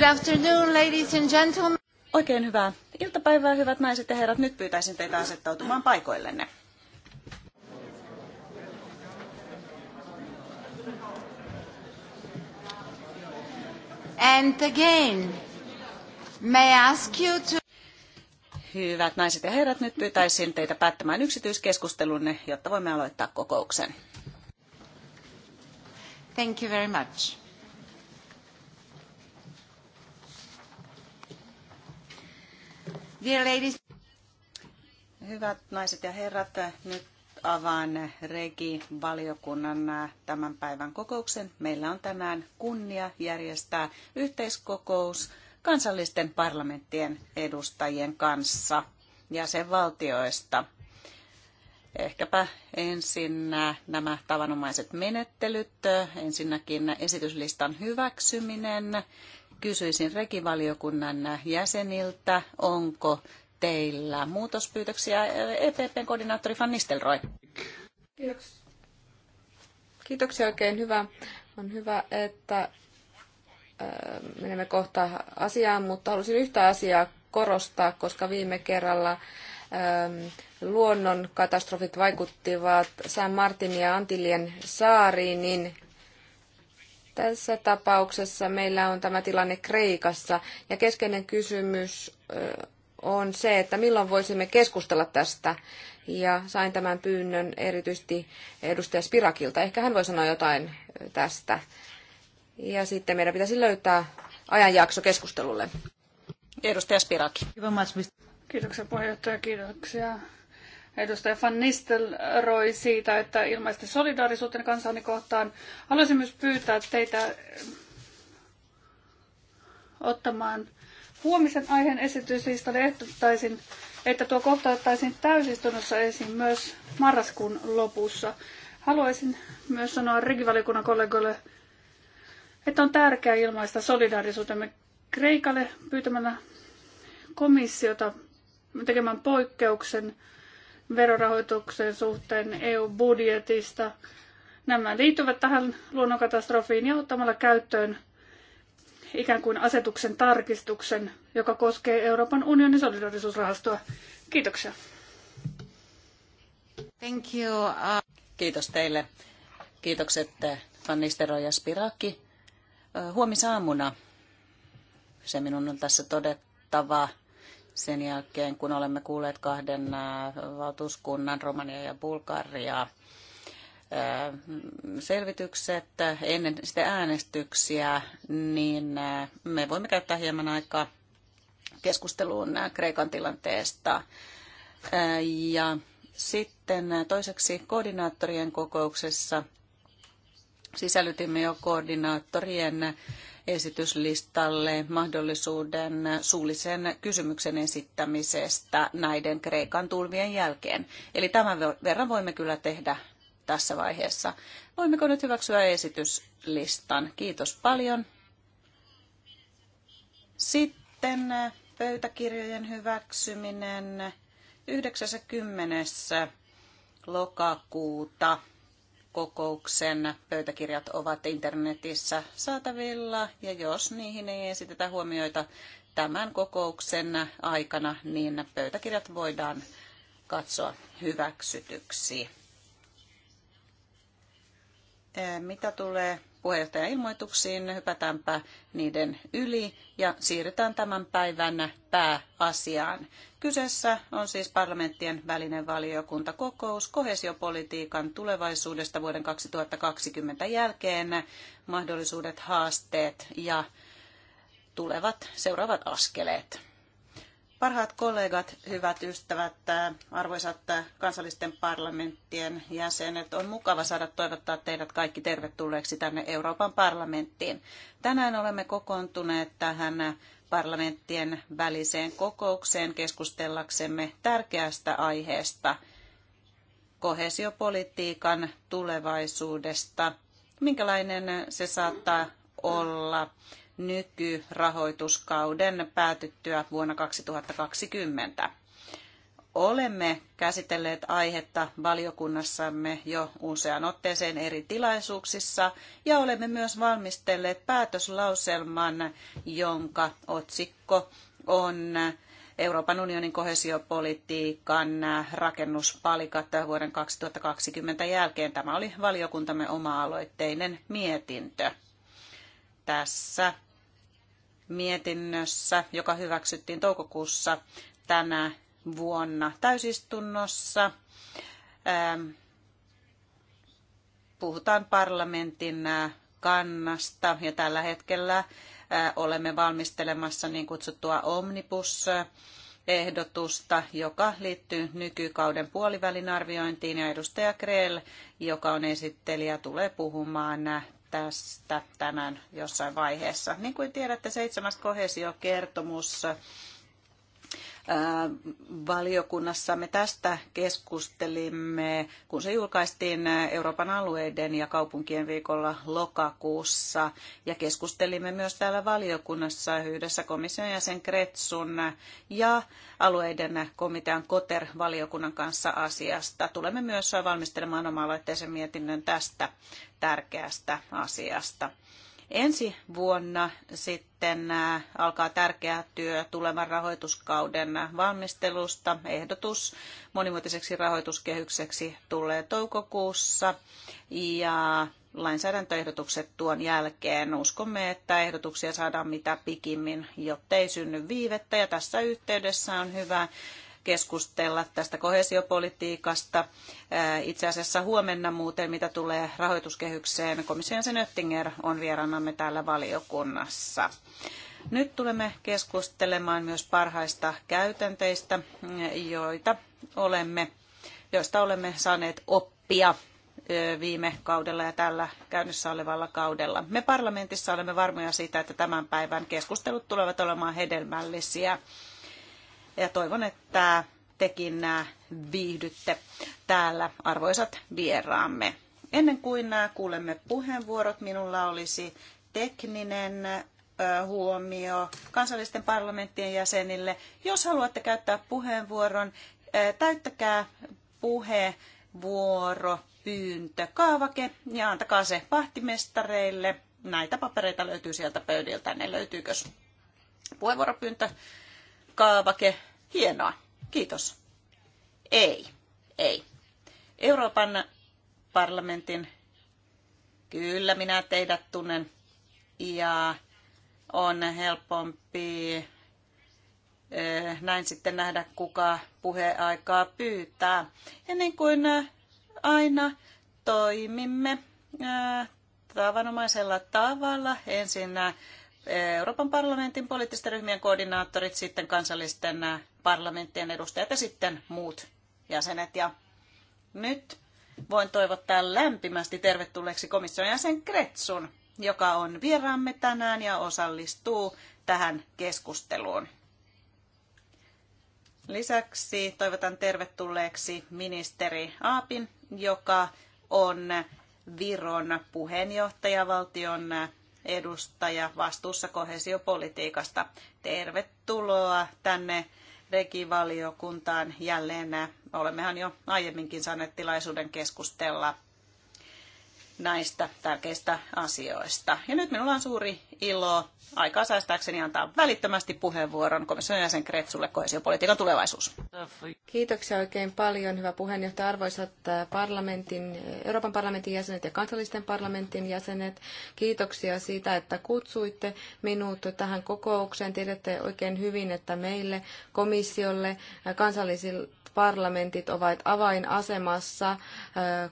Good afternoon, ladies and gentlemen. Oikein hyvää iltapäivää, hyvät naiset ja herrat. Nyt pyytäisin teitä asettautumaan paikoillenne. And again, may I ask you to... Hyvät naiset ja herrat, nyt pyytäisin teitä päättämään yksityiskeskustelunne, jotta voimme aloittaa kokouksen. Thank you very much. Dear ladies. Hyvät naiset ja herrat, nyt avaan Regi-valiokunnan tämän päivän kokouksen. Meillä on tänään kunnia järjestää yhteiskokous kansallisten parlamenttien edustajien kanssa jäsenvaltioista. Ehkäpä ensin nämä tavanomaiset menettelyt, ensinnäkin esityslistan hyväksyminen kysyisin rekivaliokunnan jäseniltä, onko teillä muutospyytöksiä EPPn koordinaattori Van Nistelrooy. Kiitoksia. Kiitoksia oikein hyvä. On hyvä, että menemme kohta asiaan, mutta halusin yhtä asiaa korostaa, koska viime kerralla luonnon katastrofit vaikuttivat San Martin ja Antilien saariin niin tässä tapauksessa meillä on tämä tilanne Kreikassa ja keskeinen kysymys on se, että milloin voisimme keskustella tästä. Ja sain tämän pyynnön erityisesti edustaja Spirakilta. Ehkä hän voi sanoa jotain tästä. Ja sitten meidän pitäisi löytää ajanjakso keskustelulle. Edustaja Spiraki. Kiitoksia puheenjohtaja, kiitoksia edustaja Van Nistelrooy siitä, että ilmaisesti solidaarisuuteen kansani kohtaan. Haluaisin myös pyytää teitä eh, ottamaan huomisen aiheen esityslistalle. Ehdottaisin, että tuo kohta ottaisiin täysistunnossa esiin myös marraskuun lopussa. Haluaisin myös sanoa rikivaliokunnan kollegoille, että on tärkeää ilmaista solidaarisuutemme Kreikalle pyytämällä komissiota tekemään poikkeuksen verorahoituksen suhteen EU-budjetista. Nämä liittyvät tähän luonnonkatastrofiin ja ottamalla käyttöön ikään kuin asetuksen tarkistuksen, joka koskee Euroopan unionin solidarisuusrahastoa. Kiitoksia. Thank you. Uh... Kiitos teille. Kiitokset eh, Fannistero ja Spiraki. Eh, huomisaamuna, se minun on tässä todettava, sen jälkeen, kun olemme kuulleet kahden äh, valtuuskunnan, Romania ja Bulgaria, äh, selvitykset ennen sitä äänestyksiä, niin äh, me voimme käyttää hieman aikaa keskusteluun Kreikan tilanteesta. Ja sitten toiseksi koordinaattorien kokouksessa sisällytimme jo koordinaattorien esityslistalle mahdollisuuden suullisen kysymyksen esittämisestä näiden Kreikan tulvien jälkeen. Eli tämän verran voimme kyllä tehdä tässä vaiheessa. Voimmeko nyt hyväksyä esityslistan? Kiitos paljon. Sitten äh, pöytäkirjojen hyväksyminen 90. lokakuuta kokouksen pöytäkirjat ovat internetissä saatavilla ja jos niihin ei esitetä huomioita tämän kokouksen aikana, niin pöytäkirjat voidaan katsoa hyväksytyksi. Mitä tulee puheenjohtajan ilmoituksiin, hypätäänpä niiden yli ja siirrytään tämän päivän pääasiaan. Kyseessä on siis parlamenttien välinen valiokuntakokous kohesiopolitiikan tulevaisuudesta vuoden 2020 jälkeen, mahdollisuudet, haasteet ja tulevat seuraavat askeleet. Parhaat kollegat, hyvät ystävät, arvoisat kansallisten parlamenttien jäsenet, on mukava saada toivottaa teidät kaikki tervetulleeksi tänne Euroopan parlamenttiin. Tänään olemme kokoontuneet tähän parlamenttien väliseen kokoukseen keskustellaksemme tärkeästä aiheesta, kohesiopolitiikan tulevaisuudesta, minkälainen se saattaa olla nykyrahoituskauden päätyttyä vuonna 2020 olemme käsitelleet aihetta valiokunnassamme jo useaan otteeseen eri tilaisuuksissa ja olemme myös valmistelleet päätöslauselman, jonka otsikko on Euroopan unionin kohesiopolitiikan rakennuspalikat vuoden 2020 jälkeen. Tämä oli valiokuntamme oma-aloitteinen mietintö. Tässä mietinnössä, joka hyväksyttiin toukokuussa tänä vuonna täysistunnossa. Ähm, puhutaan parlamentin äh, kannasta ja tällä hetkellä äh, olemme valmistelemassa niin kutsuttua omnibus ehdotusta, joka liittyy nykykauden puolivälin arviointiin ja edustaja Krell, joka on esittelijä, tulee puhumaan äh, tästä tänään jossain vaiheessa. Niin kuin tiedätte, seitsemäs kohesiokertomus valiokunnassamme tästä keskustelimme, kun se julkaistiin Euroopan alueiden ja kaupunkien viikolla lokakuussa. Ja keskustelimme myös täällä valiokunnassa yhdessä komission jäsen Kretsun ja alueiden komitean Koter-valiokunnan kanssa asiasta. Tulemme myös valmistelemaan oma-aloitteisen mietinnön tästä tärkeästä asiasta. Ensi vuonna sitten alkaa tärkeä työ tulevan rahoituskauden valmistelusta. Ehdotus monimuotoiseksi rahoituskehykseksi tulee toukokuussa ja lainsäädäntöehdotukset tuon jälkeen. Uskomme, että ehdotuksia saadaan mitä pikimmin, jottei synny viivettä. Ja tässä yhteydessä on hyvä keskustella tästä kohesiopolitiikasta. Itse asiassa huomenna muuten, mitä tulee rahoituskehykseen, komission sen Öttinger on vieraanamme täällä valiokunnassa. Nyt tulemme keskustelemaan myös parhaista käytänteistä, joita olemme, joista olemme saaneet oppia viime kaudella ja tällä käynnissä olevalla kaudella. Me parlamentissa olemme varmoja siitä, että tämän päivän keskustelut tulevat olemaan hedelmällisiä ja toivon, että tekin viihdytte täällä arvoisat vieraamme. Ennen kuin kuulemme puheenvuorot, minulla olisi tekninen huomio kansallisten parlamenttien jäsenille. Jos haluatte käyttää puheenvuoron, täyttäkää puheenvuoro pyyntö kaavake ja antakaa se pahtimestareille. Näitä papereita löytyy sieltä pöydiltä. Ne löytyykö puheenvuoropyyntö kaavake. Hienoa. Kiitos. Ei. Ei. Euroopan parlamentin. Kyllä, minä teidät tunnen. Ja on helpompi näin sitten nähdä, kuka puheaikaa pyytää. Ja niin kuin aina toimimme tavanomaisella tavalla. Ensin Euroopan parlamentin poliittisten ryhmien koordinaattorit, sitten kansallisten äh, parlamenttien edustajat ja sitten muut jäsenet. Ja nyt voin toivottaa lämpimästi tervetulleeksi komission jäsen Kretsun, joka on vieraamme tänään ja osallistuu tähän keskusteluun. Lisäksi toivotan tervetulleeksi ministeri Aapin, joka on Viron puheenjohtajavaltion edustaja vastuussa kohesiopolitiikasta. Tervetuloa tänne regivaliokuntaan jälleen. Äh, olemmehan jo aiemminkin saaneet tilaisuuden keskustella näistä tärkeistä asioista. Ja nyt minulla on suuri ilo aikaa säästääkseni antaa välittömästi puheenvuoron komission jäsen Kretsulle kohesiopolitiikan tulevaisuus. Kiitoksia oikein paljon, hyvä puheenjohtaja, arvoisat parlamentin, Euroopan parlamentin jäsenet ja kansallisten parlamentin jäsenet. Kiitoksia siitä, että kutsuitte minut tähän kokoukseen. Tiedätte oikein hyvin, että meille, komissiolle, kansallisille parlamentit ovat avainasemassa,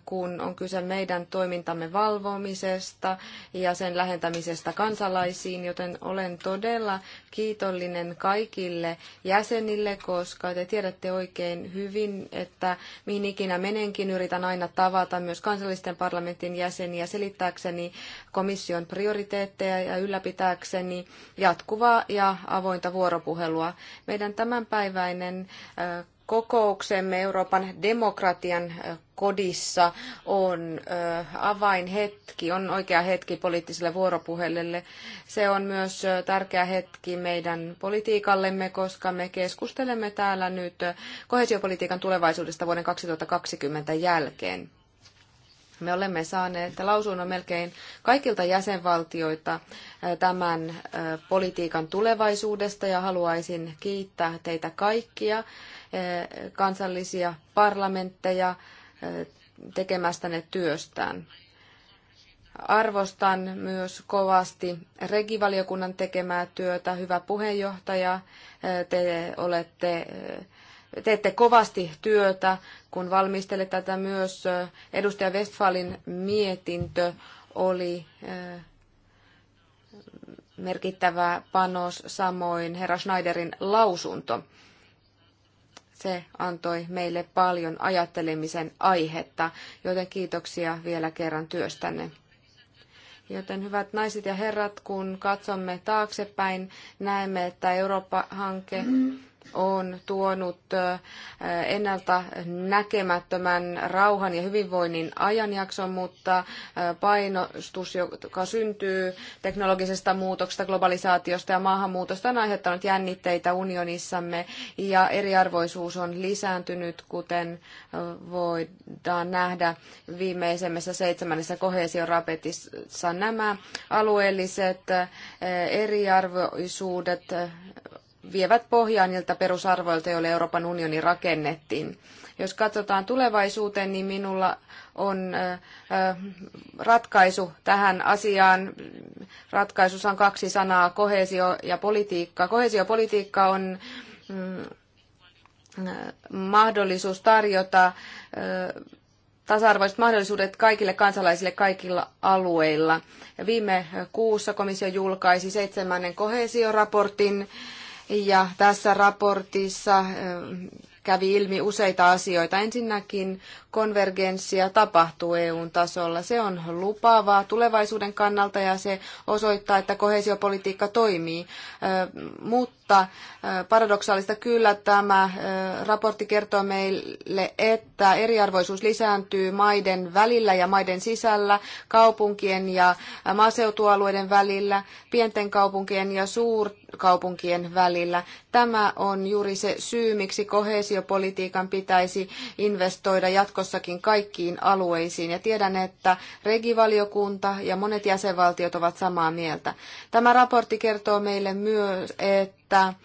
kun on kyse meidän toimintamme maamme valvomisesta ja sen lähentämisestä kansalaisiin, joten olen todella kiitollinen kaikille jäsenille, koska te tiedätte oikein hyvin, että mihin ikinä menenkin, yritän aina tavata myös kansallisten parlamentin jäseniä selittääkseni komission prioriteetteja ja ylläpitääkseni jatkuvaa ja avointa vuoropuhelua. Meidän tämänpäiväinen kokouksemme Euroopan demokratian kodissa on avainhetki, on oikea hetki poliittiselle vuoropuhelulle. Se on myös tärkeä hetki meidän politiikallemme, koska me keskustelemme täällä nyt kohesiopolitiikan tulevaisuudesta vuoden 2020 jälkeen. Me olemme saaneet lausunnon melkein kaikilta jäsenvaltioita äh, tämän äh, politiikan tulevaisuudesta ja haluaisin kiittää teitä kaikkia äh, kansallisia parlamentteja tekemästänne työstään. Arvostan myös kovasti regivaliokunnan tekemää työtä. Hyvä puheenjohtaja, te olette teette kovasti työtä, kun valmistelette tätä myös. Edustaja Westfalin mietintö oli merkittävä panos, samoin herra Schneiderin lausunto. Se antoi meille paljon ajattelemisen aihetta, joten kiitoksia vielä kerran työstänne. Joten hyvät naiset ja herrat, kun katsomme taaksepäin, näemme, että Eurooppa-hanke on tuonut ennalta näkemättömän rauhan ja hyvinvoinnin ajanjakson, mutta painostus, joka syntyy teknologisesta muutoksesta, globalisaatiosta ja maahanmuutosta, on aiheuttanut jännitteitä unionissamme ja eriarvoisuus on lisääntynyt, kuten voidaan nähdä viimeisemmässä seitsemännessä kohesiorapetissa nämä alueelliset eriarvoisuudet vievät pohjaa niiltä perusarvoilta, joille Euroopan unioni rakennettiin. Jos katsotaan tulevaisuuteen, niin minulla on ratkaisu tähän asiaan. Ratkaisussa on kaksi sanaa, kohesio ja politiikka. Kohesiopolitiikka on mm, mahdollisuus tarjota tasa-arvoiset mahdollisuudet kaikille kansalaisille kaikilla alueilla. Viime kuussa komissio julkaisi seitsemännen kohesioraportin ja tässä raportissa kävi ilmi useita asioita. Ensinnäkin konvergenssia tapahtuu EUn tasolla. Se on lupaavaa tulevaisuuden kannalta ja se osoittaa, että kohesiopolitiikka toimii. Mutta mutta paradoksaalista kyllä tämä raportti kertoo meille, että eriarvoisuus lisääntyy maiden välillä ja maiden sisällä, kaupunkien ja maaseutualueiden välillä, pienten kaupunkien ja suurkaupunkien välillä. Tämä on juuri se syy, miksi kohesiopolitiikan pitäisi investoida jatkossakin kaikkiin alueisiin. Ja tiedän, että regivaliokunta ja monet jäsenvaltiot ovat samaa mieltä. Tämä raportti kertoo meille myös, että että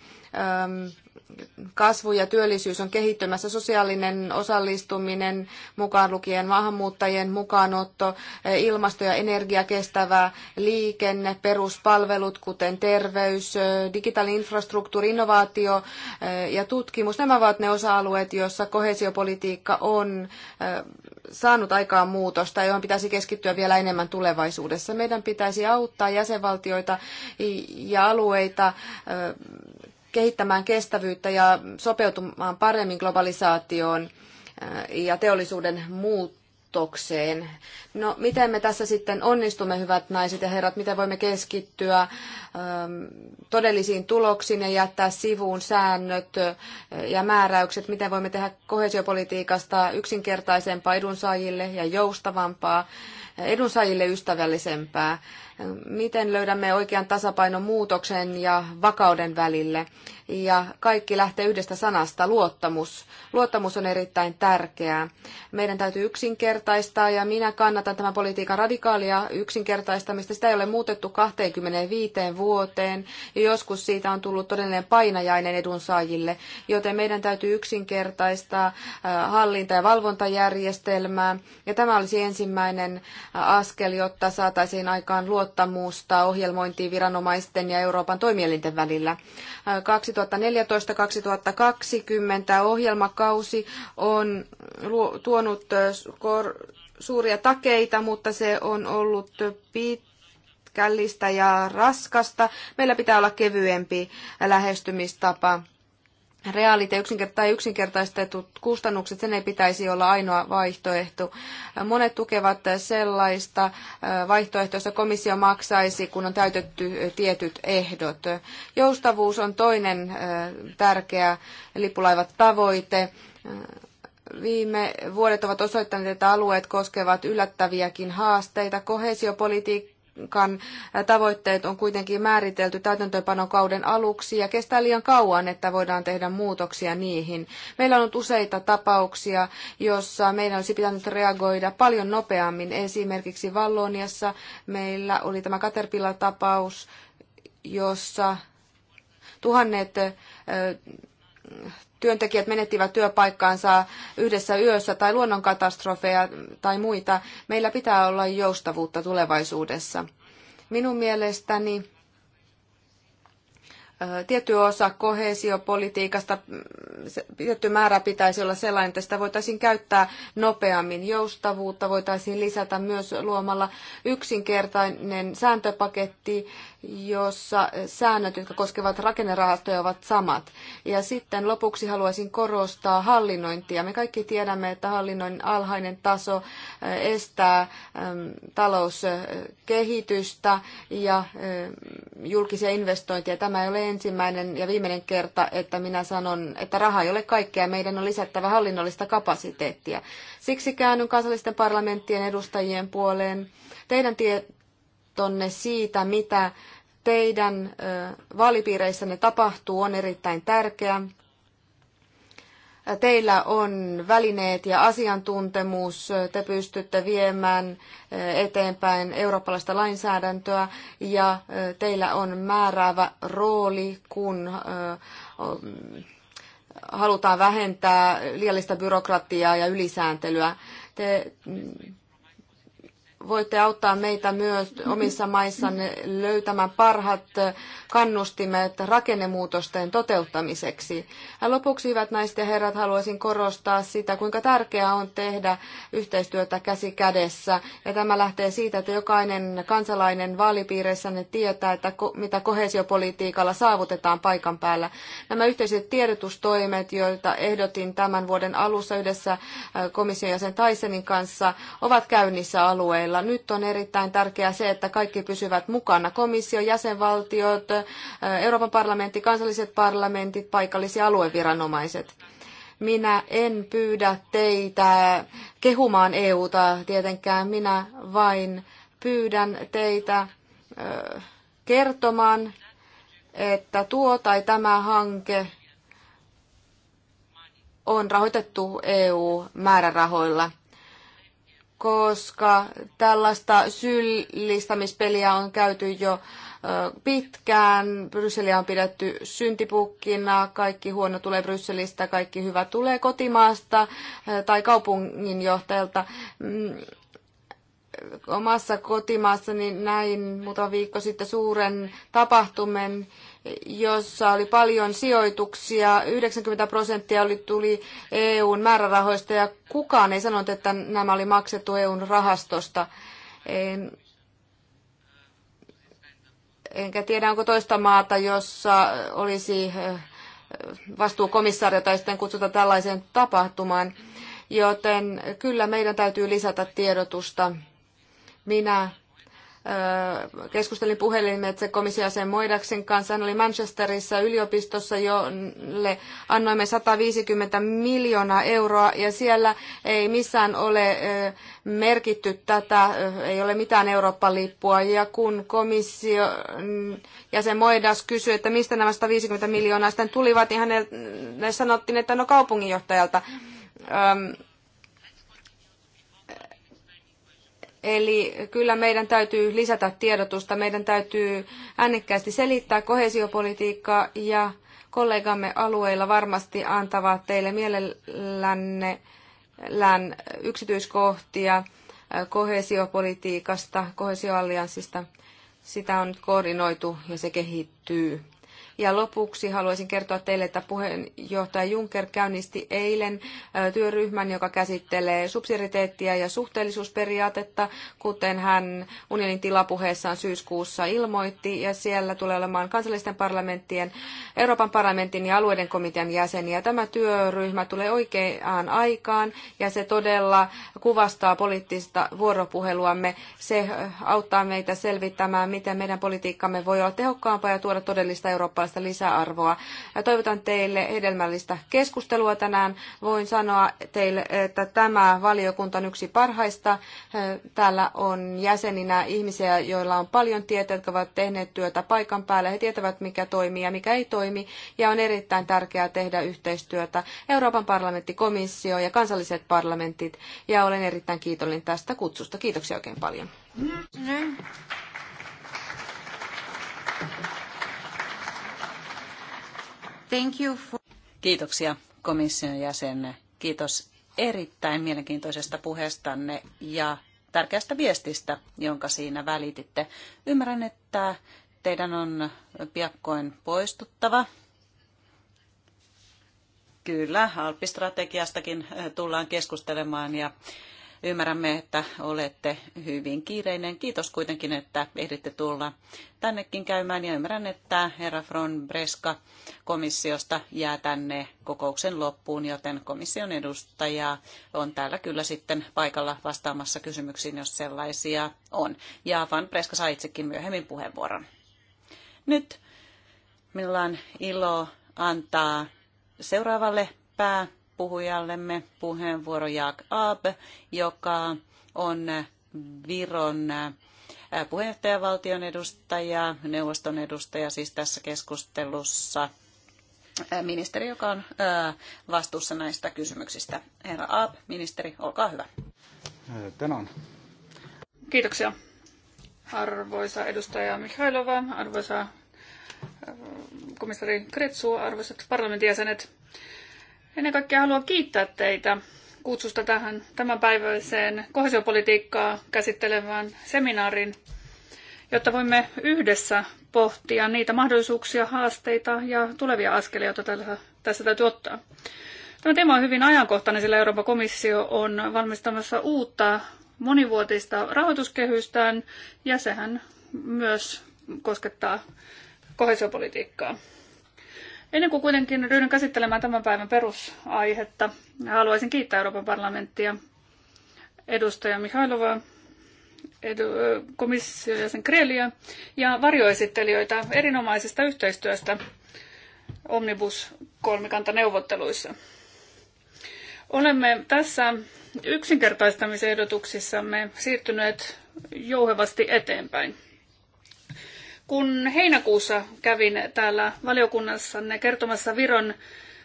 kasvu ja työllisyys on kehittymässä, sosiaalinen osallistuminen, mukaan lukien maahanmuuttajien mukaanotto, ilmasto- ja energiakestävä liikenne, peruspalvelut, kuten terveys, digitaalinen infrastruktuuri, innovaatio eh, ja tutkimus. Nämä ovat ne osa-alueet, joissa kohesiopolitiikka on eh, saanut aikaan muutosta, johon pitäisi keskittyä vielä enemmän tulevaisuudessa. Meidän pitäisi auttaa jäsenvaltioita ja alueita eh, kehittämään kestävyyttä ja sopeutumaan paremmin globalisaatioon äh, ja teollisuuden muutokseen. No, miten me tässä sitten onnistumme, hyvät naiset ja herrat? Miten voimme keskittyä ähm, todellisiin tuloksiin ja jättää sivuun säännöt äh, ja määräykset? Miten voimme tehdä kohesiopolitiikasta yksinkertaisempaa edunsaajille ja joustavampaa, äh, edunsaajille ystävällisempää? Miten löydämme oikean tasapainon muutoksen ja vakauden välille? Ja kaikki lähtee yhdestä sanasta, luottamus. Luottamus on erittäin tärkeää. Meidän täytyy yksinkertaistaa ja minä kannatan tämän politiikan radikaalia yksinkertaistamista. Sitä ei ole muutettu 25 vuoteen ja joskus siitä on tullut todellinen painajainen edunsaajille, joten meidän täytyy yksinkertaistaa äh, hallinta- ja valvontajärjestelmää. Ja tämä olisi ensimmäinen askel, jotta saataisiin aikaan luottamus luottamusta ohjelmointiin viranomaisten ja Euroopan toimielinten välillä. 2014-2020 ohjelmakausi on tuonut suuria takeita, mutta se on ollut pitkällistä ja raskasta. Meillä pitää olla kevyempi lähestymistapa reaalit ja yksinkert- tai yksinkertaistetut kustannukset, sen ei pitäisi olla ainoa vaihtoehto. Monet tukevat sellaista vaihtoehtoa, jossa komissio maksaisi, kun on täytetty tietyt ehdot. Joustavuus on toinen tärkeä lipulaivat tavoite. Viime vuodet ovat osoittaneet, että alueet koskevat yllättäviäkin haasteita. Kohesiopolitiikka Kan tavoitteet on kuitenkin määritelty täytäntöönpanokauden aluksi ja kestää liian kauan, että voidaan tehdä muutoksia niihin. Meillä on ollut useita tapauksia, joissa meidän olisi pitänyt reagoida paljon nopeammin. Esimerkiksi Valloniassa meillä oli tämä Caterpillar-tapaus, jossa tuhannet työntekijät menettivät työpaikkaansa yhdessä yössä tai luonnonkatastrofeja tai muita. Meillä pitää olla joustavuutta tulevaisuudessa. Minun mielestäni tietty osa kohesiopolitiikasta, mm, tietty määrä pitäisi olla sellainen, että sitä voitaisiin käyttää nopeammin. Joustavuutta voitaisiin lisätä myös luomalla yksinkertainen sääntöpaketti, jossa säännöt, jotka koskevat rakennerahastoja, ovat samat. Ja sitten lopuksi haluaisin korostaa hallinnointia. Me kaikki tiedämme, että hallinnoinnin alhainen taso estää talouskehitystä ja julkisia investointeja. Tämä ei ole ensimmäinen ja viimeinen kerta, että minä sanon, että raha ei ole kaikkea, meidän on lisättävä hallinnollista kapasiteettia. Siksi käännyn kansallisten parlamenttien edustajien puoleen. Teidän tietonne siitä, mitä teidän vaalipiireissänne tapahtuu, on erittäin tärkeä. Teillä on välineet ja asiantuntemus, te pystytte viemään eh, eteenpäin eurooppalaista lainsäädäntöä ja eh, teillä on määräävä rooli, kun eh, halutaan vähentää liiallista byrokratiaa ja ylisääntelyä. Te mm, voitte auttaa meitä myös omissa maissanne löytämään parhaat kannustimet rakennemuutosten toteuttamiseksi. Ja lopuksi, hyvät naiset ja herrat, haluaisin korostaa sitä, kuinka tärkeää on tehdä yhteistyötä käsi kädessä. Ja tämä lähtee siitä, että jokainen kansalainen vaalipiireissänne tietää, että mitä kohesiopolitiikalla saavutetaan paikan päällä. Nämä yhteiset tiedotustoimet, joita ehdotin tämän vuoden alussa yhdessä komission jäsen Taisenin kanssa, ovat käynnissä alueilla alueilla. Nyt on erittäin tärkeää se, että kaikki pysyvät mukana. Komissio, jäsenvaltiot, Euroopan parlamentti, kansalliset parlamentit, paikallisia ja alueviranomaiset minä en pyydä teitä kehumaan EUta tietenkään, minä vain pyydän teitä kertomaan, että tuo tai tämä hanke on rahoitettu EU-määrärahoilla koska tällaista syyllistämispeliä on käyty jo pitkään. Brysseliä on pidetty syntipukkina, kaikki huono tulee Brysselistä, kaikki hyvä tulee kotimaasta tai kaupunginjohtajalta. Mm, omassa kotimaassani niin näin muutama viikko sitten suuren tapahtumen, jossa oli paljon sijoituksia. 90 prosenttia oli, tuli EUn määrärahoista ja kukaan ei sanonut, että nämä oli maksettu EUn rahastosta. En, enkä tiedä, onko toista maata, jossa olisi eh, vastuukomissaario tai sitten kutsuta tällaiseen tapahtumaan. Joten kyllä meidän täytyy lisätä tiedotusta. Minä keskustelin puhelimitse komissiaseen Moedaksin kanssa. Hän oli Manchesterissa yliopistossa, jolle annoimme 150 miljoonaa euroa ja siellä ei missään ole merkitty tätä, ei ole mitään Euroopan lippua. Ja kun komissio jäsen Moidas kysyi, että mistä nämä 150 miljoonaa sitten tulivat, niin hänelle sanottiin, että no kaupunginjohtajalta. Öm, Eli kyllä meidän täytyy lisätä tiedotusta, meidän täytyy äänekkäästi selittää kohesiopolitiikkaa ja kollegamme alueilla varmasti antavat teille mielellänne län yksityiskohtia kohesiopolitiikasta, kohesioallianssista. Sitä on nyt koordinoitu ja se kehittyy. Ja lopuksi haluaisin kertoa teille, että puheenjohtaja Juncker käynnisti eilen työryhmän, joka käsittelee subsidiariteettia ja suhteellisuusperiaatetta, kuten hän unionin tilapuheessaan syyskuussa ilmoitti. Ja siellä tulee olemaan kansallisten parlamenttien, Euroopan parlamentin ja alueiden komitean jäseniä. Tämä työryhmä tulee oikeaan aikaan ja se todella kuvastaa poliittista vuoropuheluamme. Se auttaa meitä selvittämään, miten meidän politiikkamme voi olla tehokkaampaa ja tuoda todellista Eurooppaa mukaista lisäarvoa. Toivotan teille hedelmällistä keskustelua tänään. Voin sanoa teille, että tämä valiokunta on yksi parhaista. Täällä on jäseninä ihmisiä, joilla on paljon tietoa, jotka ovat tehneet työtä paikan päällä. He tietävät, mikä toimii ja mikä ei toimi, ja on erittäin tärkeää tehdä yhteistyötä Euroopan parlamentti, komissio ja kansalliset parlamentit, ja olen erittäin kiitollinen tästä kutsusta. Kiitoksia oikein paljon. Mm-hmm. Thank you for... Kiitoksia komission jäsen. Kiitos erittäin mielenkiintoisesta puheestanne ja tärkeästä viestistä, jonka siinä välititte. Ymmärrän, että teidän on piakkoin poistuttava. Kyllä, alppistrategiastakin tullaan keskustelemaan ja Ymmärrämme, että olette hyvin kiireinen. Kiitos kuitenkin, että ehditte tulla tännekin käymään ja ymmärrän, että herra Fron Breska komissiosta jää tänne kokouksen loppuun, joten komission edustaja on täällä kyllä sitten paikalla vastaamassa kysymyksiin, jos sellaisia on. Ja Van Breska saa itsekin myöhemmin puheenvuoron. Nyt minulla on ilo antaa seuraavalle pää puhujallemme puheenvuoro Jaak Aab, joka on Viron äh, puheenjohtajavaltion edustaja, neuvoston edustaja siis tässä keskustelussa äh, ministeri, joka on äh, vastuussa näistä kysymyksistä. Herra Aab, ministeri, olkaa hyvä. Tänään. Kiitoksia. Arvoisa edustaja Mikhailova, arvoisa komissari Kretsu, arvoisat parlamentin jäsenet. Ennen kaikkea haluan kiittää teitä kutsusta tähän tämänpäiväiseen kohesiopolitiikkaa käsittelevään seminaarin, jotta voimme yhdessä pohtia niitä mahdollisuuksia, haasteita ja tulevia askelia, joita tässä täytyy ottaa. Tämä teema on hyvin ajankohtainen, sillä Euroopan komissio on valmistamassa uutta monivuotista rahoituskehystään ja sehän myös koskettaa kohesiopolitiikkaa. Ennen kuin kuitenkin ryhdyn käsittelemään tämän päivän perusaihetta, haluaisin kiittää Euroopan parlamenttia, edustaja Mihailova, edu, ja sen Krelia ja varjoesittelijöitä erinomaisesta yhteistyöstä Omnibus kolmikantaneuvotteluissa. Olemme tässä yksinkertaistamisehdotuksissamme siirtyneet jouhevasti eteenpäin kun heinäkuussa kävin täällä valiokunnassanne kertomassa Viron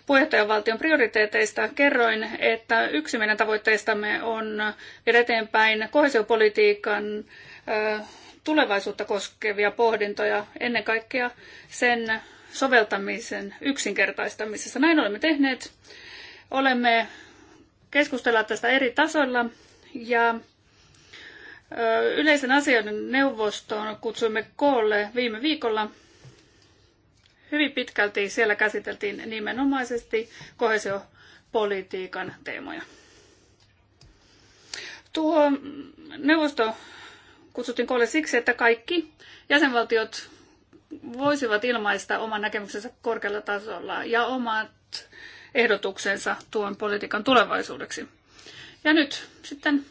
puheenjohtajavaltion prioriteeteista, kerroin, että yksi meidän tavoitteistamme on viedä eteenpäin kohesiopolitiikan tulevaisuutta koskevia pohdintoja, ennen kaikkea sen soveltamisen yksinkertaistamisessa. Näin olemme tehneet. Olemme keskustella tästä eri tasoilla ja Yleisen asioiden neuvostoon kutsuimme koolle viime viikolla. Hyvin pitkälti siellä käsiteltiin nimenomaisesti kohesiopolitiikan teemoja. Tuo neuvosto kutsuttiin koolle siksi, että kaikki jäsenvaltiot voisivat ilmaista oman näkemyksensä korkealla tasolla ja omat ehdotuksensa tuon politiikan tulevaisuudeksi. Ja nyt sitten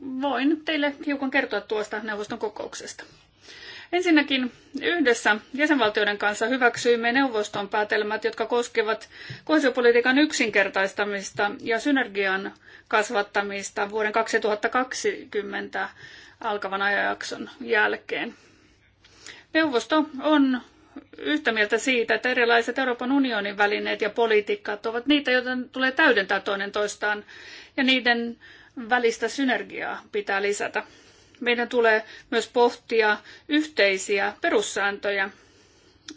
voin teille hiukan kertoa tuosta neuvoston kokouksesta. Ensinnäkin yhdessä jäsenvaltioiden kanssa hyväksyimme neuvoston päätelmät, jotka koskevat kohesiopolitiikan yksinkertaistamista ja synergian kasvattamista vuoden 2020 alkavan ajanjakson jälkeen. Neuvosto on yhtä mieltä siitä, että erilaiset Euroopan unionin välineet ja politiikat ovat niitä, joita tulee täydentää toinen toistaan, ja niiden välistä synergiaa pitää lisätä. Meidän tulee myös pohtia yhteisiä perussääntöjä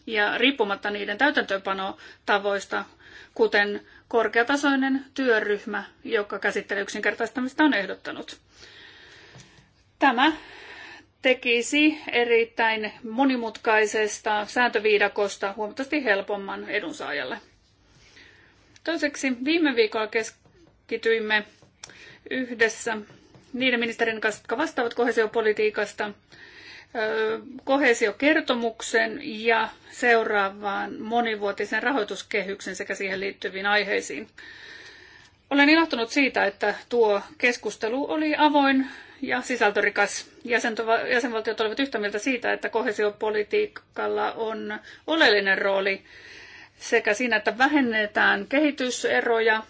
ja riippumatta niiden täytäntöönpanotavoista, kuten korkeatasoinen työryhmä, joka käsittelee yksinkertaistamista, on ehdottanut. Tämä tekisi erittäin monimutkaisesta sääntöviidakosta huomattavasti helpomman edunsaajalle. Toiseksi viime viikolla keskityimme yhdessä niiden ministerien kanssa, jotka vastaavat kohesiopolitiikasta, kohesiokertomuksen ja seuraavaan monivuotisen rahoituskehyksen sekä siihen liittyviin aiheisiin. Olen ilahtunut siitä, että tuo keskustelu oli avoin ja sisältörikas. Jäsenvaltiot olivat yhtä mieltä siitä, että kohesiopolitiikalla on oleellinen rooli sekä siinä, että vähennetään kehityseroja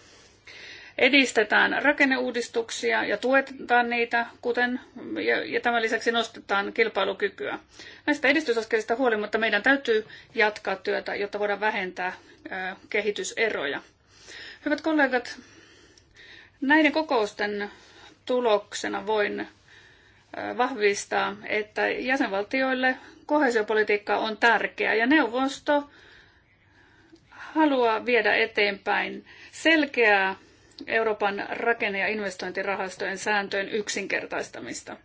edistetään rakenneuudistuksia ja tuetaan niitä, kuten, ja, ja tämän lisäksi nostetaan kilpailukykyä. Näistä edistysaskelista huolimatta meidän täytyy jatkaa työtä, jotta voidaan vähentää kehityseroja. Hyvät kollegat, näiden kokousten tuloksena voin vahvistaa, että jäsenvaltioille kohesiopolitiikka on tärkeä ja neuvosto haluaa viedä eteenpäin selkeää Euroopan rakenne- ja investointirahastojen sääntöjen yksinkertaistamista.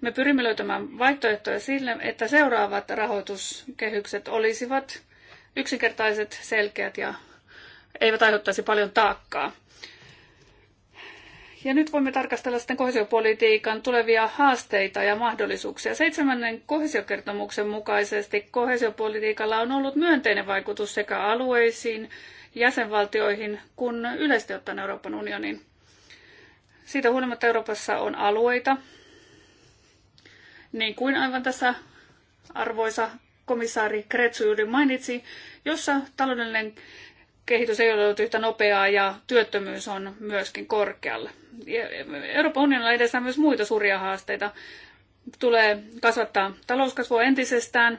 Me pyrimme löytämään vaihtoehtoja sille, että seuraavat rahoituskehykset olisivat yksinkertaiset, selkeät ja eivät aiheuttaisi paljon taakkaa. Ja nyt voimme tarkastella sitten kohesiopolitiikan tulevia haasteita ja mahdollisuuksia. Seitsemännen kohesiokertomuksen mukaisesti kohesiopolitiikalla on ollut myönteinen vaikutus sekä alueisiin jäsenvaltioihin kuin yleisesti ottaen Euroopan unioniin. Siitä huolimatta Euroopassa on alueita, niin kuin aivan tässä arvoisa komissaari Kretsu juuri mainitsi, jossa taloudellinen kehitys ei ole ollut yhtä nopeaa ja työttömyys on myöskin korkealla. Euroopan unionilla edessä myös muita suuria haasteita. Tulee kasvattaa talouskasvua entisestään,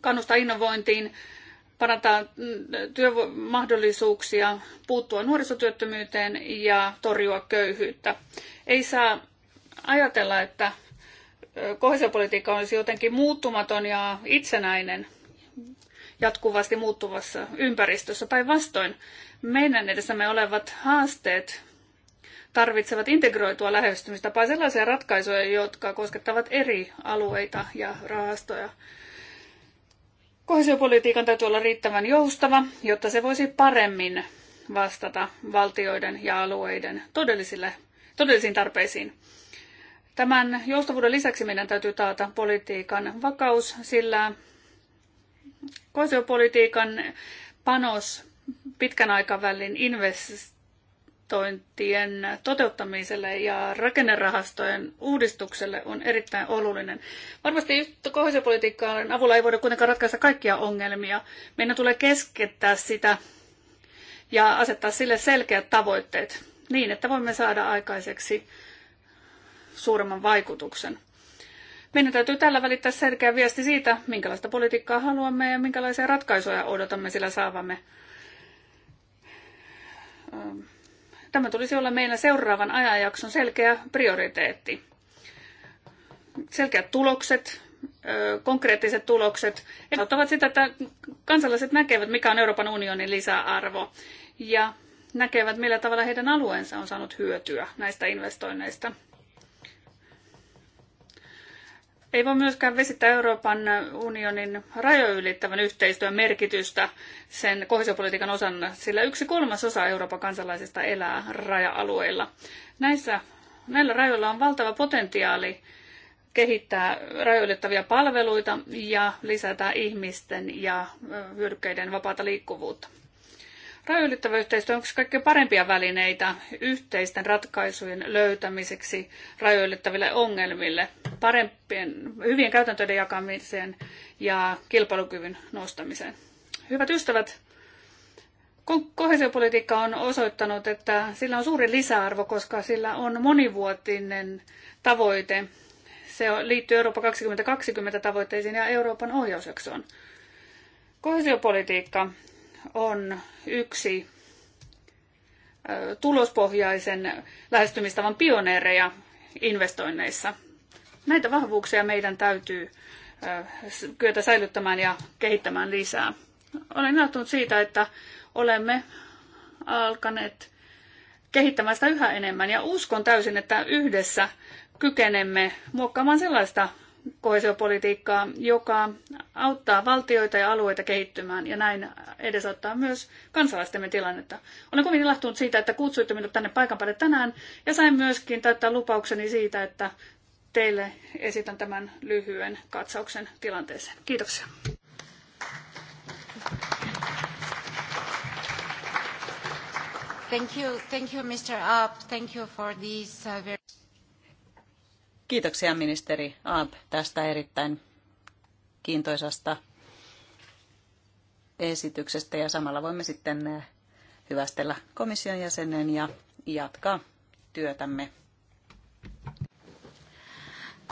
kannustaa innovointiin, parantaa mm, työmahdollisuuksia puuttua nuorisotyöttömyyteen ja torjua köyhyyttä. Ei saa ajatella, että kohesiopolitiikka olisi jotenkin muuttumaton ja itsenäinen jatkuvasti muuttuvassa ympäristössä. Päinvastoin meidän edessämme olevat haasteet tarvitsevat integroitua lähestymistapaa sellaisia ratkaisuja, jotka koskettavat eri alueita ja rahastoja Kohesiopolitiikan täytyy olla riittävän joustava, jotta se voisi paremmin vastata valtioiden ja alueiden todellisille, todellisiin tarpeisiin. Tämän joustavuuden lisäksi meidän täytyy taata politiikan vakaus, sillä koesiopolitiikan panos pitkän aikavälin invest- investointien toteuttamiselle ja rakennerahastojen uudistukselle on erittäin oluinen. Varmasti kohesiopolitiikan avulla ei voida kuitenkaan ratkaista kaikkia ongelmia. Meidän tulee keskittää sitä ja asettaa sille selkeät tavoitteet niin, että voimme saada aikaiseksi suuremman vaikutuksen. Meidän täytyy tällä välittää selkeä viesti siitä, minkälaista politiikkaa haluamme ja minkälaisia ratkaisuja odotamme sillä saavamme Tämä tulisi olla meillä seuraavan ajanjakson selkeä prioriteetti. Selkeät tulokset, konkreettiset tulokset edellyttävät sitä, että kansalaiset näkevät, mikä on Euroopan unionin lisäarvo ja näkevät, millä tavalla heidän alueensa on saanut hyötyä näistä investoinneista. Ei voi myöskään vesittää Euroopan unionin rajojen ylittävän yhteistyön merkitystä sen kohesiopolitiikan osana, sillä yksi kolmasosa Euroopan kansalaisista elää raja-alueilla. Näissä, näillä rajoilla on valtava potentiaali kehittää rajoitettavia palveluita ja lisätä ihmisten ja hyödykkeiden vapaata liikkuvuutta. Rajoittava yhteistyö on yksi kaikkein parempia välineitä yhteisten ratkaisujen löytämiseksi rajoittaville ongelmille, parempien, hyvien käytäntöiden jakamiseen ja kilpailukyvyn nostamiseen. Hyvät ystävät, kohesiopolitiikka on osoittanut, että sillä on suuri lisäarvo, koska sillä on monivuotinen tavoite. Se liittyy Eurooppa 2020 tavoitteisiin ja Euroopan ohjausjaksoon. Kohesiopolitiikka on yksi tulospohjaisen lähestymistavan pioneereja investoinneissa. Näitä vahvuuksia meidän täytyy kyetä säilyttämään ja kehittämään lisää. Olen ilahtunut siitä, että olemme alkaneet kehittämään sitä yhä enemmän ja uskon täysin, että yhdessä kykenemme muokkaamaan sellaista kohesiopolitiikkaa, joka auttaa valtioita ja alueita kehittymään ja näin edesauttaa myös kansalaistemme tilannetta. Olen kovin ilahtunut siitä, että kutsuitte minut tänne paikan päälle tänään ja sain myöskin täyttää lupaukseni siitä, että teille esitän tämän lyhyen katsauksen tilanteeseen. Kiitoksia. Thank you, thank you, Mr. Up. Thank you for this uh, very Kiitoksia ministeri Aab tästä erittäin kiintoisasta esityksestä ja samalla voimme sitten eh, hyvästellä komission jäsenen ja jatkaa työtämme.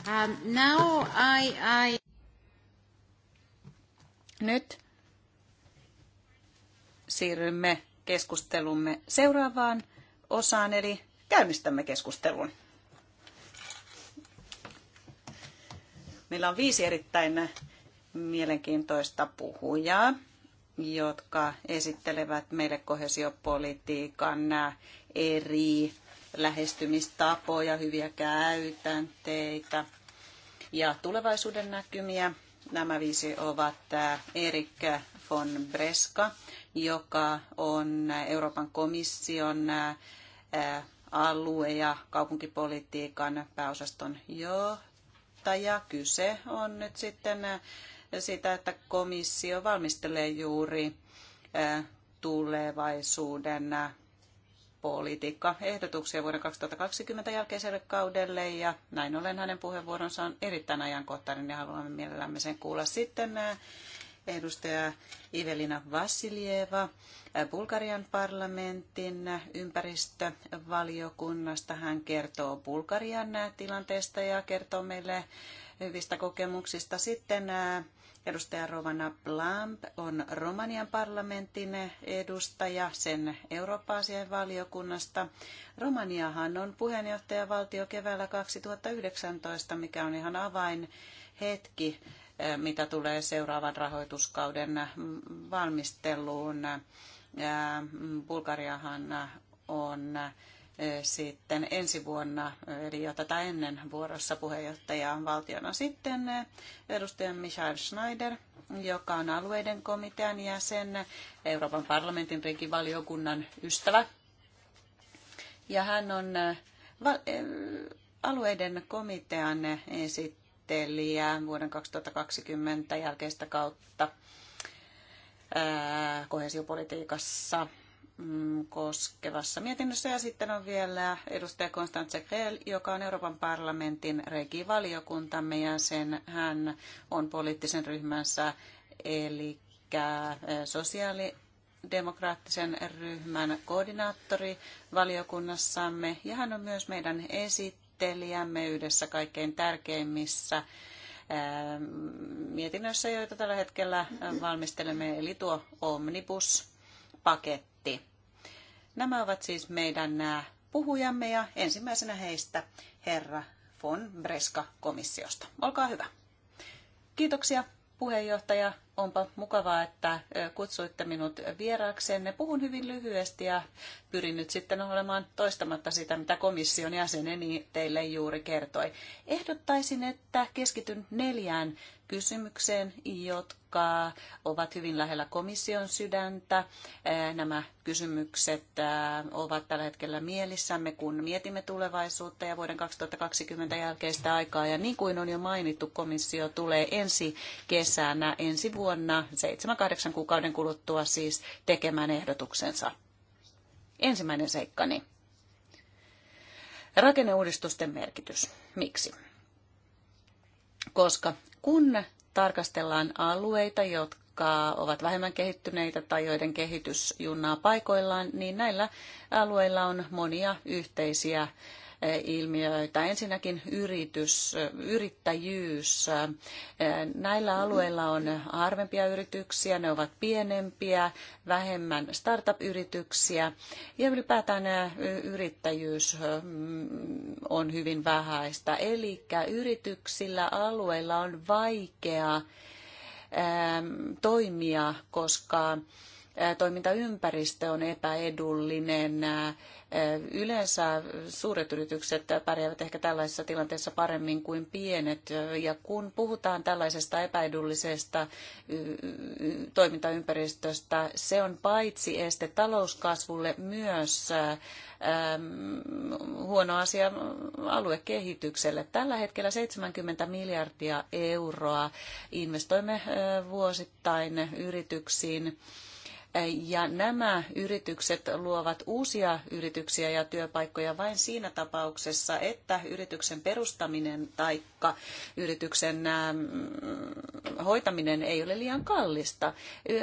Um, now I, I... Nyt siirrymme keskustelumme seuraavaan osaan, eli käynnistämme keskustelun. Meillä on viisi erittäin mielenkiintoista puhujaa, jotka esittelevät meille kohesiopolitiikan eri lähestymistapoja, hyviä käytänteitä ja tulevaisuuden näkymiä. Nämä viisi ovat äh, Erik von Breska, joka on Euroopan komission äh, alue- ja kaupunkipolitiikan pääosaston johtaja vuotta ja kyse on nyt sitten äh, sitä, että komissio valmistelee juuri äh, tulevaisuuden äh, politiikkaehdotuksia vuoden 2020 jälkeiselle kaudelle ja näin ollen hänen puheenvuoronsa on erittäin ajankohtainen ja haluamme mielellämme sen kuulla sitten edustaja Ivelina Vassilieva Bulgarian parlamentin ympäristövaliokunnasta. Hän kertoo Bulgarian tilanteesta ja kertoo meille hyvistä kokemuksista. Sitten edustaja Rovana Blamp on Romanian parlamentin edustaja sen Eurooppa-asian valiokunnasta. Romaniahan on puheenjohtajavaltio keväällä 2019, mikä on ihan avainhetki Eh, mitä tulee seuraavan rahoituskauden valmisteluun. Eh, Bulgariahan on eh, sitten ensi vuonna, eli jo tätä ennen vuorossa puheenjohtajaan valtiona sitten edustaja Michael Schneider, joka on alueiden komitean jäsen, Euroopan parlamentin rikivaliokunnan ystävä. Ja hän on alueiden komitean sitten esittelijä vuoden 2020 jälkeistä kautta kohesiopolitiikassa mm, koskevassa mietinnössä. Ja sitten on vielä edustaja Konstantse Krell, joka on Euroopan parlamentin regivaliokuntamme jäsen. Hän on poliittisen ryhmänsä, eli sosiaalidemokraattisen ryhmän koordinaattori valiokunnassamme. Ja hän on myös meidän esittelijä käsittelijämme yhdessä kaikkein tärkeimmissä ähm, mietinnöissä, joita tällä hetkellä äh, valmistelemme, eli tuo Omnibus-paketti. Nämä ovat siis meidän nämä äh, puhujamme ja ensimmäisenä heistä herra von Breska komissiosta. Olkaa hyvä. Kiitoksia puheenjohtaja Onpa mukavaa, että kutsuitte minut vieraaksenne. Puhun hyvin lyhyesti ja pyrin nyt sitten olemaan toistamatta sitä, mitä komission jäseneni teille juuri kertoi. Ehdottaisin, että keskityn neljään kysymykseen, jotka ovat hyvin lähellä komission sydäntä. Nämä kysymykset ovat tällä hetkellä mielissämme, kun mietimme tulevaisuutta ja vuoden 2020 jälkeistä aikaa. Ja niin kuin on jo mainittu, komissio tulee ensi kesänä, ensi vuonna vuonna, 7-8 kuukauden kuluttua siis, tekemään ehdotuksensa. Ensimmäinen seikkani. Rakenneuudistusten merkitys. Miksi? Koska kun tarkastellaan alueita, jotka ovat vähemmän kehittyneitä tai joiden kehitys junnaa paikoillaan, niin näillä alueilla on monia yhteisiä ilmiöitä. Ensinnäkin yritys, yrittäjyys. Näillä alueilla on harvempia yrityksiä, ne ovat pienempiä, vähemmän startup-yrityksiä ja ylipäätään yrittäjyys mm, on hyvin vähäistä. Eli yrityksillä alueilla on vaikea ähm, toimia, koska äh, toimintaympäristö on epäedullinen, äh, Yleensä suuret yritykset pärjäävät ehkä tällaisessa tilanteessa paremmin kuin pienet. Ja kun puhutaan tällaisesta epäedullisesta toimintaympäristöstä, se on paitsi este talouskasvulle myös huono asia aluekehitykselle. Tällä hetkellä 70 miljardia euroa investoimme vuosittain yrityksiin ja nämä yritykset luovat uusia yrityksiä ja työpaikkoja vain siinä tapauksessa, että yrityksen perustaminen tai yrityksen ähm, hoitaminen ei ole liian kallista.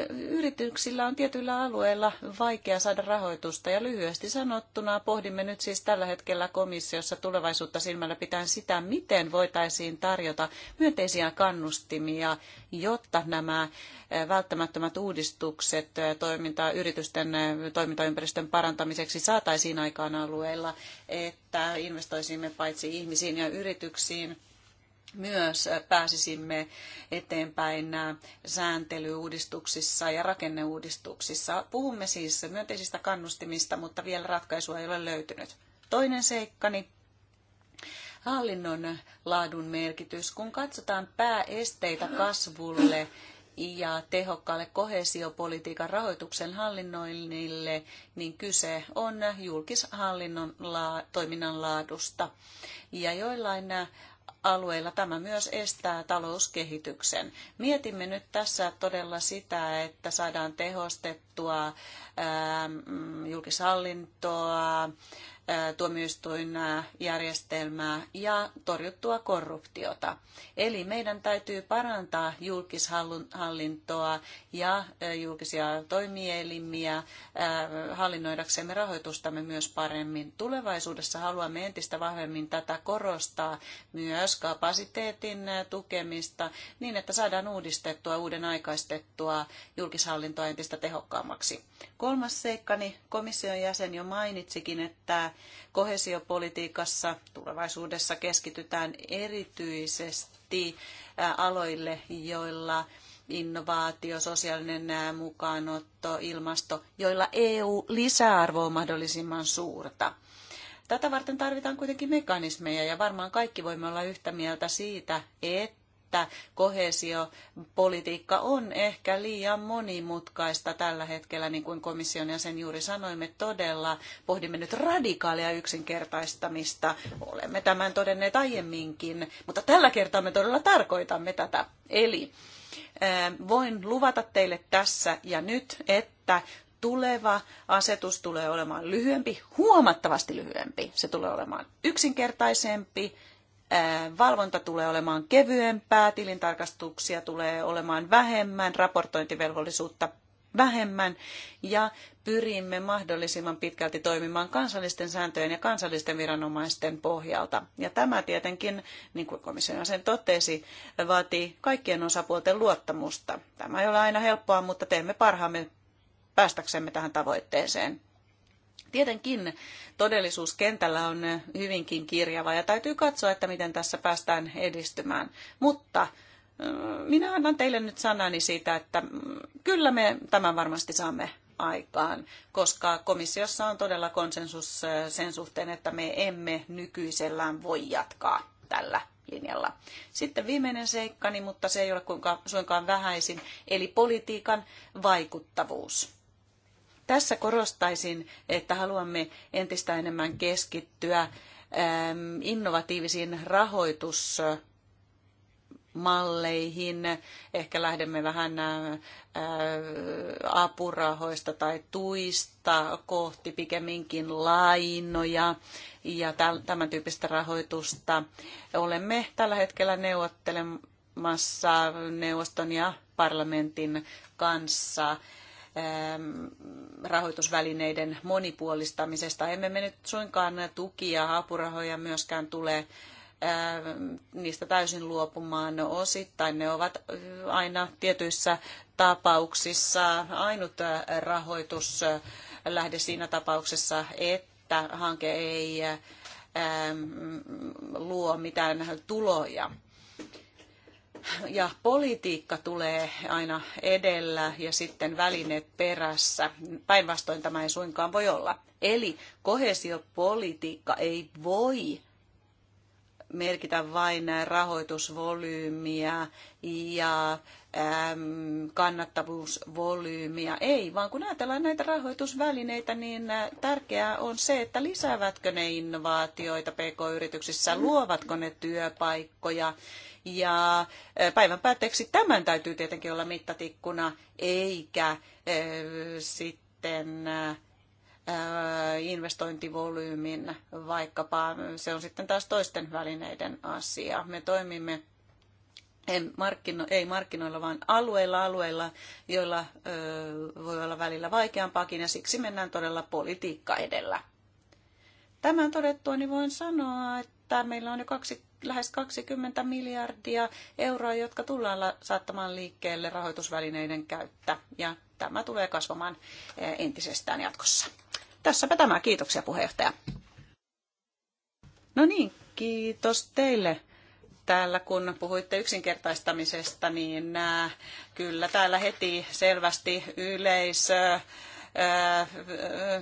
Yrityksillä on tietyillä alueilla vaikea saada rahoitusta ja lyhyesti sanottuna pohdimme nyt siis tällä hetkellä komissiossa tulevaisuutta silmällä pitäen sitä, miten voitaisiin tarjota myönteisiä kannustimia, jotta nämä äh, välttämättömät uudistukset äh, toimintaa yritysten eh, toimintaympäristön parantamiseksi saataisiin aikaan alueilla, että investoisimme paitsi ihmisiin ja yrityksiin, myös pääsisimme eteenpäin eh, sääntelyuudistuksissa ja rakenneuudistuksissa. Puhumme siis myönteisistä kannustimista, mutta vielä ratkaisua ei ole löytynyt. Toinen seikkani, hallinnon laadun merkitys. Kun katsotaan pääesteitä kasvulle, ja tehokkaalle kohesiopolitiikan rahoituksen hallinnoinnille, niin kyse on julkishallinnon laa, toiminnan laadusta. Ja joillain alueilla tämä myös estää talouskehityksen. Mietimme nyt tässä todella sitä, että saadaan tehostettua ää, mm, julkishallintoa, tuomioistuinjärjestelmää ja torjuttua korruptiota. Eli meidän täytyy parantaa julkishallintoa ja julkisia toimielimiä hallinnoidaksemme rahoitustamme myös paremmin. Tulevaisuudessa haluamme entistä vahvemmin tätä korostaa myös kapasiteetin tukemista niin, että saadaan uudistettua, uuden aikaistettua julkishallintoa entistä tehokkaammaksi. Kolmas seikkani komission jäsen jo mainitsikin, että kohesiopolitiikassa tulevaisuudessa keskitytään erityisesti aloille, joilla innovaatio, sosiaalinen mukaanotto, ilmasto, joilla EU-lisäarvo on mahdollisimman suurta. Tätä varten tarvitaan kuitenkin mekanismeja ja varmaan kaikki voimme olla yhtä mieltä siitä, että että kohesiopolitiikka on ehkä liian monimutkaista tällä hetkellä, niin kuin komission jäsen juuri sanoimme, todella pohdimme nyt radikaalia yksinkertaistamista. Olemme tämän todenneet aiemminkin, mutta tällä kertaa me todella tarkoitamme tätä. Eli voin luvata teille tässä ja nyt, että tuleva asetus tulee olemaan lyhyempi, huomattavasti lyhyempi. Se tulee olemaan yksinkertaisempi, valvonta tulee olemaan kevyempää, tilintarkastuksia tulee olemaan vähemmän, raportointivelvollisuutta vähemmän ja pyrimme mahdollisimman pitkälti toimimaan kansallisten sääntöjen ja kansallisten viranomaisten pohjalta. Ja tämä tietenkin, niin kuin komission sen totesi, vaatii kaikkien osapuolten luottamusta. Tämä ei ole aina helppoa, mutta teemme parhaamme päästäksemme tähän tavoitteeseen. Tietenkin todellisuus kentällä on hyvinkin kirjava ja täytyy katsoa, että miten tässä päästään edistymään. Mutta minä annan teille nyt sanani siitä, että mm, kyllä me tämän varmasti saamme aikaan, koska komissiossa on todella konsensus sen suhteen, että me emme nykyisellään voi jatkaa tällä linjalla. Sitten viimeinen seikkani, mutta se ei ole kuinka, suinkaan vähäisin, eli politiikan vaikuttavuus. Tässä korostaisin, että haluamme entistä enemmän keskittyä ähm, innovatiivisiin rahoitusmalleihin. Ehkä lähdemme vähän äh, apurahoista tai tuista kohti pikemminkin lainoja ja tämän tyyppistä rahoitusta. Olemme tällä hetkellä neuvottelemassa neuvoston ja parlamentin kanssa Ehm, rahoitusvälineiden monipuolistamisesta. Emme me nyt suinkaan tukia, apurahoja myöskään tule ehm, niistä täysin luopumaan osittain. Ne ovat aina tietyissä tapauksissa ainut rahoitus lähde siinä tapauksessa, että hanke ei ehm, luo mitään tuloja ja politiikka tulee aina edellä ja sitten välineet perässä. Päinvastoin tämä ei suinkaan voi olla. Eli kohesiopolitiikka ei voi merkitä vain rahoitusvolyymiä ja äm, kannattavuusvolyymiä. Ei, vaan kun ajatellaan näitä rahoitusvälineitä, niin tärkeää on se, että lisäävätkö ne innovaatioita pk-yrityksissä, luovatko ne työpaikkoja ja päivän päätteeksi tämän täytyy tietenkin olla mittatikkuna, eikä sitten investointivolyymin, vaikkapa se on sitten taas toisten välineiden asia. Me toimimme ei, markkino, ei markkinoilla, vaan alueilla, alueilla, joilla ö, voi olla välillä vaikeampaakin, ja siksi mennään todella politiikka edellä. Tämän todettua niin voin sanoa, että meillä on jo kaksi, lähes 20 miljardia euroa, jotka tullaan saattamaan liikkeelle rahoitusvälineiden käyttä. Ja tämä tulee kasvamaan eh, entisestään jatkossa. Tässäpä tämä. Kiitoksia puheenjohtaja. No niin, kiitos teille täällä, kun puhuitte yksinkertaistamisesta, niin äh, kyllä täällä heti selvästi yleisö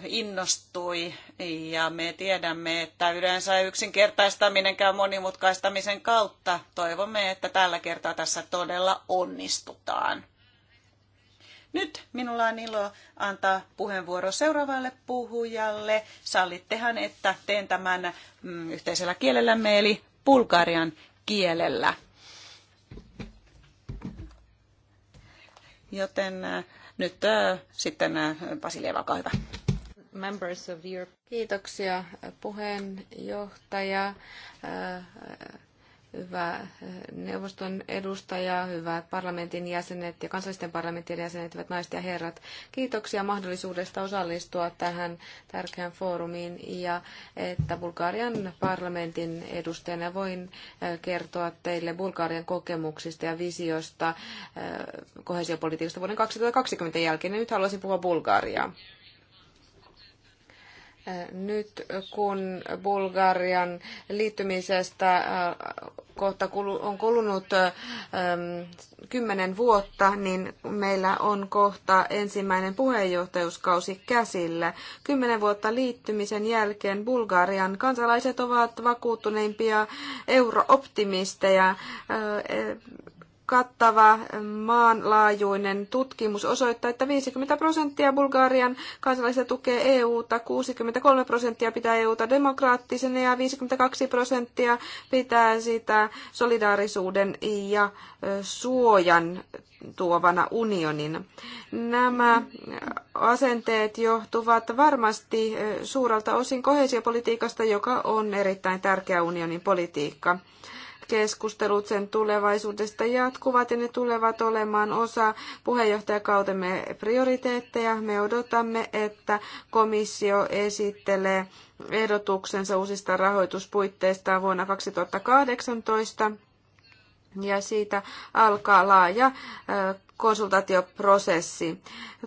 innostui ja me tiedämme, että yleensä yksinkertaistaminen käy monimutkaistamisen kautta. Toivomme, että tällä kertaa tässä todella onnistutaan. Nyt minulla on ilo antaa puheenvuoro seuraavalle puhujalle. Sallittehan, että teen tämän mm, yhteisellä kielellämme eli bulgarian kielellä. Joten nyt äh, sitten Basilia, äh, olkaa hyvä. Kiitoksia puheenjohtaja äh, hyvä eh, neuvoston edustaja, hyvät parlamentin jäsenet ja kansallisten parlamentin jäsenet, hyvät naiset ja herrat. Kiitoksia mahdollisuudesta osallistua tähän tärkeään foorumiin ja että Bulgarian parlamentin edustajana voin eh, kertoa teille Bulgarian kokemuksista ja visiosta eh, kohesiopolitiikasta vuoden 2020 jälkeen. nyt haluaisin puhua Bulgariaa. Nyt kun Bulgarian liittymisestä äh, kohta on kulunut ähm, kymmenen vuotta, niin meillä on kohta ensimmäinen puheenjohtajuuskausi käsillä. Kymmenen vuotta liittymisen jälkeen Bulgarian kansalaiset ovat vakuuttuneimpia eurooptimisteja äh, kattava maanlaajuinen tutkimus osoittaa, että 50 prosenttia Bulgarian kansalaisista tukee EUta, 63 prosenttia pitää EUta demokraattisena ja 52 prosenttia pitää sitä solidaarisuuden ja suojan tuovana unionin. Nämä asenteet johtuvat varmasti suurelta osin kohesiopolitiikasta, joka on erittäin tärkeä unionin politiikka. Keskustelut sen tulevaisuudesta jatkuvat ja ne tulevat olemaan osa puheenjohtajakautemme prioriteetteja. Me odotamme, että komissio esittelee ehdotuksensa uusista rahoituspuitteista vuonna 2018 ja siitä alkaa laaja konsultaatioprosessi.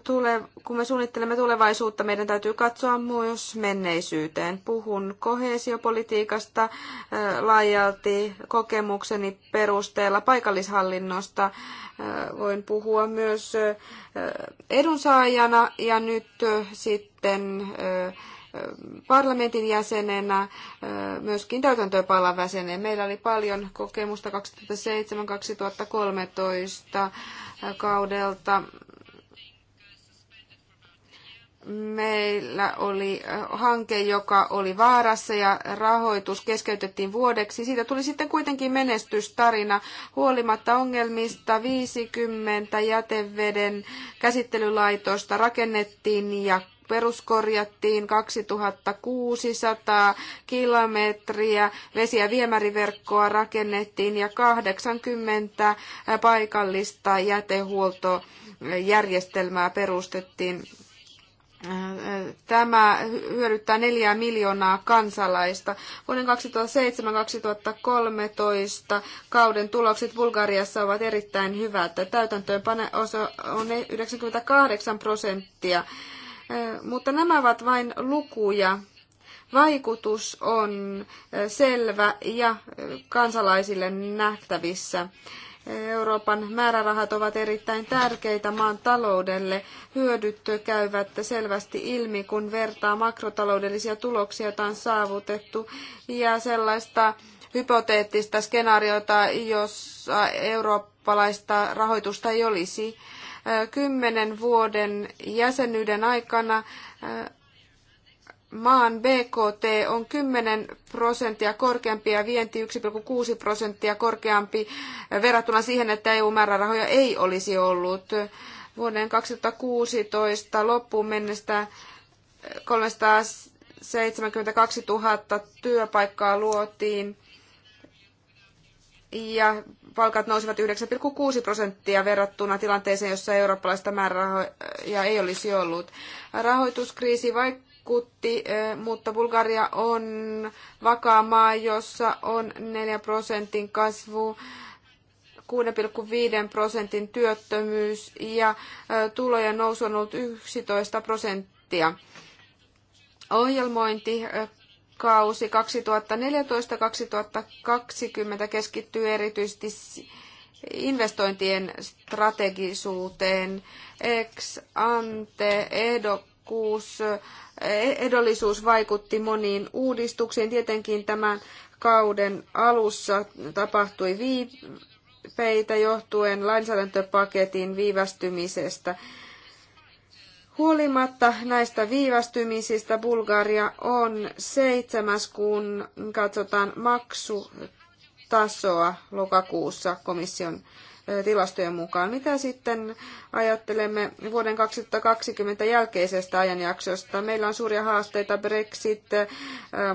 Tule, kun me suunnittelemme tulevaisuutta, meidän täytyy katsoa myös menneisyyteen. Puhun kohesiopolitiikasta laajalti kokemukseni perusteella paikallishallinnosta. Voin puhua myös edunsaajana ja nyt sitten parlamentin jäsenenä, myöskin täytäntöönpalan jäsenenä. Meillä oli paljon kokemusta 2007-2013 kaudelta. Meillä oli hanke, joka oli vaarassa ja rahoitus keskeytettiin vuodeksi. Siitä tuli sitten kuitenkin menestystarina. Huolimatta ongelmista 50 jäteveden käsittelylaitosta rakennettiin ja peruskorjattiin 2600 kilometriä, vesi- ja viemäriverkkoa rakennettiin ja 80 paikallista jätehuoltojärjestelmää perustettiin. Tämä hyödyttää neljää miljoonaa kansalaista. Vuoden 2007-2013 kauden tulokset Bulgariassa ovat erittäin hyvät. Täytäntöönpane on 98 prosenttia mutta nämä ovat vain lukuja. Vaikutus on selvä ja kansalaisille nähtävissä. Euroopan määrärahat ovat erittäin tärkeitä maan taloudelle. Hyödyt käyvät selvästi ilmi, kun vertaa makrotaloudellisia tuloksia, joita on saavutettu, ja sellaista hypoteettista skenaariota, jossa eurooppalaista rahoitusta ei olisi kymmenen vuoden jäsenyyden aikana maan BKT on 10 prosenttia korkeampi ja vienti 1,6 prosenttia korkeampi verrattuna siihen, että EU-määrärahoja ei olisi ollut. Vuoden 2016 loppuun mennessä 372 000 työpaikkaa luotiin ja palkat nousivat 9,6 prosenttia verrattuna tilanteeseen, jossa eurooppalaista määrärahoja ei olisi ollut. Rahoituskriisi vaikutti, mutta Bulgaria on vakaa maa, jossa on 4 prosentin kasvu. 6,5 prosentin työttömyys ja tulojen nousu on ollut 11 prosenttia. Ohjelmointi kausi 2014-2020 keskittyy erityisesti investointien strategisuuteen. Ex ante ehdokkuus, eh, ehdollisuus vaikutti moniin uudistuksiin. Tietenkin tämän kauden alussa tapahtui viipeitä johtuen lainsäädäntöpaketin viivästymisestä Huolimatta näistä viivästymisistä Bulgaria on seitsemäs, kun katsotaan maksutasoa lokakuussa komission tilastojen mukaan. Mitä sitten ajattelemme vuoden 2020 jälkeisestä ajanjaksosta? Meillä on suuria haasteita Brexit,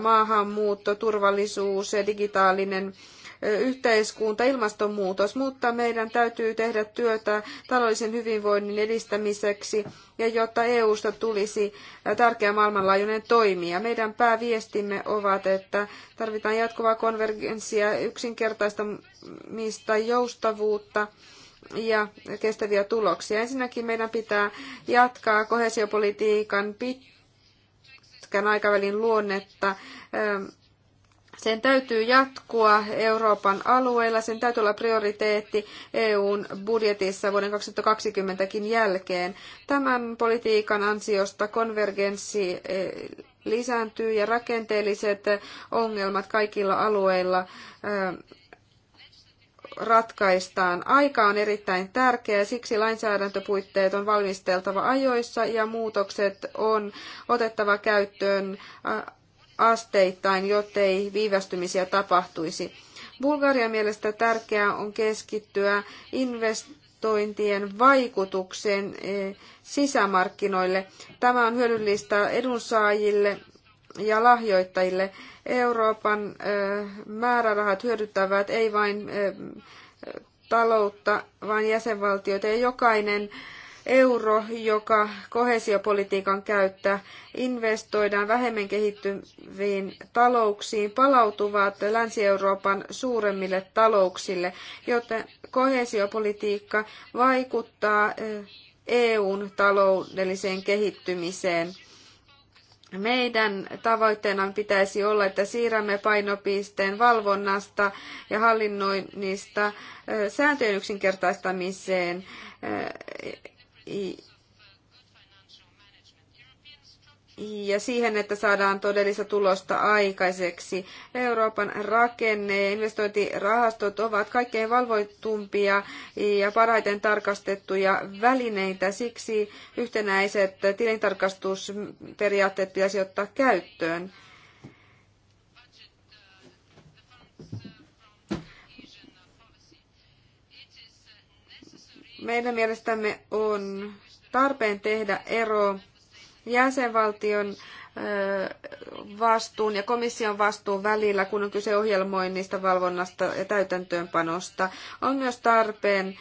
maahanmuutto, turvallisuus ja digitaalinen yhteiskunta, ilmastonmuutos, mutta meidän täytyy tehdä työtä taloudellisen hyvinvoinnin edistämiseksi ja jotta EUsta tulisi tärkeä maailmanlaajuinen toimija. Meidän pääviestimme ovat, että tarvitaan jatkuvaa konvergenssia, yksinkertaistamista, joustavuutta ja kestäviä tuloksia. Ensinnäkin meidän pitää jatkaa kohesiopolitiikan pitkän aikavälin luonnetta sen täytyy jatkua Euroopan alueella, sen täytyy olla prioriteetti EUn budjetissa vuoden 2020kin jälkeen. Tämän politiikan ansiosta konvergenssi eh, lisääntyy ja rakenteelliset ongelmat kaikilla alueilla eh, ratkaistaan. Aika on erittäin tärkeä, siksi lainsäädäntöpuitteet on valmisteltava ajoissa ja muutokset on otettava käyttöön eh, asteittain, jottei viivästymisiä tapahtuisi. Bulgarian mielestä tärkeää on keskittyä investointien vaikutukseen e, sisämarkkinoille. Tämä on hyödyllistä edunsaajille ja lahjoittajille. Euroopan e, määrärahat hyödyttävät ei vain e, taloutta, vaan jäsenvaltioita ja jokainen euro, joka kohesiopolitiikan käyttää, investoidaan vähemmän kehittyviin talouksiin, palautuvat Länsi-Euroopan suuremmille talouksille, joten kohesiopolitiikka vaikuttaa EUn taloudelliseen kehittymiseen. Meidän tavoitteena pitäisi olla, että siirrämme painopisteen valvonnasta ja hallinnoinnista sääntöjen yksinkertaistamiseen ja siihen, että saadaan todellista tulosta aikaiseksi. Euroopan rakenne ja investointirahastot ovat kaikkein valvoitumpia ja parhaiten tarkastettuja välineitä. Siksi yhtenäiset tilintarkastusperiaatteet pitäisi ottaa käyttöön. Meidän mielestämme on tarpeen tehdä ero jäsenvaltion vastuun ja komission vastuun välillä, kun on kyse ohjelmoinnista, valvonnasta ja täytäntöönpanosta. On myös tarpeen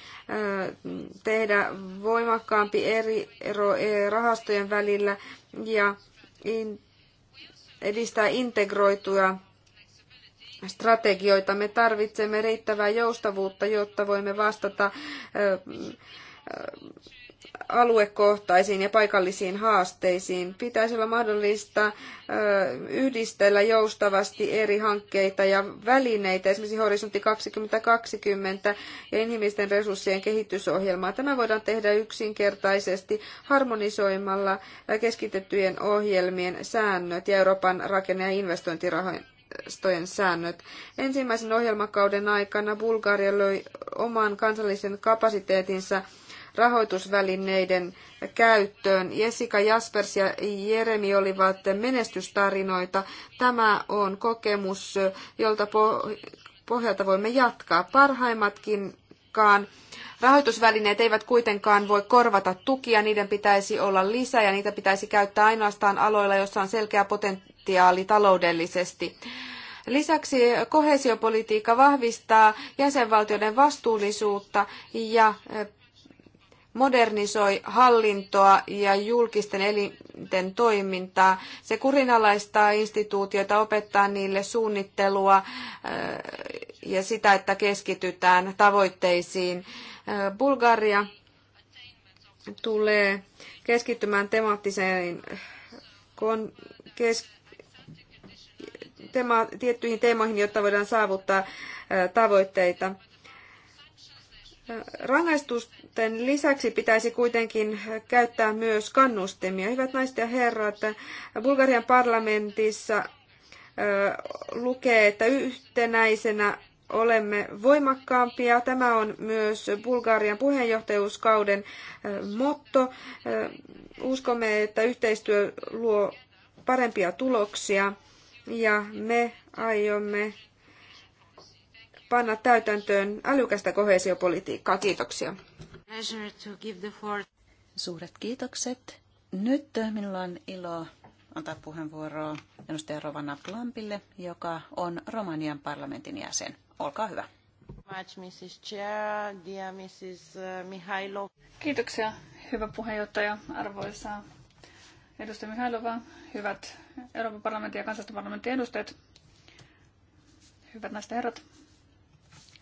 tehdä voimakkaampi eri ero rahastojen välillä ja edistää integroitua strategioita. Me tarvitsemme riittävää joustavuutta, jotta voimme vastata aluekohtaisiin ja paikallisiin haasteisiin. Pitäisi olla mahdollista yhdistellä joustavasti eri hankkeita ja välineitä, esimerkiksi Horisontti 2020 ja inhimillisten resurssien kehitysohjelmaa. Tämä voidaan tehdä yksinkertaisesti harmonisoimalla keskitettyjen ohjelmien säännöt ja Euroopan rakenne- ja investointirahojen kirjastojen säännöt. Ensimmäisen ohjelmakauden aikana Bulgaria löi oman kansallisen kapasiteetinsa rahoitusvälineiden käyttöön. Jessica Jaspers ja Jeremi olivat menestystarinoita. Tämä on kokemus, jolta pohjalta voimme jatkaa. Parhaimmatkinkaan Rahoitusvälineet eivät kuitenkaan voi korvata tukia, niiden pitäisi olla lisää ja niitä pitäisi käyttää ainoastaan aloilla, joissa on selkeä potentiaali potentiaali taloudellisesti. Lisäksi kohesiopolitiikka vahvistaa jäsenvaltioiden vastuullisuutta ja eh, modernisoi hallintoa ja julkisten elinten toimintaa. Se kurinalaistaa instituutioita, opettaa niille suunnittelua eh, ja sitä, että keskitytään tavoitteisiin. Eh, Bulgaria tulee keskittymään temaattiseen kon- kes- tema, tiettyihin teemoihin, jotta voidaan saavuttaa tavoitteita. Rangaistusten lisäksi pitäisi kuitenkin käyttää myös kannustimia. Hyvät naiset ja herrat, Bulgarian parlamentissa lukee, että yhtenäisenä olemme voimakkaampia. Tämä on myös Bulgarian puheenjohtajuuskauden motto. Uskomme, että yhteistyö luo parempia tuloksia ja me aiomme panna täytäntöön älykästä kohesiopolitiikkaa. Kiitoksia. Suuret kiitokset. Nyt minulla on ilo antaa puheenvuoroa edustaja Rovana Plampille, joka on Romanian parlamentin jäsen. Olkaa hyvä. Uh, Kiitoksia, hyvä puheenjohtaja, arvoisa edustaja Mihailova, hyvät Euroopan parlamentin ja kansallisten parlamentin edustajat, hyvät naiset herrat.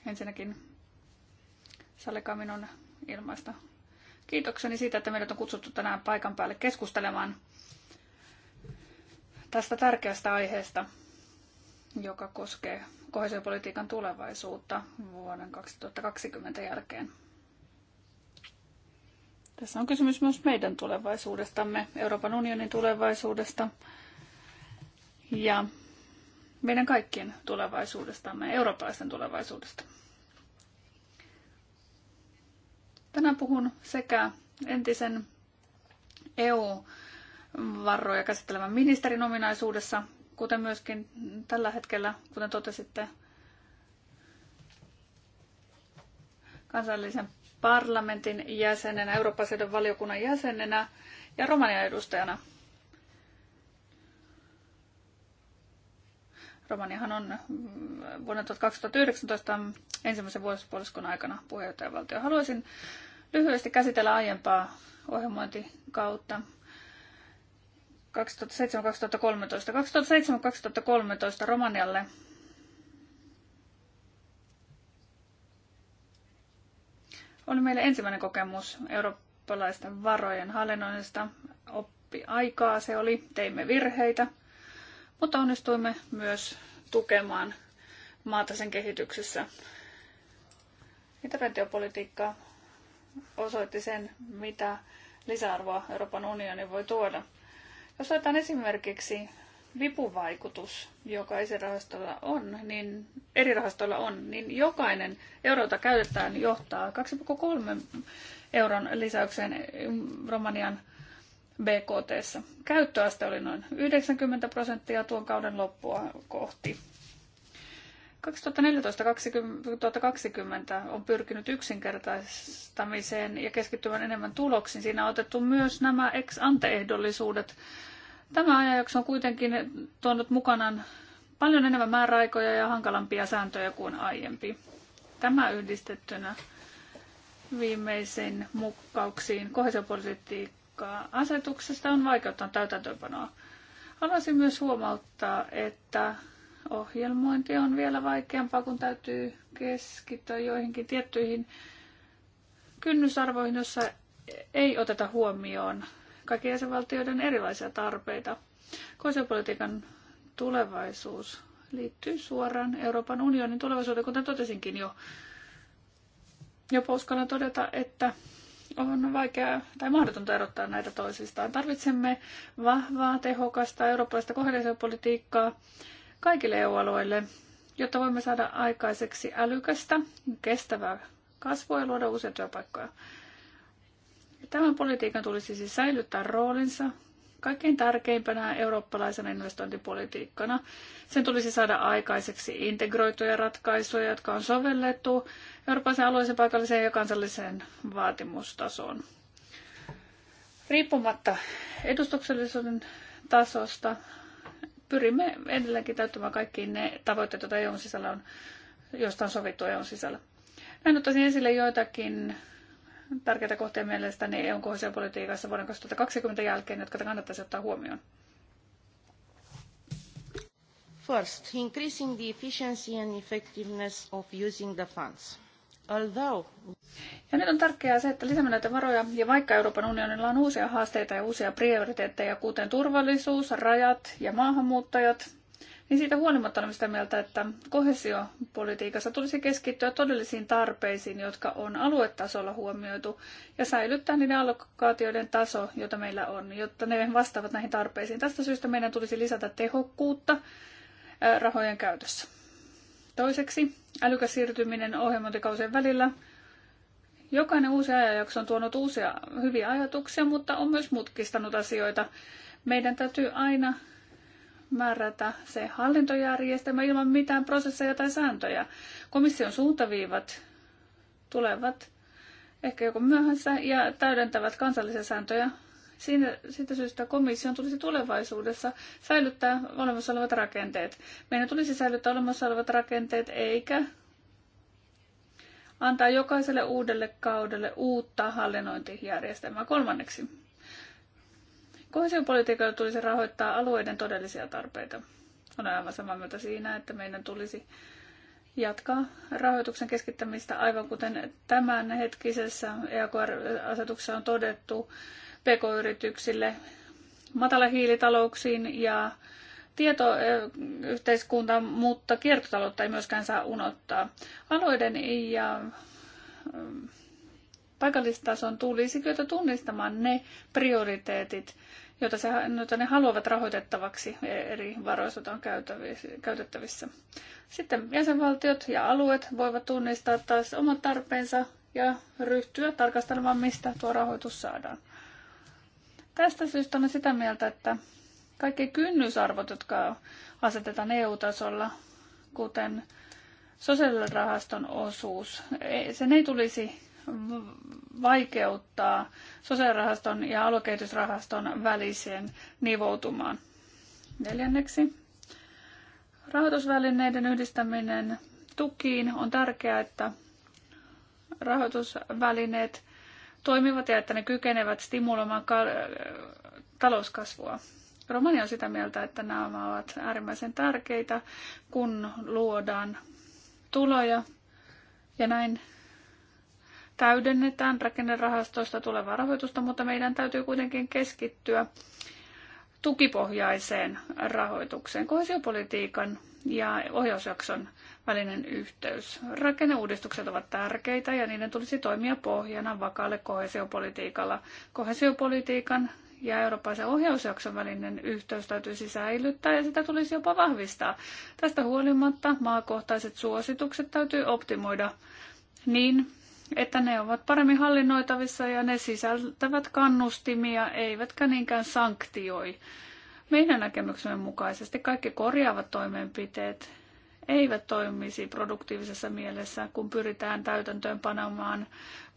Ensinnäkin sallikaa minun ilmaista kiitokseni siitä, että meidät on kutsuttu tänään paikan päälle keskustelemaan tästä tärkeästä aiheesta, joka koskee kohesiopolitiikan tulevaisuutta vuoden 2020 jälkeen. Tässä on kysymys myös meidän tulevaisuudestamme, Euroopan unionin tulevaisuudesta ja meidän kaikkien tulevaisuudestamme, eurooppalaisten tulevaisuudesta. Tänään puhun sekä entisen EU-varroja käsittelevän ministerin ominaisuudessa, kuten myöskin tällä hetkellä, kuten totesitte, kansallisen parlamentin jäsenenä, Euroopan valiokunnan jäsenenä ja Romanian edustajana. Romaniahan on mm, vuonna 2019 ensimmäisen vuosipuoliskon aikana puheenjohtajavaltio. Haluaisin lyhyesti käsitellä aiempaa ohjelmointikautta 2007-2013. 2007-2013 Romanialle oli meille ensimmäinen kokemus eurooppalaisten varojen hallinnoinnista. Oppi aikaa se oli, teimme virheitä, mutta onnistuimme myös tukemaan maata sen kehityksessä. Interventiopolitiikka osoitti sen, mitä lisäarvoa Euroopan unioni voi tuoda. Jos otetaan esimerkiksi vipuvaikutus, joka rahastolla on, niin eri rahastoilla on, niin jokainen eurota käytetään johtaa 2,3 euron lisäykseen Romanian BKT. Käyttöaste oli noin 90 prosenttia tuon kauden loppua kohti. 2014-2020 on pyrkinyt yksinkertaistamiseen ja keskittymään enemmän tuloksiin. Siinä on otettu myös nämä ex-anteehdollisuudet Tämä ajanjakso on kuitenkin tuonut mukanaan paljon enemmän määräaikoja ja hankalampia sääntöjä kuin aiempi. Tämä yhdistettynä viimeisiin mukkauksiin kohesiopolitiikkaa asetuksesta on vaikeuttanut täytäntöönpanoa. Haluaisin myös huomauttaa, että ohjelmointi on vielä vaikeampaa, kun täytyy keskittyä joihinkin tiettyihin kynnysarvoihin, joissa ei oteta huomioon kaikkien jäsenvaltioiden erilaisia tarpeita. Koisiopolitiikan tulevaisuus liittyy suoraan Euroopan unionin tulevaisuuteen, kuten totesinkin jo. Jopa uskallan todeta, että on vaikea tai mahdotonta erottaa näitä toisistaan. Tarvitsemme vahvaa, tehokasta eurooppalaista kohdepolitiikkaa kaikille EU-alueille, jotta voimme saada aikaiseksi älykästä, kestävää kasvua ja luoda uusia työpaikkoja. Tämän politiikan tulisi siis säilyttää roolinsa kaikkein tärkeimpänä eurooppalaisena investointipolitiikkana. Sen tulisi saada aikaiseksi integroituja ratkaisuja, jotka on sovellettu eurooppalaisen alueeseen, paikalliseen ja kansalliseen vaatimustasoon. Riippumatta edustuksellisuuden tasosta pyrimme edelleenkin täyttämään kaikkiin ne tavoitteet, joita on e sisällä on, joista on sovittu EUn sisällä. Näin ottaisin esille joitakin tärkeitä kohtia mielestäni EUn kohesiopolitiikassa vuoden 2020 jälkeen, jotka kannattaisi ottaa huomioon. First, increasing the efficiency and effectiveness of using the funds. Although... Ja nyt on tärkeää se, että lisäämme näitä varoja, ja vaikka Euroopan unionilla on uusia haasteita ja uusia prioriteetteja, kuten turvallisuus, rajat ja maahanmuuttajat, niin siitä huolimatta olemme sitä mieltä, että kohesiopolitiikassa tulisi keskittyä todellisiin tarpeisiin, jotka on aluetasolla huomioitu, ja säilyttää niiden allokaatioiden taso, jota meillä on, jotta ne vastaavat näihin tarpeisiin. Tästä syystä meidän tulisi lisätä tehokkuutta rahojen käytössä. Toiseksi, älykäs siirtyminen ohjelmointikausien välillä. Jokainen uusi ajanjakso on tuonut uusia hyviä ajatuksia, mutta on myös mutkistanut asioita. Meidän täytyy aina määrätä se hallintojärjestelmä ilman mitään prosesseja tai sääntöjä. Komission suuntaviivat tulevat ehkä joko myöhässä ja täydentävät kansallisia sääntöjä. Siinä, siitä syystä komission tulisi tulevaisuudessa säilyttää olemassa olevat rakenteet. Meidän tulisi säilyttää olemassa olevat rakenteet eikä antaa jokaiselle uudelle kaudelle uutta hallinnointijärjestelmää kolmanneksi Kohesiopolitiikalla tulisi rahoittaa alueiden todellisia tarpeita. Olen aivan samaa mieltä siinä, että meidän tulisi jatkaa rahoituksen keskittämistä aivan kuten tämänhetkisessä EAKR-asetuksessa on todettu pk-yrityksille, matalahiilitalouksiin ja tietoyhteiskuntaan, mutta kiertotaloutta ei myöskään saa unohtaa. Alueiden ja paikallistason tulisi kyetä tunnistamaan ne prioriteetit, joita, se, joita ne haluavat rahoitettavaksi e, eri varoista joita on käytettävissä. Sitten jäsenvaltiot ja alueet voivat tunnistaa taas omat tarpeensa ja ryhtyä tarkastelemaan, mistä tuo rahoitus saadaan. Tästä syystä olen sitä mieltä, että kaikki kynnysarvot, jotka asetetaan EU-tasolla, kuten sosiaalirahaston osuus, e, sen ei tulisi vaikeuttaa sosiaalirahaston ja aluekehitysrahaston väliseen nivoutumaan. Neljänneksi, rahoitusvälineiden yhdistäminen tukiin on tärkeää, että rahoitusvälineet toimivat ja että ne kykenevät stimuloimaan talouskasvua. Romania on sitä mieltä, että nämä ovat äärimmäisen tärkeitä, kun luodaan tuloja ja näin täydennetään rakennerahastoista tulevaa rahoitusta, mutta meidän täytyy kuitenkin keskittyä tukipohjaiseen rahoitukseen, kohesiopolitiikan ja ohjausjakson välinen yhteys. Rakenneuudistukset ovat tärkeitä ja niiden tulisi toimia pohjana vakaalle kohesiopolitiikalla. Kohesiopolitiikan ja eurooppalaisen ohjausjakson välinen yhteys täytyisi säilyttää ja sitä tulisi jopa vahvistaa. Tästä huolimatta maakohtaiset suositukset täytyy optimoida niin, että ne ovat paremmin hallinnoitavissa ja ne sisältävät kannustimia, eivätkä niinkään sanktioi. Meidän näkemyksemme mukaisesti kaikki korjaavat toimenpiteet eivät toimisi produktiivisessa mielessä, kun pyritään täytäntöön panemaan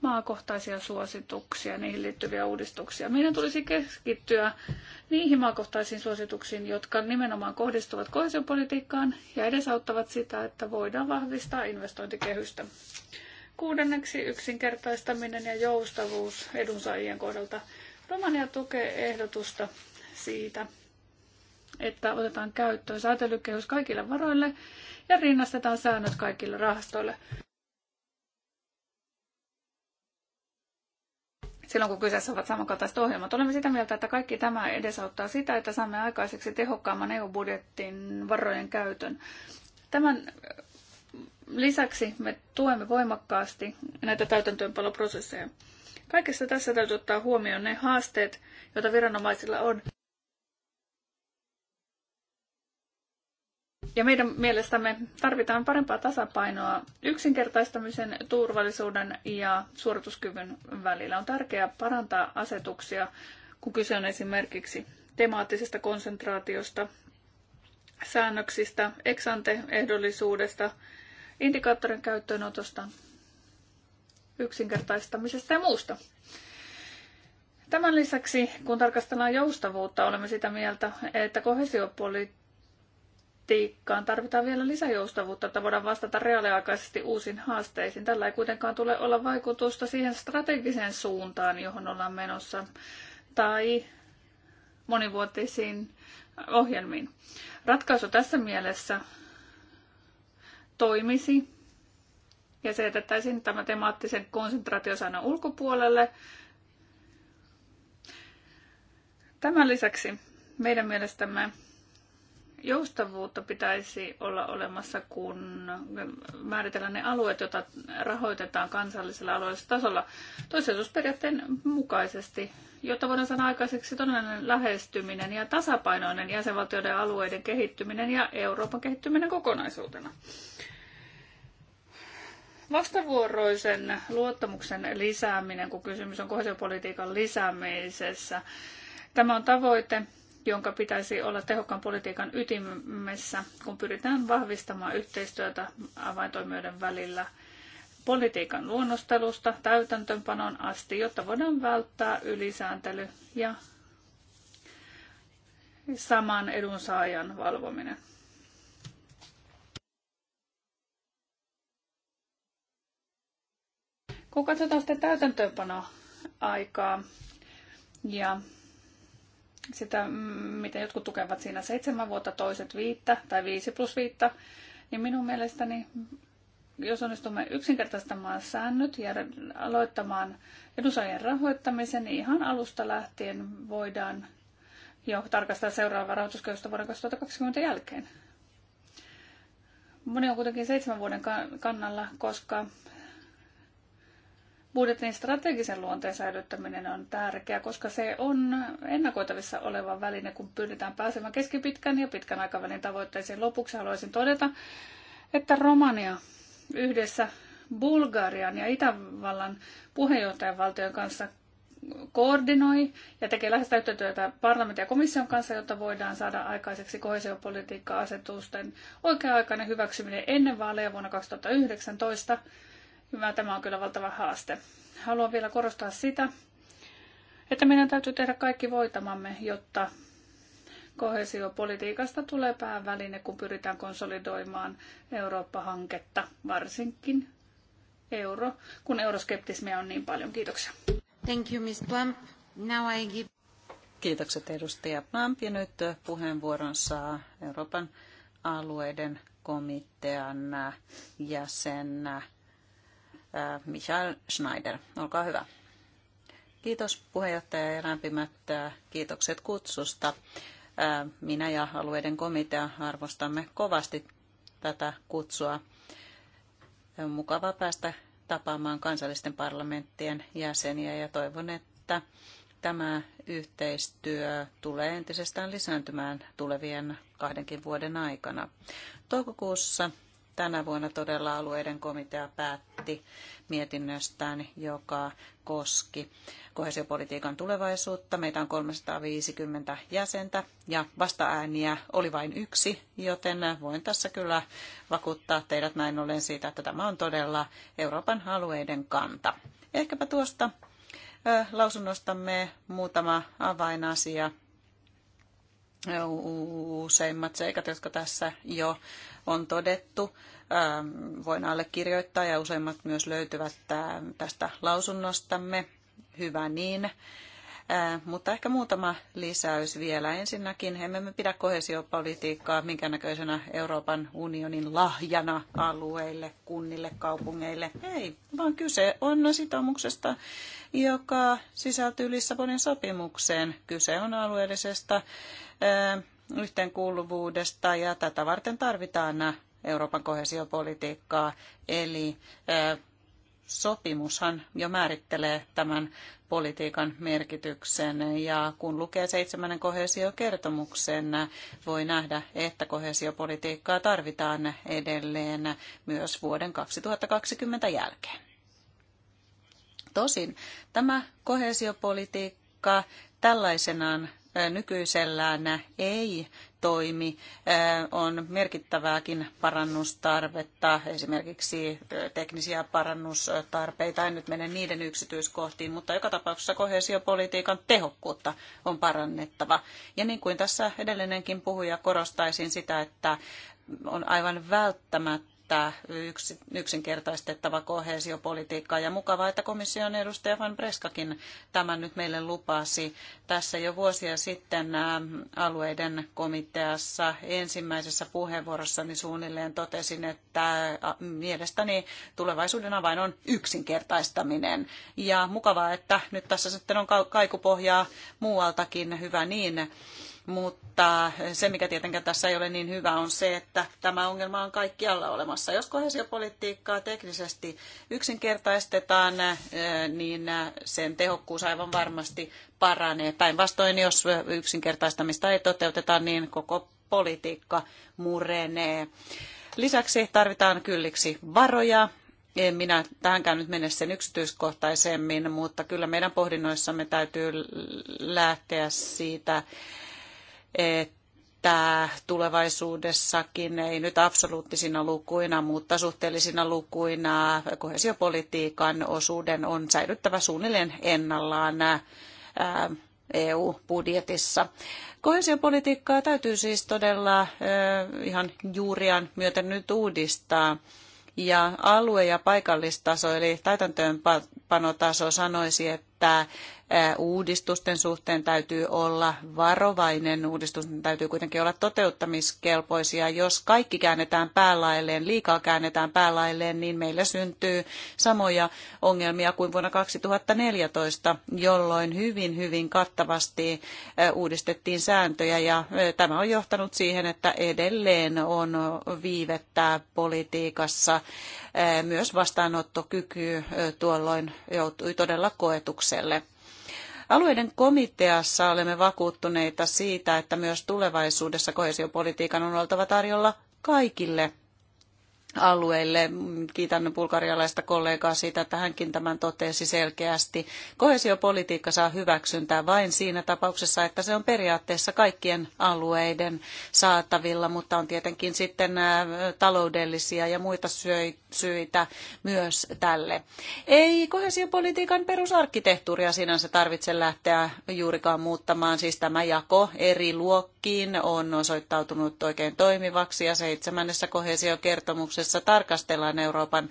maakohtaisia suosituksia, niihin liittyviä uudistuksia. Meidän tulisi keskittyä niihin maakohtaisiin suosituksiin, jotka nimenomaan kohdistuvat kohesiopolitiikkaan ja edesauttavat sitä, että voidaan vahvistaa investointikehystä. Kuudenneksi yksinkertaistaminen ja joustavuus edunsaajien kohdalta. Romania tukee ehdotusta siitä, että otetaan käyttöön säätelykehys kaikille varoille ja rinnastetaan säännöt kaikille rahastoille. silloin kun kyseessä ovat samankaltaiset ohjelmat. Olemme sitä mieltä, että kaikki tämä edesauttaa sitä, että saamme aikaiseksi tehokkaamman eu budjettin varojen käytön. Tämän Lisäksi me tuemme voimakkaasti näitä täytäntöönpaloprosesseja. Kaikessa tässä täytyy ottaa huomioon ne haasteet, joita viranomaisilla on. Ja meidän mielestämme tarvitaan parempaa tasapainoa yksinkertaistamisen, turvallisuuden ja suorituskyvyn välillä. On tärkeää parantaa asetuksia, kun kyse on esimerkiksi temaattisesta konsentraatiosta, säännöksistä, eksante-ehdollisuudesta, indikaattorin käyttöönotosta, yksinkertaistamisesta ja muusta. Tämän lisäksi, kun tarkastellaan joustavuutta, olemme sitä mieltä, että kohesiopolitiikkaan tarvitaan vielä lisäjoustavuutta, että voidaan vastata reaaliaikaisesti uusiin haasteisiin. Tällä ei kuitenkaan tule olla vaikutusta siihen strategiseen suuntaan, johon ollaan menossa, tai monivuotisiin ohjelmiin. Ratkaisu tässä mielessä toimisi ja se jätettäisiin tämä temaattisen konsentraatiosanan ulkopuolelle. Tämän lisäksi meidän mielestämme joustavuutta pitäisi olla olemassa, kun määritellään ne alueet, joita rahoitetaan kansallisella alueellisella tasolla toisellisuusperiaatteen mukaisesti, jotta voidaan saada aikaiseksi todellinen lähestyminen ja tasapainoinen jäsenvaltioiden alueiden kehittyminen ja Euroopan kehittyminen kokonaisuutena. Vastavuoroisen luottamuksen lisääminen, kun kysymys on kohdepolitiikan lisäämisessä, tämä on tavoite, jonka pitäisi olla tehokkaan politiikan ytimessä, kun pyritään vahvistamaan yhteistyötä avaintoimijoiden välillä politiikan luonnostelusta täytäntöönpanon asti, jotta voidaan välttää ylisääntely ja saman edunsaajan valvominen. Kun katsotaan sitten täytäntöönpanoaikaa ja sitä, miten jotkut tukevat siinä seitsemän vuotta, toiset viittä tai viisi plus viittä, niin minun mielestäni jos onnistumme yksinkertaistamaan säännöt ja aloittamaan edunsaajien rahoittamisen, niin ihan alusta lähtien voidaan jo tarkastaa seuraavaa rahoituskehystä vuoden 2020 jälkeen. Moni on kuitenkin seitsemän vuoden kannalla, koska Budjetin strategisen luonteen säilyttäminen on tärkeää, koska se on ennakoitavissa oleva väline, kun pyritään pääsemään keskipitkän ja pitkän aikavälin tavoitteisiin. Lopuksi haluaisin todeta, että Romania yhdessä Bulgarian ja Itävallan puheenjohtajavaltion kanssa koordinoi ja tekee lähes täyttötyötä parlamentin ja komission kanssa, jotta voidaan saada aikaiseksi kohesiopolitiikka-asetusten oikea-aikainen hyväksyminen ennen vaaleja vuonna 2019 Hyvä, tämä on kyllä valtava haaste. Haluan vielä korostaa sitä, että meidän täytyy tehdä kaikki voitamamme, jotta kohesiopolitiikasta tulee pääväline, kun pyritään konsolidoimaan Eurooppa-hanketta, varsinkin euro, kun euroskeptismiä on niin paljon. Kiitoksia. Thank you, Ms. Plump. Now I give... Kiitokset edustaja Plump ja nyt puheenvuoron saa Euroopan alueiden komitean jäsen Äh, Michael Schneider. Olkaa hyvä. Kiitos puheenjohtaja ja lämpimät äh, kiitokset kutsusta. Äh, minä ja alueiden komitea arvostamme kovasti tätä kutsua. On mukava päästä tapaamaan kansallisten parlamenttien jäseniä ja toivon, että tämä yhteistyö tulee entisestään lisääntymään tulevien kahdenkin vuoden aikana. Toukokuussa tänä vuonna todella alueiden komitea päättää, laati mietinnöstään, joka koski kohesiopolitiikan tulevaisuutta. Meitä on 350 jäsentä ja vasta ääniä oli vain yksi, joten voin tässä kyllä vakuuttaa teidät näin ollen siitä, että tämä on todella Euroopan alueiden kanta. Ehkäpä tuosta lausunnostamme muutama avainasia. Useimmat seikat, jotka tässä jo on todettu, Ähm, voin allekirjoittaa ja useimmat myös löytyvät äh, tästä lausunnostamme. Hyvä niin. Äh, mutta ehkä muutama lisäys vielä. Ensinnäkin emme me pidä kohesiopolitiikkaa minkäännäköisenä Euroopan unionin lahjana alueille, kunnille, kaupungeille. Ei, vaan kyse on sitoumuksesta, joka sisältyy Lissabonin sopimukseen. Kyse on alueellisesta äh, yhteenkuuluvuudesta ja tätä varten tarvitaan nämä Euroopan kohesiopolitiikkaa, eli sopimushan jo määrittelee tämän politiikan merkityksen ja kun lukee seitsemännen kohesiokertomuksen, voi nähdä, että kohesiopolitiikkaa tarvitaan edelleen myös vuoden 2020 jälkeen. Tosin tämä kohesiopolitiikka tällaisenaan nykyisellään ei toimi. On merkittävääkin parannustarvetta, esimerkiksi teknisiä parannustarpeita. En nyt mene niiden yksityiskohtiin, mutta joka tapauksessa kohesiopolitiikan tehokkuutta on parannettava. Ja niin kuin tässä edellinenkin puhuja korostaisin sitä, että on aivan välttämättä että yksinkertaistettava koheesiopolitiikkaa Ja mukavaa, että komission edustaja Van Breskakin tämän nyt meille lupasi. Tässä jo vuosia sitten alueiden komiteassa ensimmäisessä puheenvuorossani suunnilleen totesin, että mielestäni tulevaisuuden avain on yksinkertaistaminen. Ja mukavaa, että nyt tässä sitten on kaikupohjaa muualtakin. Hyvä niin mutta se, mikä tietenkään tässä ei ole niin hyvä, on se, että tämä ongelma on kaikkialla olemassa. Jos kohesiopolitiikkaa teknisesti yksinkertaistetaan, eh, niin eh, sen tehokkuus aivan varmasti paranee. Päinvastoin, jos yksinkertaistamista ei toteuteta, niin koko politiikka murenee. Lisäksi tarvitaan kylliksi varoja, en minä tähänkään nyt mene sen yksityiskohtaisemmin, mutta kyllä meidän pohdinnoissamme täytyy lähteä siitä, että tulevaisuudessakin, ei nyt absoluuttisina lukuina, mutta suhteellisina lukuina, kohesiopolitiikan osuuden on säilyttävä suunnilleen ennallaan EU-budjetissa. Kohesiopolitiikkaa täytyy siis todella ihan juurian myöten nyt uudistaa. Ja alue- ja paikallistaso, eli täytäntöönpanotaso sanoisi, että että uudistusten suhteen täytyy olla varovainen. Uudistusten täytyy kuitenkin olla toteuttamiskelpoisia. Jos kaikki käännetään päälailleen, liikaa käännetään päälailleen, niin meillä syntyy samoja ongelmia kuin vuonna 2014, jolloin hyvin, hyvin kattavasti uudistettiin sääntöjä ja tämä on johtanut siihen, että edelleen on viivettää politiikassa myös vastaanottokyky tuolloin joutui todella koetukselle. Alueiden komiteassa olemme vakuuttuneita siitä, että myös tulevaisuudessa koesiopolitiikan on oltava tarjolla kaikille alueille. Kiitän bulgarialaista kollegaa siitä, että hänkin tämän totesi selkeästi. koesiopolitiikka saa hyväksyntää vain siinä tapauksessa, että se on periaatteessa kaikkien alueiden saatavilla, mutta on tietenkin sitten taloudellisia ja muita syitä syitä myös tälle. Ei kohesiopolitiikan perusarkkitehtuuria sinänsä tarvitse lähteä juurikaan muuttamaan. Siis tämä jako eri luokkiin on osoittautunut oikein toimivaksi ja seitsemännessä kohesiokertomuksessa tarkastellaan Euroopan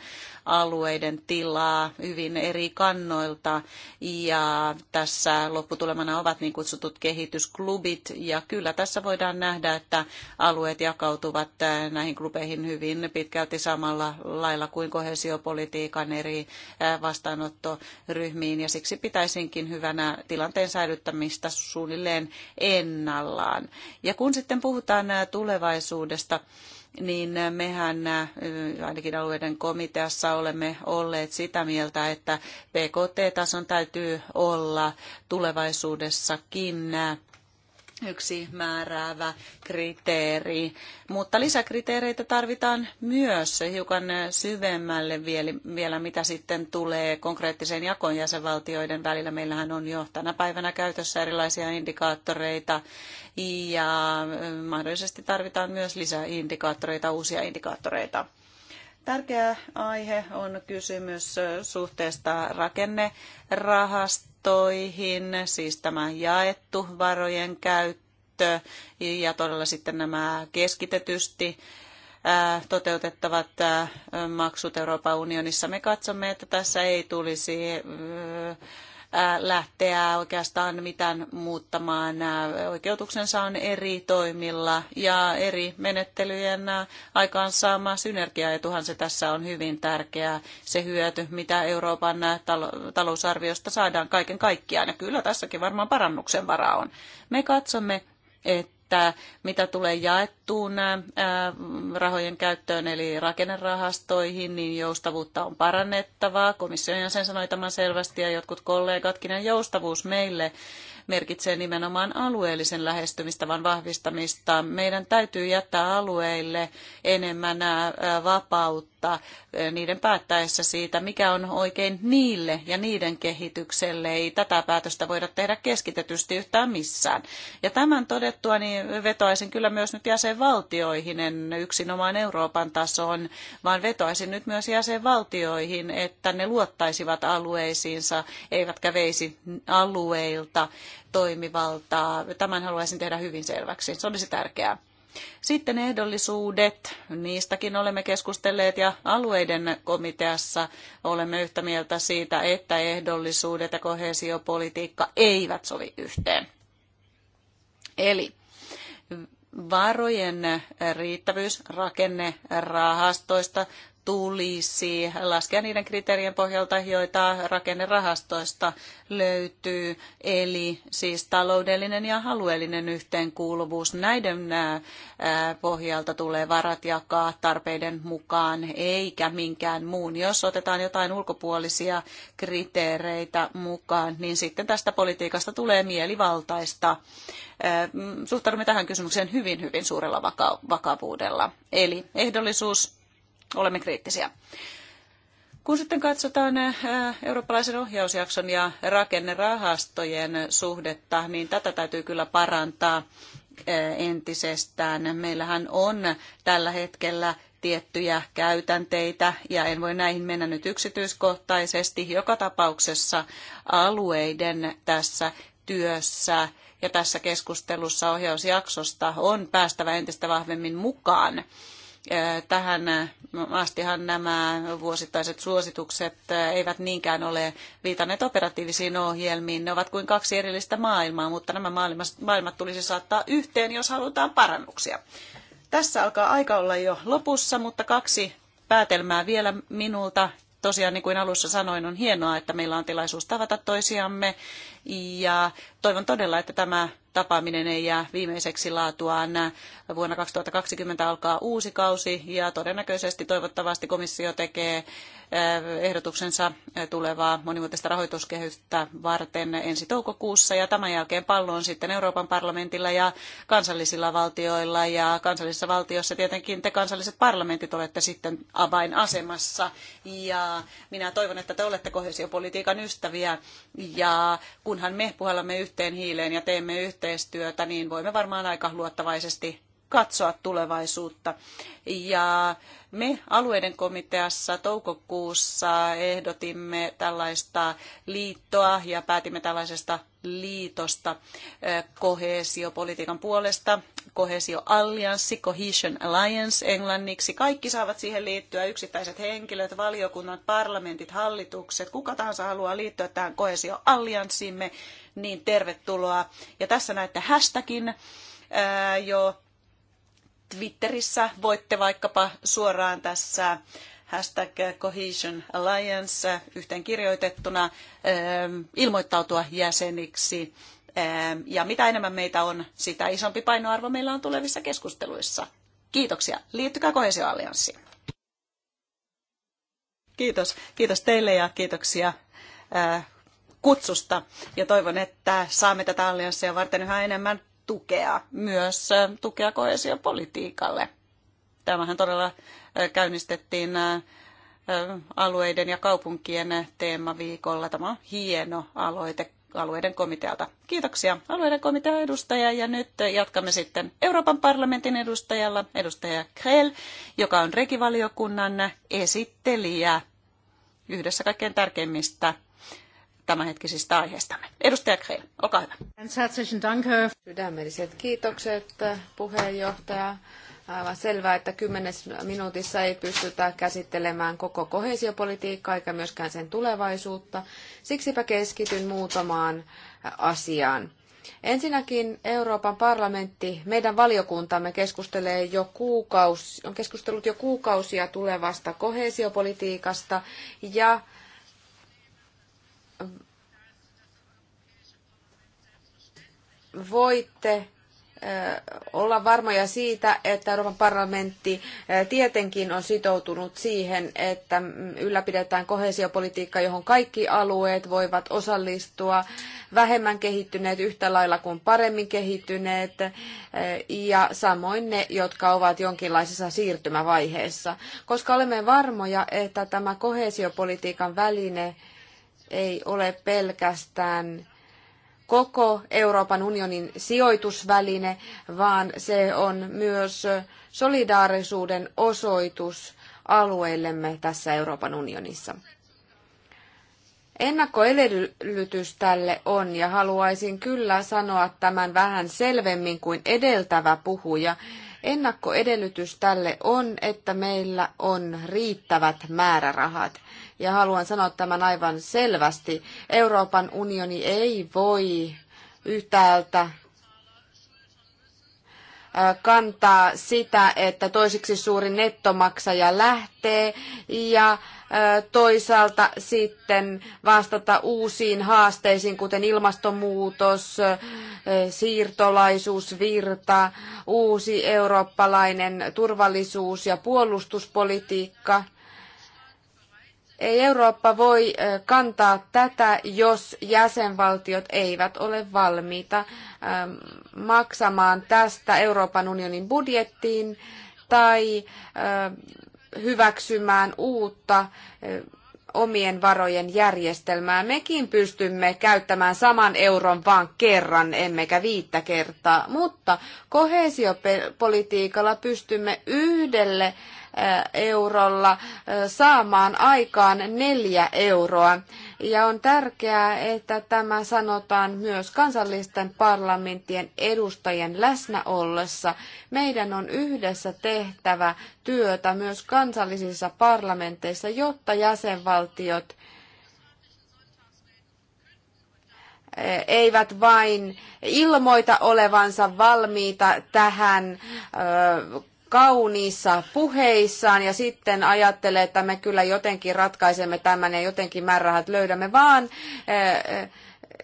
alueiden tilaa hyvin eri kannoilta. Ja tässä lopputulemana ovat niin kutsutut kehitysklubit. Ja kyllä tässä voidaan nähdä, että alueet jakautuvat näihin klubeihin hyvin pitkälti samalla lailla kuin kohesiopolitiikan eri vastaanottoryhmiin. Ja siksi pitäisinkin hyvänä tilanteen säilyttämistä suunnilleen ennallaan. Ja kun sitten puhutaan tulevaisuudesta, niin äh, mehän äh, ainakin alueiden komiteassa olemme olleet sitä mieltä, että PKT-tason täytyy olla tulevaisuudessakin äh, yksi määräävä kriteeri, mutta lisäkriteereitä tarvitaan myös hiukan syvemmälle vielä, mitä sitten tulee konkreettiseen jakoon jäsenvaltioiden välillä. Meillähän on jo tänä päivänä käytössä erilaisia indikaattoreita ja mahdollisesti tarvitaan myös lisää indikaattoreita, uusia indikaattoreita. Tärkeä aihe on kysymys suhteesta rakennerahastoon valintoihin, siis tämä jaettu varojen käyttö ja todella sitten nämä keskitetysti äh, toteutettavat äh, maksut Euroopan unionissa. Me katsomme, että tässä ei tulisi äh, lähteä oikeastaan mitään muuttamaan. Oikeutuksensa on eri toimilla ja eri menettelyjen aikaansaama synergiaetuhan se tässä on hyvin tärkeää. Se hyöty, mitä Euroopan talousarviosta saadaan kaiken kaikkiaan. Ja kyllä tässäkin varmaan parannuksen varaa on. Me katsomme, että että mitä tulee jaettuun rahojen käyttöön, eli rakennerahastoihin, niin joustavuutta on parannettavaa. Komission jäsen sanoi tämän selvästi ja jotkut kollegatkin, että joustavuus meille merkitsee nimenomaan alueellisen lähestymistavan vahvistamista. Meidän täytyy jättää alueille enemmän vapautta mutta niiden päättäessä siitä, mikä on oikein niille ja niiden kehitykselle, ei tätä päätöstä voida tehdä keskitetysti yhtään missään. Ja tämän todettua niin vetoaisin kyllä myös nyt jäsenvaltioihin, en yksinomaan Euroopan tasoon, vaan vetoaisin nyt myös jäsenvaltioihin, että ne luottaisivat alueisiinsa, eivätkä veisi alueilta toimivaltaa. Tämän haluaisin tehdä hyvin selväksi. Se olisi tärkeää. Sitten ehdollisuudet, niistäkin olemme keskustelleet ja alueiden komiteassa olemme yhtä mieltä siitä, että ehdollisuudet ja kohesiopolitiikka eivät sovi yhteen. Eli varojen riittävyys rakennerahastoista tulisi laskea niiden kriteerien pohjalta, joita rakennerahastoista löytyy, eli siis taloudellinen ja alueellinen yhteenkuuluvuus. Näiden pohjalta tulee varat jakaa tarpeiden mukaan, eikä minkään muun. Jos otetaan jotain ulkopuolisia kriteereitä mukaan, niin sitten tästä politiikasta tulee mielivaltaista. Mm, suhtaudumme tähän kysymykseen hyvin, hyvin suurella vakavuudella. Eli ehdollisuus olemme kriittisiä. Kun sitten katsotaan äh, eurooppalaisen ohjausjakson ja rakennerahastojen suhdetta, niin tätä täytyy kyllä parantaa äh, entisestään. Meillähän on tällä hetkellä tiettyjä käytänteitä, ja en voi näihin mennä nyt yksityiskohtaisesti, joka tapauksessa alueiden tässä työssä ja tässä keskustelussa ohjausjaksosta on päästävä entistä vahvemmin mukaan. Tähän astihan nämä vuosittaiset suositukset eivät niinkään ole viitanneet operatiivisiin ohjelmiin. Ne ovat kuin kaksi erillistä maailmaa, mutta nämä maailmat tulisi saattaa yhteen, jos halutaan parannuksia. Tässä alkaa aika olla jo lopussa, mutta kaksi päätelmää vielä minulta tosiaan niin kuin alussa sanoin, on hienoa, että meillä on tilaisuus tavata toisiamme ja toivon todella, että tämä tapaaminen ei jää viimeiseksi laatuaan. Vuonna 2020 alkaa uusi kausi ja todennäköisesti toivottavasti komissio tekee ehdotuksensa tulevaa monimuotoista rahoituskehystä varten ensi toukokuussa ja tämän jälkeen pallo on sitten Euroopan parlamentilla ja kansallisilla valtioilla ja kansallisissa valtioissa tietenkin te kansalliset parlamentit olette sitten avainasemassa ja minä toivon, että te olette kohesiopolitiikan ystäviä ja kunhan me puhallamme yhteen hiileen ja teemme yhteistyötä, niin voimme varmaan aika luottavaisesti katsoa tulevaisuutta. Ja me alueiden komiteassa toukokuussa ehdotimme tällaista liittoa ja päätimme tällaisesta liitosta eh, kohesiopolitiikan puolesta. Kohesioallianssi, Cohesion Alliance englanniksi. Kaikki saavat siihen liittyä, yksittäiset henkilöt, valiokunnat, parlamentit, hallitukset. Kuka tahansa haluaa liittyä tähän kohesioallianssiimme, niin tervetuloa. Ja tässä näette hashtagin eh, jo Twitterissä voitte vaikkapa suoraan tässä hashtag Cohesion Alliance yhteen kirjoitettuna ähm, ilmoittautua jäseniksi. Ähm, ja mitä enemmän meitä on, sitä isompi painoarvo meillä on tulevissa keskusteluissa. Kiitoksia. Liittykää Kohesioallianssiin. Kiitos. Kiitos teille ja kiitoksia äh, kutsusta. Ja toivon, että saamme tätä allianssia varten yhä enemmän tukea, myös tukea koesiopolitiikalle. Tämähän todella käynnistettiin alueiden ja kaupunkien teemaviikolla. Tämä on hieno aloite alueiden komitealta. Kiitoksia alueiden komitean edustaja ja nyt jatkamme sitten Euroopan parlamentin edustajalla, edustaja Krell, joka on regivaliokunnan esittelijä yhdessä kaikkein tärkeimmistä tämänhetkisistä aiheistamme. Edustaja Kreel, olkaa hyvä. Sydämelliset kiitokset puheenjohtaja. Aivan selvää, että kymmenes minuutissa ei pystytä käsittelemään koko kohesiopolitiikkaa eikä myöskään sen tulevaisuutta. Siksipä keskityn muutamaan asiaan. Ensinnäkin Euroopan parlamentti, meidän valiokuntamme keskustelee jo kuukausi, on keskustellut jo kuukausia tulevasta kohesiopolitiikasta ja voitte olla varmoja siitä, että Euroopan parlamentti tietenkin on sitoutunut siihen, että ylläpidetään kohesiopolitiikkaa, johon kaikki alueet voivat osallistua, vähemmän kehittyneet yhtä lailla kuin paremmin kehittyneet ja samoin ne, jotka ovat jonkinlaisessa siirtymävaiheessa. Koska olemme varmoja, että tämä kohesiopolitiikan väline ei ole pelkästään koko Euroopan unionin sijoitusväline, vaan se on myös solidaarisuuden osoitus alueillemme tässä Euroopan unionissa. Ennakkoedellytys tälle on, ja haluaisin kyllä sanoa tämän vähän selvemmin kuin edeltävä puhuja. Ennakkoedellytys tälle on, että meillä on riittävät määrärahat ja haluan sanoa tämän aivan selvästi. Euroopan unioni ei voi yhtäältä kantaa sitä, että toiseksi suuri nettomaksaja lähtee ja toisaalta sitten vastata uusiin haasteisiin, kuten ilmastonmuutos, siirtolaisuusvirta, uusi eurooppalainen turvallisuus- ja puolustuspolitiikka – ei Eurooppa voi kantaa tätä, jos jäsenvaltiot eivät ole valmiita ähm, maksamaan tästä Euroopan unionin budjettiin tai ähm, hyväksymään uutta omien varojen järjestelmää. Mekin pystymme käyttämään saman euron vain kerran, emmekä viittä kertaa, mutta kohesiopolitiikalla pystymme yhdelle eurolla saamaan aikaan neljä euroa. Ja on tärkeää, että tämä sanotaan myös kansallisten parlamenttien edustajien läsnä ollessa. Meidän on yhdessä tehtävä työtä myös kansallisissa parlamenteissa, jotta jäsenvaltiot eivät vain ilmoita olevansa valmiita tähän kauniissa puheissaan ja sitten ajattelee, että me kyllä jotenkin ratkaisemme tämän ja jotenkin määrärahat löydämme, vaan eh, eh,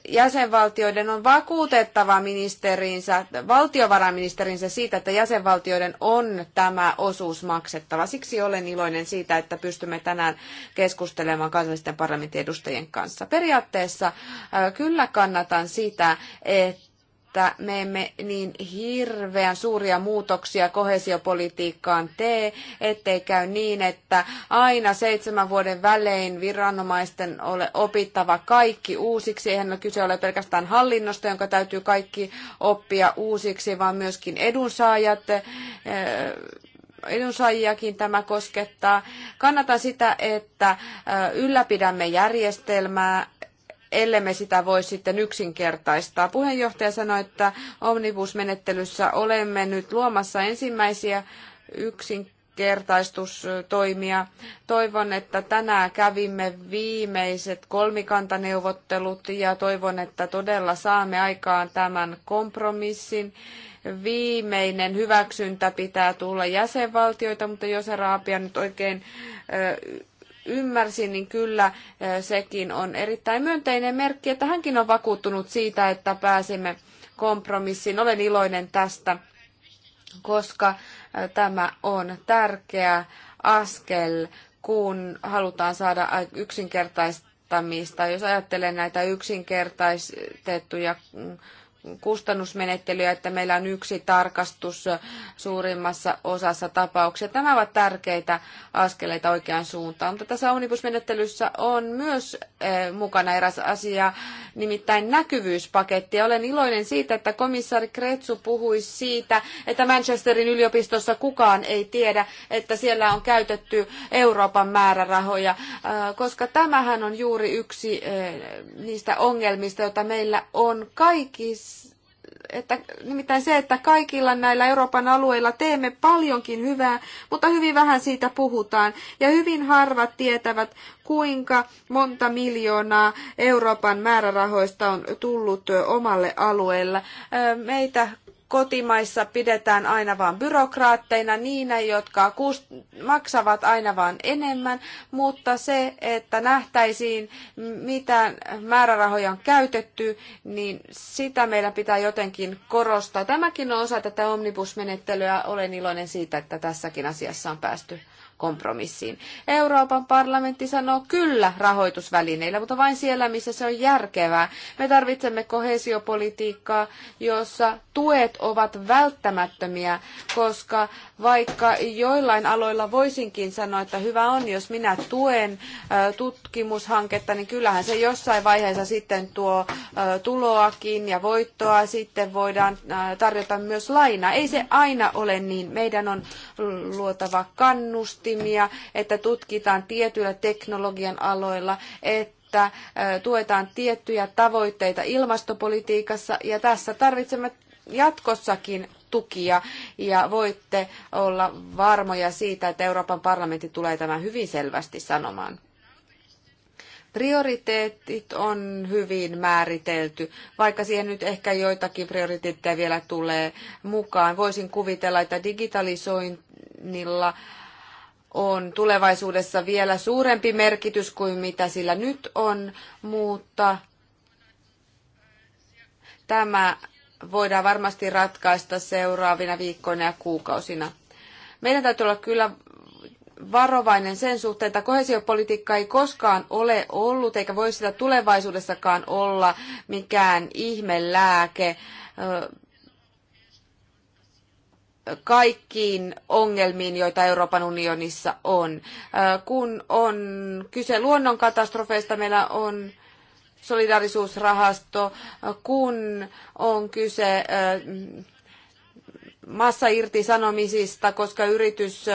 jäsenvaltioiden on vakuutettava ministerinsä, valtiovarainministerinsä siitä, että jäsenvaltioiden on tämä osuus maksettava. Siksi olen iloinen siitä, että pystymme tänään keskustelemaan kansallisten parlamentin edustajien kanssa. Periaatteessa eh, kyllä kannatan sitä, että että me emme niin hirveän suuria muutoksia kohesiopolitiikkaan tee, ettei käy niin, että aina seitsemän vuoden välein viranomaisten ole opittava kaikki uusiksi. Eihän ole kyse ole pelkästään hallinnosta, jonka täytyy kaikki oppia uusiksi, vaan myöskin edunsaajat eh, edunsaajiakin tämä koskettaa. Kannatan sitä, että eh, ylläpidämme järjestelmää, ellemme sitä voi sitten yksinkertaistaa. Puheenjohtaja sanoi, että omnibusmenettelyssä olemme nyt luomassa ensimmäisiä yksinkertaistustoimia. Toivon, että tänään kävimme viimeiset kolmikantaneuvottelut ja toivon, että todella saamme aikaan tämän kompromissin viimeinen hyväksyntä pitää tulla jäsenvaltioita, mutta jos Arabia nyt oikein ymmärsin, niin kyllä sekin on erittäin myönteinen merkki, että hänkin on vakuuttunut siitä, että pääsemme kompromissiin. Olen iloinen tästä, koska tämä on tärkeä askel, kun halutaan saada yksinkertaistamista. Jos ajattelen näitä yksinkertaistettuja mm, kustannusmenettelyä, että meillä on yksi tarkastus suurimmassa osassa tapauksia. Nämä ovat tärkeitä askeleita oikeaan suuntaan, mutta tässä omnibusmenettelyssä on myös eh, mukana eräs asia, nimittäin näkyvyyspaketti. Olen iloinen siitä, että komissaari Kretsu puhui siitä, että Manchesterin yliopistossa kukaan ei tiedä, että siellä on käytetty Euroopan määrärahoja, eh, koska tämähän on juuri yksi eh, niistä ongelmista, joita meillä on kaikissa että, nimittäin se, että kaikilla näillä Euroopan alueilla teemme paljonkin hyvää, mutta hyvin vähän siitä puhutaan. Ja hyvin harvat tietävät, kuinka monta miljoonaa Euroopan määrärahoista on tullut omalle alueelle. Meitä kotimaissa pidetään aina vain byrokraatteina, niinä, jotka maksavat aina vain enemmän, mutta se, että nähtäisiin, mitä määrärahoja on käytetty, niin sitä meillä pitää jotenkin korostaa. Tämäkin on osa tätä omnibusmenettelyä. Olen iloinen siitä, että tässäkin asiassa on päästy kompromissiin. Euroopan parlamentti sanoo kyllä rahoitusvälineillä, mutta vain siellä, missä se on järkevää. Me tarvitsemme kohesiopolitiikkaa, jossa tuet ovat välttämättömiä, koska vaikka joillain aloilla voisinkin sanoa, että hyvä on, jos minä tuen tutkimushanketta, niin kyllähän se jossain vaiheessa sitten tuo tuloakin ja voittoa sitten voidaan tarjota myös laina. Ei se aina ole niin. Meidän on luotava kannusti toimia, että tutkitaan tietyillä teknologian aloilla, että että tuetaan tiettyjä tavoitteita ilmastopolitiikassa ja tässä tarvitsemme jatkossakin tukia ja voitte olla varmoja siitä, että Euroopan parlamentti tulee tämän hyvin selvästi sanomaan. Prioriteetit on hyvin määritelty, vaikka siihen nyt ehkä joitakin prioriteetteja vielä tulee mukaan. Voisin kuvitella, että digitalisoinnilla äh, on tulevaisuudessa vielä suurempi merkitys kuin mitä sillä nyt on, mutta tämä voidaan varmasti ratkaista seuraavina viikkoina ja kuukausina. Meidän täytyy olla kyllä varovainen sen suhteen, että kohesiopolitiikka ei koskaan ole ollut, eikä voi sitä tulevaisuudessakaan olla mikään ihmelääke kaikkiin ongelmiin, joita Euroopan unionissa on. Kun on kyse luonnonkatastrofeista, meillä on solidarisuusrahasto, kun on kyse massairtisanomisista, koska yritys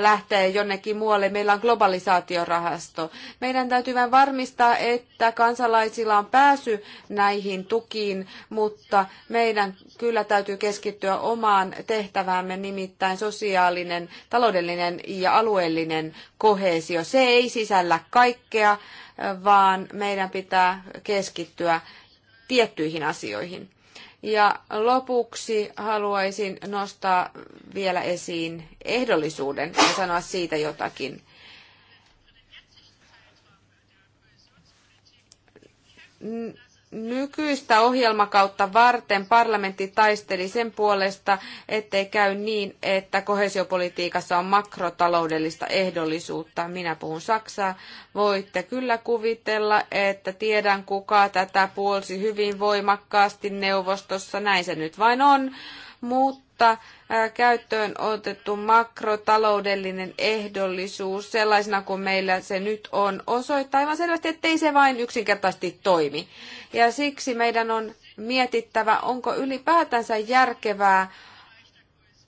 lähtee jonnekin muualle. Meillä on globalisaatiorahasto. Meidän täytyy vain varmistaa, että kansalaisilla on pääsy näihin tukiin, mutta meidän kyllä täytyy keskittyä omaan tehtäväämme, nimittäin sosiaalinen, taloudellinen ja alueellinen kohesio. Se ei sisällä kaikkea, vaan meidän pitää keskittyä tiettyihin asioihin. Ja lopuksi haluaisin nostaa vielä esiin ehdollisuuden ja sanoa siitä jotakin. Nykyistä ohjelmakautta varten parlamentti taisteli sen puolesta, ettei käy niin, että kohesiopolitiikassa on makrotaloudellista ehdollisuutta. Minä puhun Saksaa. Voitte kyllä kuvitella, että tiedän kuka tätä puolsi hyvin voimakkaasti neuvostossa. Näin se nyt vain on. Mutta mutta käyttöön otettu makrotaloudellinen ehdollisuus sellaisena kuin meillä se nyt on osoittaa aivan selvästi, ettei se vain yksinkertaisesti toimi. Ja siksi meidän on mietittävä, onko ylipäätänsä järkevää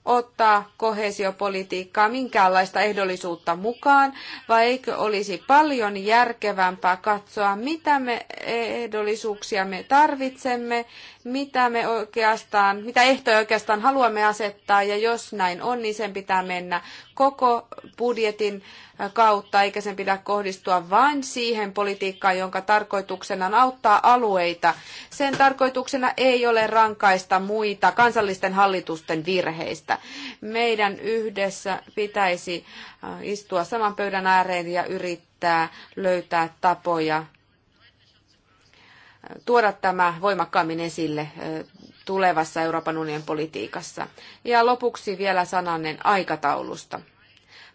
ottaa kohesiopolitiikkaa minkäänlaista ehdollisuutta mukaan, vai eikö olisi paljon järkevämpää katsoa, mitä me ehdollisuuksia me tarvitsemme mitä me oikeastaan, mitä ehtoja oikeastaan haluamme asettaa, ja jos näin on, niin sen pitää mennä koko budjetin kautta, eikä sen pidä kohdistua vain siihen politiikkaan, jonka tarkoituksena on auttaa alueita. Sen tarkoituksena ei ole rankaista muita kansallisten hallitusten virheistä. Meidän yhdessä pitäisi istua saman pöydän ääreen ja yrittää löytää tapoja tuoda tämä voimakkaammin esille tulevassa Euroopan unionin politiikassa. Ja lopuksi vielä sananen aikataulusta.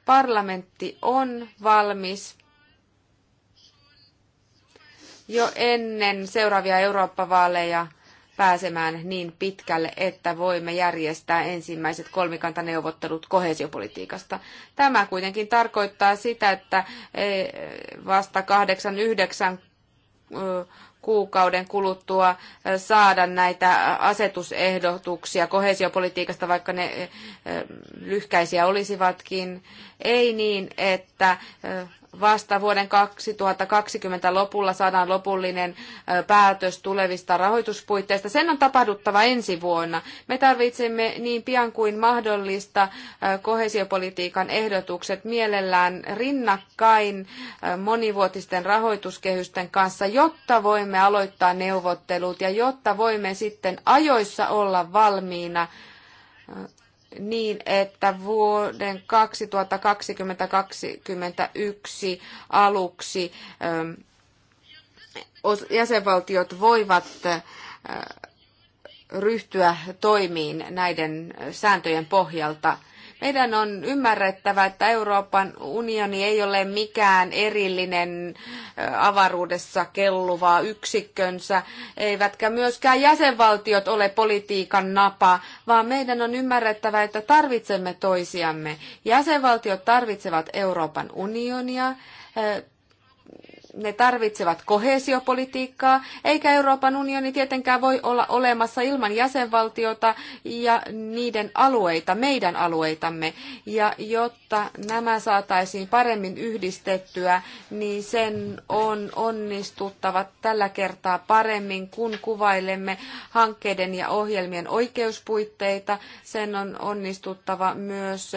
Parlamentti on valmis jo ennen seuraavia Eurooppa-vaaleja pääsemään niin pitkälle, että voimme järjestää ensimmäiset kolmikantaneuvottelut kohesiopolitiikasta. Tämä kuitenkin tarkoittaa sitä, että e, vasta 89 kuukauden kuluttua äh, saada näitä äh, asetusehdotuksia kohesiopolitiikasta, vaikka ne äh, lyhkäisiä olisivatkin. Ei niin, että vasta vuoden 2020 lopulla saadaan lopullinen päätös tulevista rahoituspuitteista. Sen on tapahduttava ensi vuonna. Me tarvitsemme niin pian kuin mahdollista kohesiopolitiikan ehdotukset mielellään rinnakkain monivuotisten rahoituskehysten kanssa, jotta voimme aloittaa neuvottelut ja jotta voimme sitten ajoissa olla valmiina niin, että vuoden 2021 aluksi ähm, jäsenvaltiot voivat äh, ryhtyä toimiin näiden sääntöjen pohjalta – meidän on ymmärrettävä, että Euroopan unioni ei ole mikään erillinen avaruudessa kelluvaa yksikkönsä, eivätkä myöskään jäsenvaltiot ole politiikan napa, vaan meidän on ymmärrettävä, että tarvitsemme toisiamme. Jäsenvaltiot tarvitsevat Euroopan unionia, ne tarvitsevat kohesiopolitiikkaa, eikä Euroopan unioni tietenkään voi olla olemassa ilman jäsenvaltiota ja niiden alueita, meidän alueitamme. Ja jotta nämä saataisiin paremmin yhdistettyä, niin sen on onnistuttava tällä kertaa paremmin, kun kuvailemme hankkeiden ja ohjelmien oikeuspuitteita. Sen on onnistuttava myös,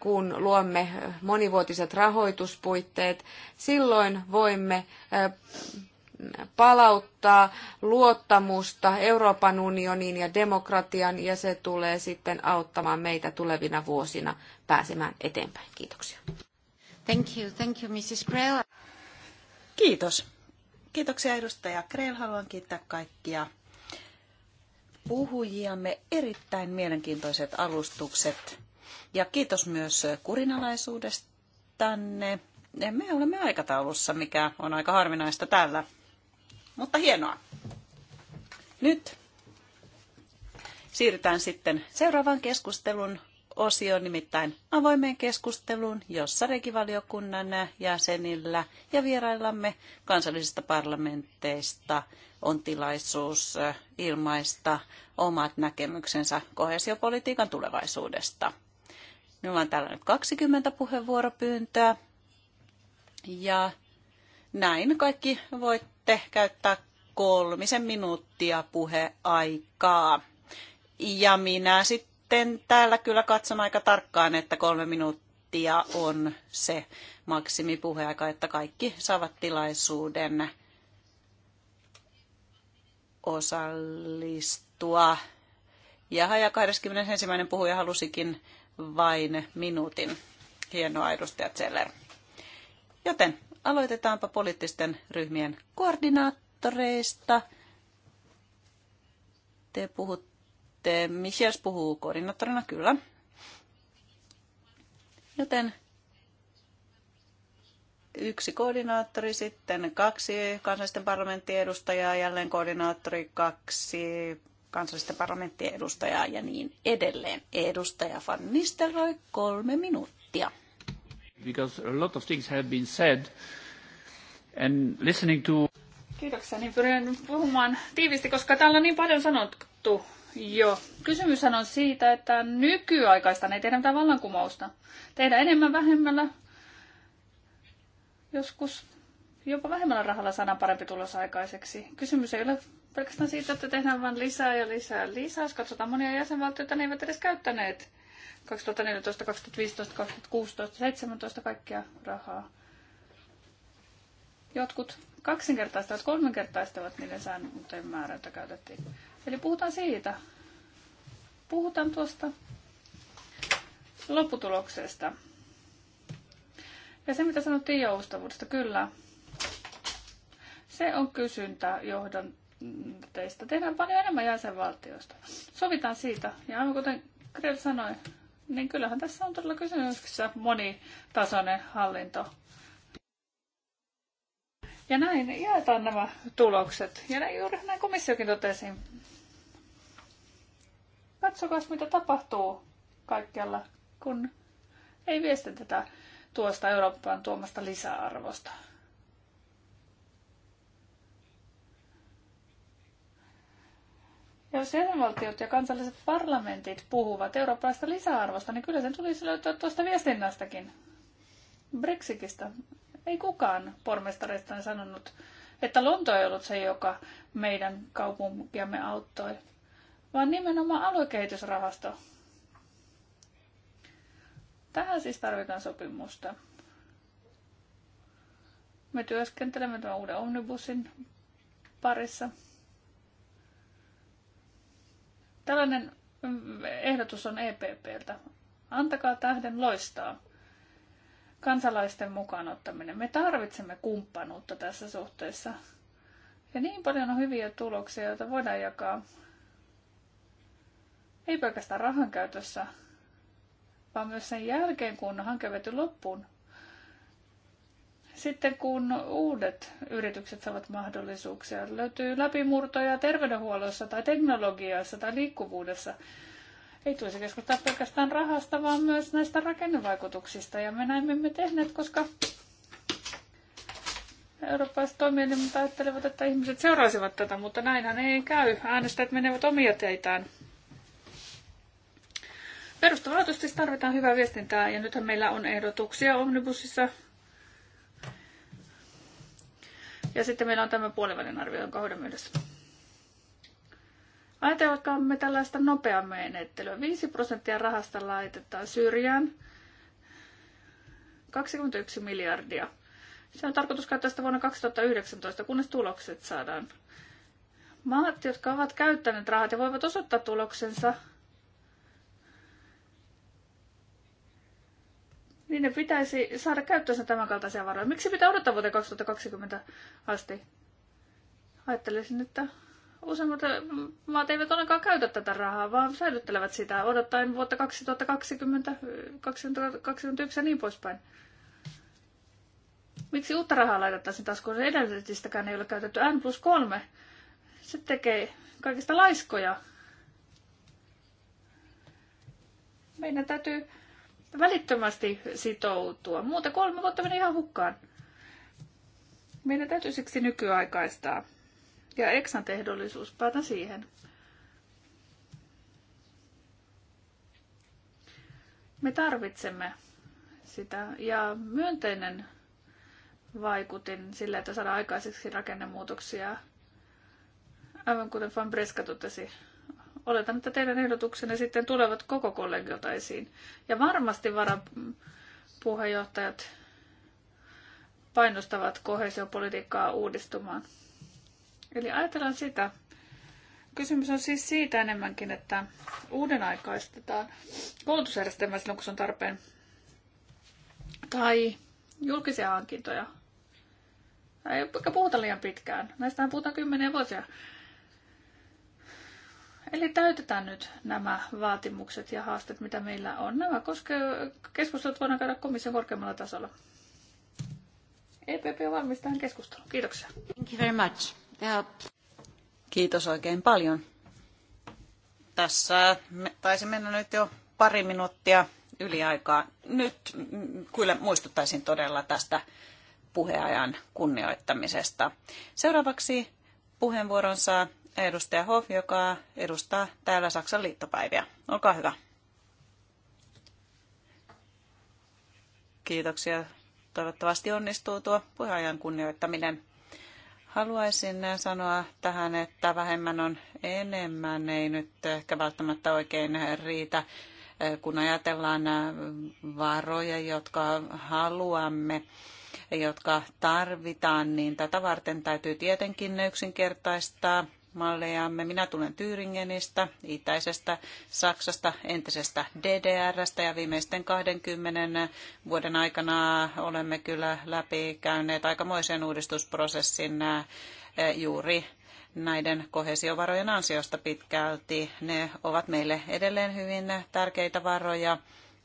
kun luomme monivuotiset rahoituspuitteet. Silloin voimme palauttaa luottamusta Euroopan unioniin ja demokratian, ja se tulee sitten auttamaan meitä tulevina vuosina pääsemään eteenpäin. Kiitoksia. Thank you, thank you, Mrs. Krell. Kiitos. Kiitoksia edustaja Krell. Haluan kiittää kaikkia puhujiamme. Erittäin mielenkiintoiset alustukset. Ja kiitos myös kurinalaisuudestanne me olemme aikataulussa, mikä on aika harvinaista täällä. Mutta hienoa. Nyt siirrytään sitten seuraavaan keskustelun osioon, nimittäin avoimeen keskusteluun, jossa rekivaliokunnan jäsenillä ja vieraillamme kansallisista parlamenteista on tilaisuus ilmaista omat näkemyksensä kohesiopolitiikan tulevaisuudesta. Minulla on täällä nyt 20 puheenvuoropyyntöä ja näin kaikki voitte käyttää kolmisen minuuttia puheaikaa. Ja minä sitten täällä kyllä katson aika tarkkaan, että kolme minuuttia on se maksimipuheaika, että kaikki saavat tilaisuuden osallistua. Ja ja 21. puhuja halusikin vain minuutin. Hienoa, edustaja Zeller. Joten aloitetaanpa poliittisten ryhmien koordinaattoreista. Te puhutte, Michels puhuu koordinaattorina, kyllä. Joten yksi koordinaattori, sitten kaksi kansallisten parlamenttien edustajaa, jälleen koordinaattori, kaksi kansallisten parlamenttien edustajaa ja niin edelleen. Edustaja Van Nistelrooy, kolme minuuttia because a lot of things have been said and listening to... Kiitoksia, niin pyrin puhumaan tiivisti, koska täällä on niin paljon sanottu jo. Kysymys on siitä, että nykyaikaista ei tehdä mitään vallankumousta. Tehdä enemmän vähemmällä, joskus jopa vähemmällä rahalla saadaan parempi tulos aikaiseksi. Kysymys ei ole pelkästään siitä, että tehdään vain lisää ja lisää lisää. Jos katsotaan monia jäsenvaltioita, ne eivät edes käyttäneet 2014, 2015, 2016, 2017 kaikkia rahaa. Jotkut kaksinkertaistavat, kolminkertaistavat niiden sääntöjen määrä, käytettiin. Eli puhutaan siitä. Puhutaan tuosta lopputuloksesta. Ja se, mitä sanottiin joustavuudesta, kyllä. Se on kysyntä johdon teistä. Tehdään paljon enemmän jäsenvaltioista. Sovitaan siitä. Ja aivan kuten Krell sanoi, niin kyllähän tässä on todella kysymyksessä monitasoinen hallinto. Ja näin jaetaan nämä tulokset. Ja näin juuri näin komissiokin totesi. Katsokaa, mitä tapahtuu kaikkialla, kun ei viestitetä tuosta Eurooppaan tuomasta lisäarvosta. Jos jäsenvaltiot ja kansalliset parlamentit puhuvat eurooppalaista lisäarvosta, niin kyllä sen tulisi löytyä tuosta viestinnästäkin. Brexitistä ei kukaan pormestarista sanonut, että Lonto ei ollut se, joka meidän kaupunkiamme auttoi, vaan nimenomaan aluekehitysrahasto. Tähän siis tarvitaan sopimusta. Me työskentelemme tämän uuden omnibusin parissa. Tällainen mm, ehdotus on EPPltä. Antakaa tähden loistaa. Kansalaisten mukaanottaminen. Me tarvitsemme kumppanuutta tässä suhteessa. Ja niin paljon on hyviä tuloksia, joita voidaan jakaa. Ei pelkästään rahan käytössä, vaan myös sen jälkeen, kun hanke vety loppuun, sitten kun uudet yritykset saavat mahdollisuuksia, löytyy läpimurtoja terveydenhuollossa tai teknologiassa tai liikkuvuudessa. Ei tulisi keskustella pelkästään rahasta, vaan myös näistä rakennevaikutuksista. Ja me näin emme tehneet, koska eurooppalaiset toimielimet ajattelevat, että ihmiset seuraisivat tätä, mutta näinhän ei käy. Äänestäjät menevät omia teitään. Perustavallatusti tarvitaan hyvää viestintää ja nythän meillä on ehdotuksia Omnibusissa ja sitten meillä on tämä puolivälin arvio, jonka hoidamme yhdessä. Ajatelkaamme tällaista nopeaa menettelyä. 5 prosenttia rahasta laitetaan syrjään. 21 miljardia. Se on tarkoitus käyttää sitä vuonna 2019, kunnes tulokset saadaan. Maat, jotka ovat käyttäneet rahat ja voivat osoittaa tuloksensa, Niin ne pitäisi saada käyttöönsä kaltaisia varoja. Miksi pitää odottaa vuoteen 2020 asti? Ajattelisin, että useimmat maat eivät ollenkaan käytä tätä rahaa, vaan säilyttelevät sitä odottaen vuotta 2020, 2021 ja niin poispäin. Miksi uutta rahaa laitettaisiin taskuun? Edellisestäkään ei ole käytetty N plus 3. Se tekee kaikista laiskoja. Meidän täytyy välittömästi sitoutua. Muuten kolme vuotta meni ihan hukkaan. Meidän täytyy siksi nykyaikaistaa. Ja eksan tehdollisuus, päätän siihen. Me tarvitsemme sitä. Ja myönteinen vaikutin sillä, että saadaan aikaiseksi rakennemuutoksia, aivan kuten Van Breska totesi Oletan, että teidän ehdotuksenne sitten tulevat koko kollegiota esiin. Ja varmasti varapuheenjohtajat painostavat kohesiopolitiikkaa uudistumaan. Eli ajatellaan sitä. Kysymys on siis siitä enemmänkin, että uuden aikaistetaan koulutusjärjestelmää silloin, kun se on tarpeen. Tai julkisia hankintoja. Ei puhuta liian pitkään. Näistähän puhutaan kymmeniä vuosia. Eli täytetään nyt nämä vaatimukset ja haasteet, mitä meillä on. Nämä koske keskustelut voidaan käydä komission korkeammalla tasolla. EPP on valmis tähän keskusteluun. Kiitoksia. Thank you very much. Yeah. Kiitos oikein paljon. Tässä taisi mennä nyt jo pari minuuttia yliaikaa. Nyt kyllä muistuttaisin todella tästä puheajan kunnioittamisesta. Seuraavaksi puheenvuoron saa edustaja Hoff, joka edustaa täällä Saksan liittopäiviä. Olkaa hyvä. Kiitoksia. Toivottavasti onnistuu tuo puheajan kunnioittaminen. Haluaisin sanoa tähän, että vähemmän on enemmän, ei nyt ehkä välttämättä oikein riitä, kun ajatellaan varoja, jotka haluamme jotka tarvitaan, niin tätä varten täytyy tietenkin yksinkertaistaa mallejamme. Minä tulen Tyyringenistä, itäisestä Saksasta, entisestä DDRstä ja viimeisten 20 vuoden aikana olemme kyllä läpi käyneet aikamoisen uudistusprosessin eh, juuri näiden kohesiovarojen ansiosta pitkälti. Ne ovat meille edelleen hyvin tärkeitä varoja,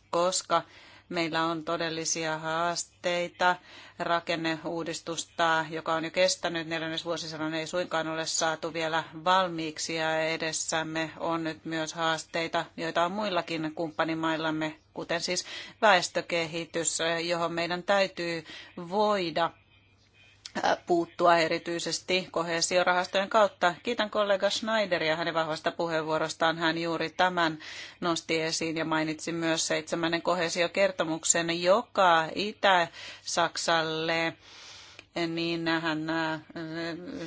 koska Meillä on todellisia haasteita. Rakenneuudistusta, joka on jo kestänyt neljännesvuosisadan, ei suinkaan ole saatu vielä valmiiksi ja edessämme on nyt myös haasteita, joita on muillakin kumppanimaillamme, kuten siis väestökehitys, johon meidän täytyy voida puuttua erityisesti kohesiorahastojen kautta. Kiitän kollega Schneideria hänen vahvasta puheenvuorostaan. Hän juuri tämän nosti esiin ja mainitsi myös seitsemännen kohesiokertomuksen, joka Itä-Saksalle niin hän äh,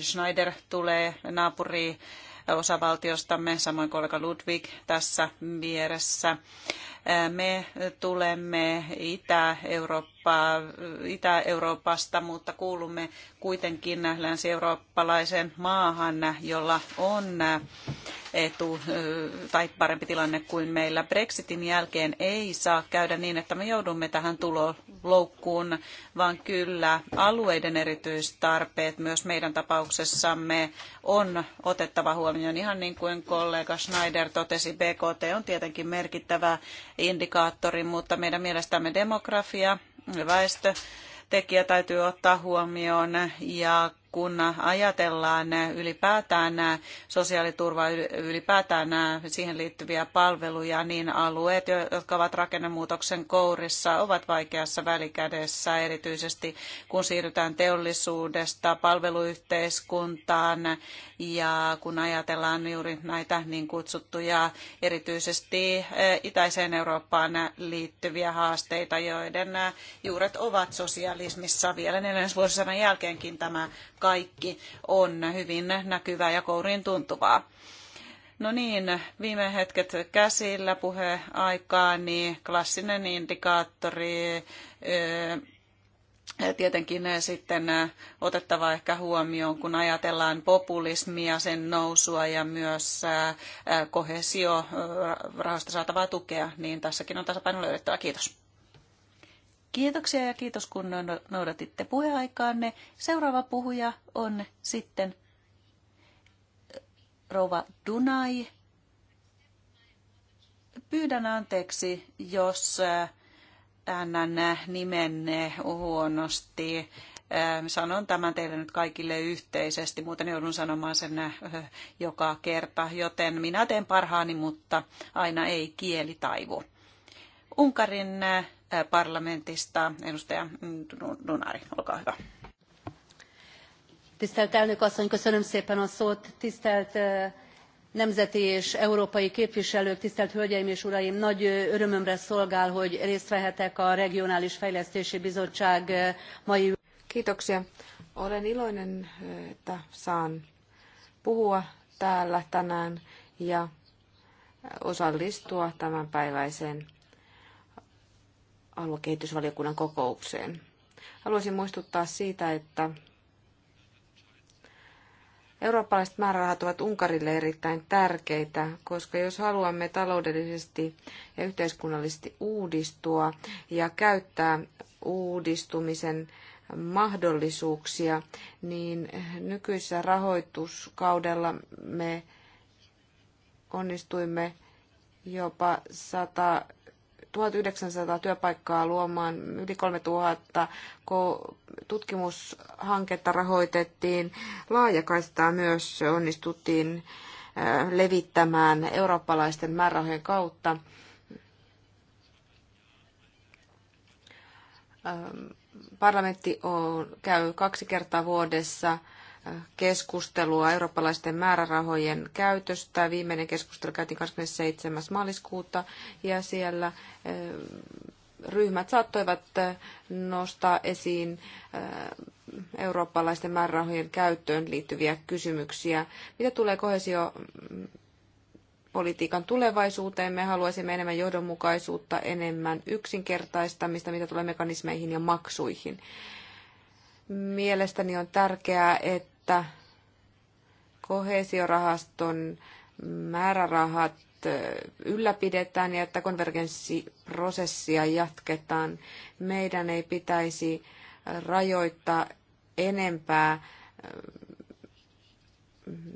Schneider tulee naapuri osavaltiostamme, samoin kollega Ludwig tässä vieressä. Äh, me tulemme Itä-Eurooppaan Eurooppaa, Itä-Euroopasta, mutta kuulumme kuitenkin länsi-eurooppalaiseen maahan, jolla on etu tai parempi tilanne kuin meillä. Brexitin jälkeen ei saa käydä niin, että me joudumme tähän tuloloukkuun, vaan kyllä alueiden erityistarpeet myös meidän tapauksessamme on otettava huomioon. Ihan niin kuin kollega Schneider totesi, BKT on tietenkin merkittävä indikaattori, mutta meidän mielestämme demografia väestötekijä täytyy ottaa huomioon ja kun ajatellaan ylipäätään sosiaaliturvaa, ylipäätään siihen liittyviä palveluja, niin alueet, jotka ovat rakennemuutoksen kourissa, ovat vaikeassa välikädessä, erityisesti kun siirrytään teollisuudesta palveluyhteiskuntaan ja kun ajatellaan juuri näitä niin kutsuttuja erityisesti eh, itäiseen Eurooppaan liittyviä haasteita, joiden eh, juuret ovat sosialismissa vielä neljännesvuosisadan jälkeenkin tämä kaikki on hyvin näkyvää ja kouriin tuntuvaa. No niin, viime hetket käsillä puheaikaa, niin klassinen indikaattori, tietenkin sitten otettava ehkä huomioon, kun ajatellaan populismia, sen nousua ja myös kohesio rahoista saatavaa tukea, niin tässäkin on tasapaino löydettävä. Kiitos. Kiitoksia ja kiitos kun no-, noudatitte puheaikaanne. Seuraava puhuja on sitten äh, Rova Dunai. Pyydän anteeksi, jos äänän äh, äh, nimenne huonosti. Ähm, sanon tämän teille nyt kaikille yhteisesti, muuten joudun sanomaan sen joka kerta, joten minä teen parhaani, mutta aina ei kieli taivu. Unkarin parlamentista. Edustaja Dunari, olkaa hyvä. Tisztelt elnök asszony, köszönöm szépen a szót. Tisztelt nemzeti és európai képviselők, tisztelt hölgyeim és uraim! Nagy örömömre szolgál, hogy részt vehetek a Regionális Fejlesztési Bizottság mai Kiitoksia. Olen iloinen, että saan puhua täällä tänään ja osallistua tämänpäiväiseen aluekehitysvaliokunnan kokoukseen. Haluaisin muistuttaa siitä, että eurooppalaiset määrärahat ovat Unkarille erittäin tärkeitä, koska jos haluamme taloudellisesti ja yhteiskunnallisesti uudistua ja käyttää uudistumisen mahdollisuuksia, niin nykyisessä rahoituskaudella me onnistuimme jopa 100 1900 työpaikkaa luomaan, yli 3000 tutkimushanketta rahoitettiin, laajakaistaa myös onnistuttiin äh, levittämään eurooppalaisten määrärahojen kautta. Ähm, parlamentti on, käy kaksi kertaa vuodessa keskustelua eurooppalaisten määrärahojen käytöstä. Viimeinen keskustelu käytiin 27. maaliskuuta ja siellä eh, ryhmät saattoivat eh, nostaa esiin eh, eurooppalaisten määrärahojen käyttöön liittyviä kysymyksiä. Mitä tulee kohesio politiikan tulevaisuuteen. Me haluaisimme enemmän johdonmukaisuutta, enemmän yksinkertaistamista, mitä tulee mekanismeihin ja maksuihin. Mielestäni on tärkeää, että että kohesiorahaston määrärahat ylläpidetään ja että konvergenssiprosessia jatketaan. Meidän ei pitäisi rajoittaa enempää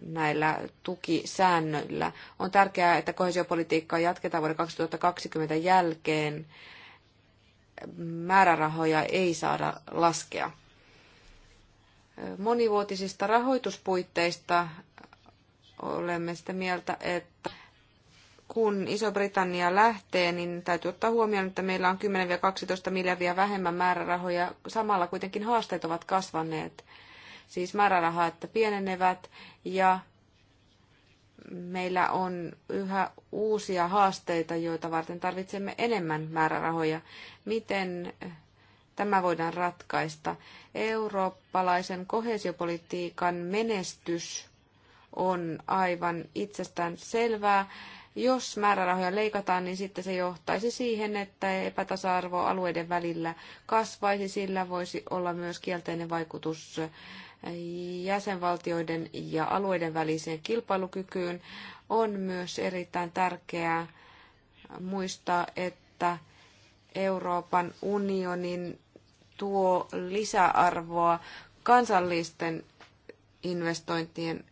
näillä tukisäännöillä. On tärkeää, että kohesiopolitiikkaa jatketaan vuoden 2020 jälkeen. Määrärahoja ei saada laskea monivuotisista rahoituspuitteista olemme sitä mieltä, että kun Iso-Britannia lähtee, niin täytyy ottaa huomioon, että meillä on 10-12 miljardia vähemmän määrärahoja. Samalla kuitenkin haasteet ovat kasvaneet. Siis määrärahat pienenevät ja meillä on yhä uusia haasteita, joita varten tarvitsemme enemmän määrärahoja. Miten tämä voidaan ratkaista. Eurooppalaisen kohesiopolitiikan menestys on aivan itsestään selvää. Jos määrärahoja leikataan, niin sitten se johtaisi siihen, että epätasa-arvo alueiden välillä kasvaisi. Sillä voisi olla myös kielteinen vaikutus jäsenvaltioiden ja alueiden väliseen kilpailukykyyn. On myös erittäin tärkeää muistaa, että Euroopan unionin tuo lisäarvoa kansallisten investointien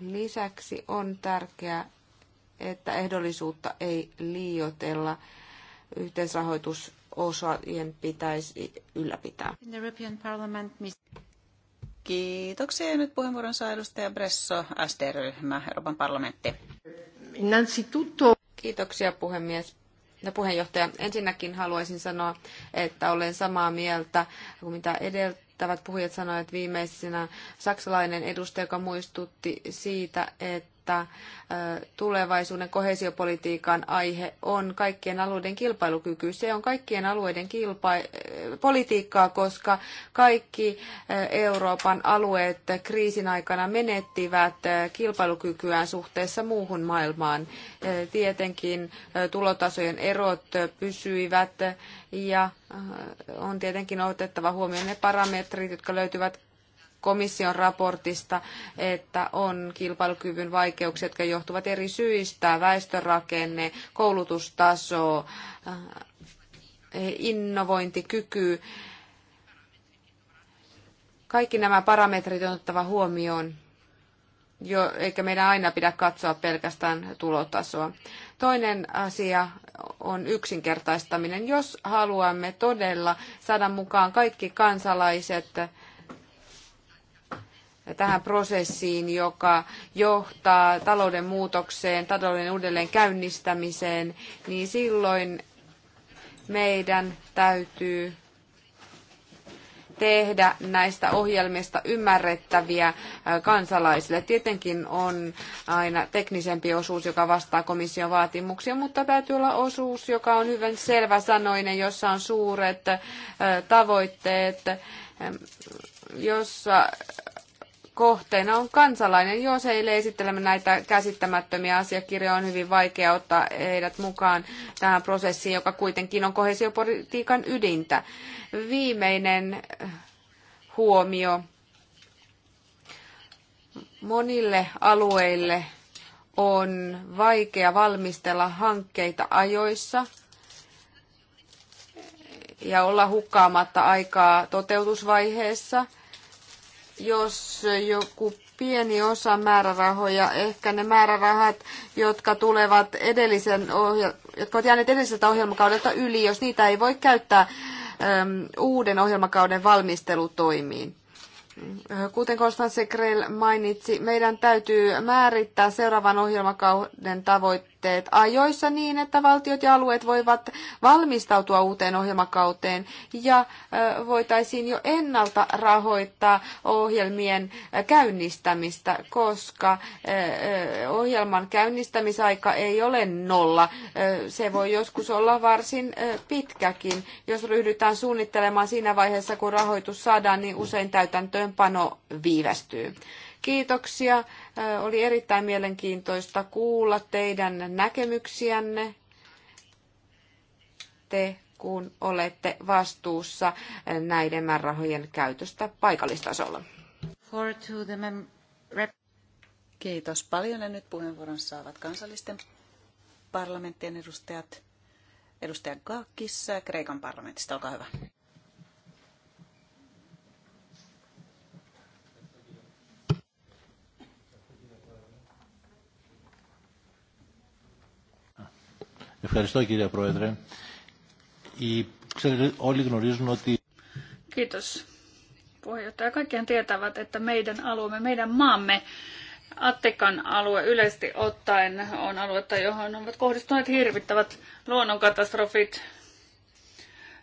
lisäksi on tärkeää, että ehdollisuutta ei liioitella. Yhteisrahoitusosaajien pitäisi ylläpitää. Kiitoksia. Ja nyt puheenvuoron saa edustaja Bresso, SD-ryhmä, Euroopan parlamentti. Kiitoksia puhemies. No puheenjohtaja, ensinnäkin haluaisin sanoa, että olen samaa mieltä kuin mitä edeltävät puhujat sanoivat viimeisenä saksalainen edustaja, joka muistutti siitä, että että tulevaisuuden kohesiopolitiikan aihe on kaikkien alueiden kilpailukyky. Se on kaikkien alueiden kilpa- politiikkaa, koska kaikki Euroopan alueet kriisin aikana menettivät kilpailukykyään suhteessa muuhun maailmaan. Tietenkin tulotasojen erot pysyivät ja on tietenkin otettava huomioon ne parametrit, jotka löytyvät komission raportista, että on kilpailukyvyn vaikeuksia, jotka johtuvat eri syistä, väestörakenne, koulutustaso, eh, innovointikyky. Kaikki nämä parametrit on otettava huomioon, jo, eikä meidän aina pidä katsoa pelkästään tulotasoa. Toinen asia on yksinkertaistaminen. Jos haluamme todella saada mukaan kaikki kansalaiset tähän prosessiin, joka johtaa talouden muutokseen, talouden uudelleen käynnistämiseen, niin silloin meidän täytyy tehdä näistä ohjelmista ymmärrettäviä kansalaisille. Tietenkin on aina teknisempi osuus, joka vastaa komission vaatimuksia, mutta täytyy olla osuus, joka on hyvin sanoinen, jossa on suuret tavoitteet, jossa kohteena on kansalainen. Jos heille esittelemme näitä käsittämättömiä asiakirjoja, on hyvin vaikea ottaa heidät mukaan tähän prosessiin, joka kuitenkin on kohesiopolitiikan ydintä. Viimeinen eh, huomio. Monille alueille on vaikea valmistella hankkeita ajoissa ja olla hukkaamatta aikaa toteutusvaiheessa – jos joku pieni osa määrärahoja, ehkä ne määrärahat, jotka tulevat edellisen ohja- jotka ovat jääneet edelliseltä ohjelmakaudelta yli, jos niitä ei voi käyttää äm, uuden ohjelmakauden valmistelutoimiin. Kuten Konstantin Krell mainitsi, meidän täytyy määrittää seuraavan ohjelmakauden tavoitteet puitteet ajoissa niin, että valtiot ja alueet voivat valmistautua uuteen ohjelmakauteen ja voitaisiin jo ennalta rahoittaa ohjelmien käynnistämistä, koska ohjelman käynnistämisaika ei ole nolla. Se voi joskus olla varsin pitkäkin. Jos ryhdytään suunnittelemaan siinä vaiheessa, kun rahoitus saadaan, niin usein täytäntöönpano viivästyy. Kiitoksia. Oli erittäin mielenkiintoista kuulla teidän näkemyksiänne. Te kun olette vastuussa näiden määrärahojen käytöstä paikallistasolla. Kiitos paljon. Ja nyt puheenvuoron saavat kansallisten parlamenttien edustajat. Edustaja Kaakissa Kreikan parlamentista, olkaa hyvä. Ευχαριστώ κύριε Πρόεδρε. Ξέρετε, όλοι γνωρίζουν ότι... Kiitos puheenjohtaja. Kaikkihan tietävät, että meidän alueemme, meidän maamme, Attikan alue yleisesti ottaen on aluetta, johon ovat kohdistuneet hirvittävät luonnonkatastrofit.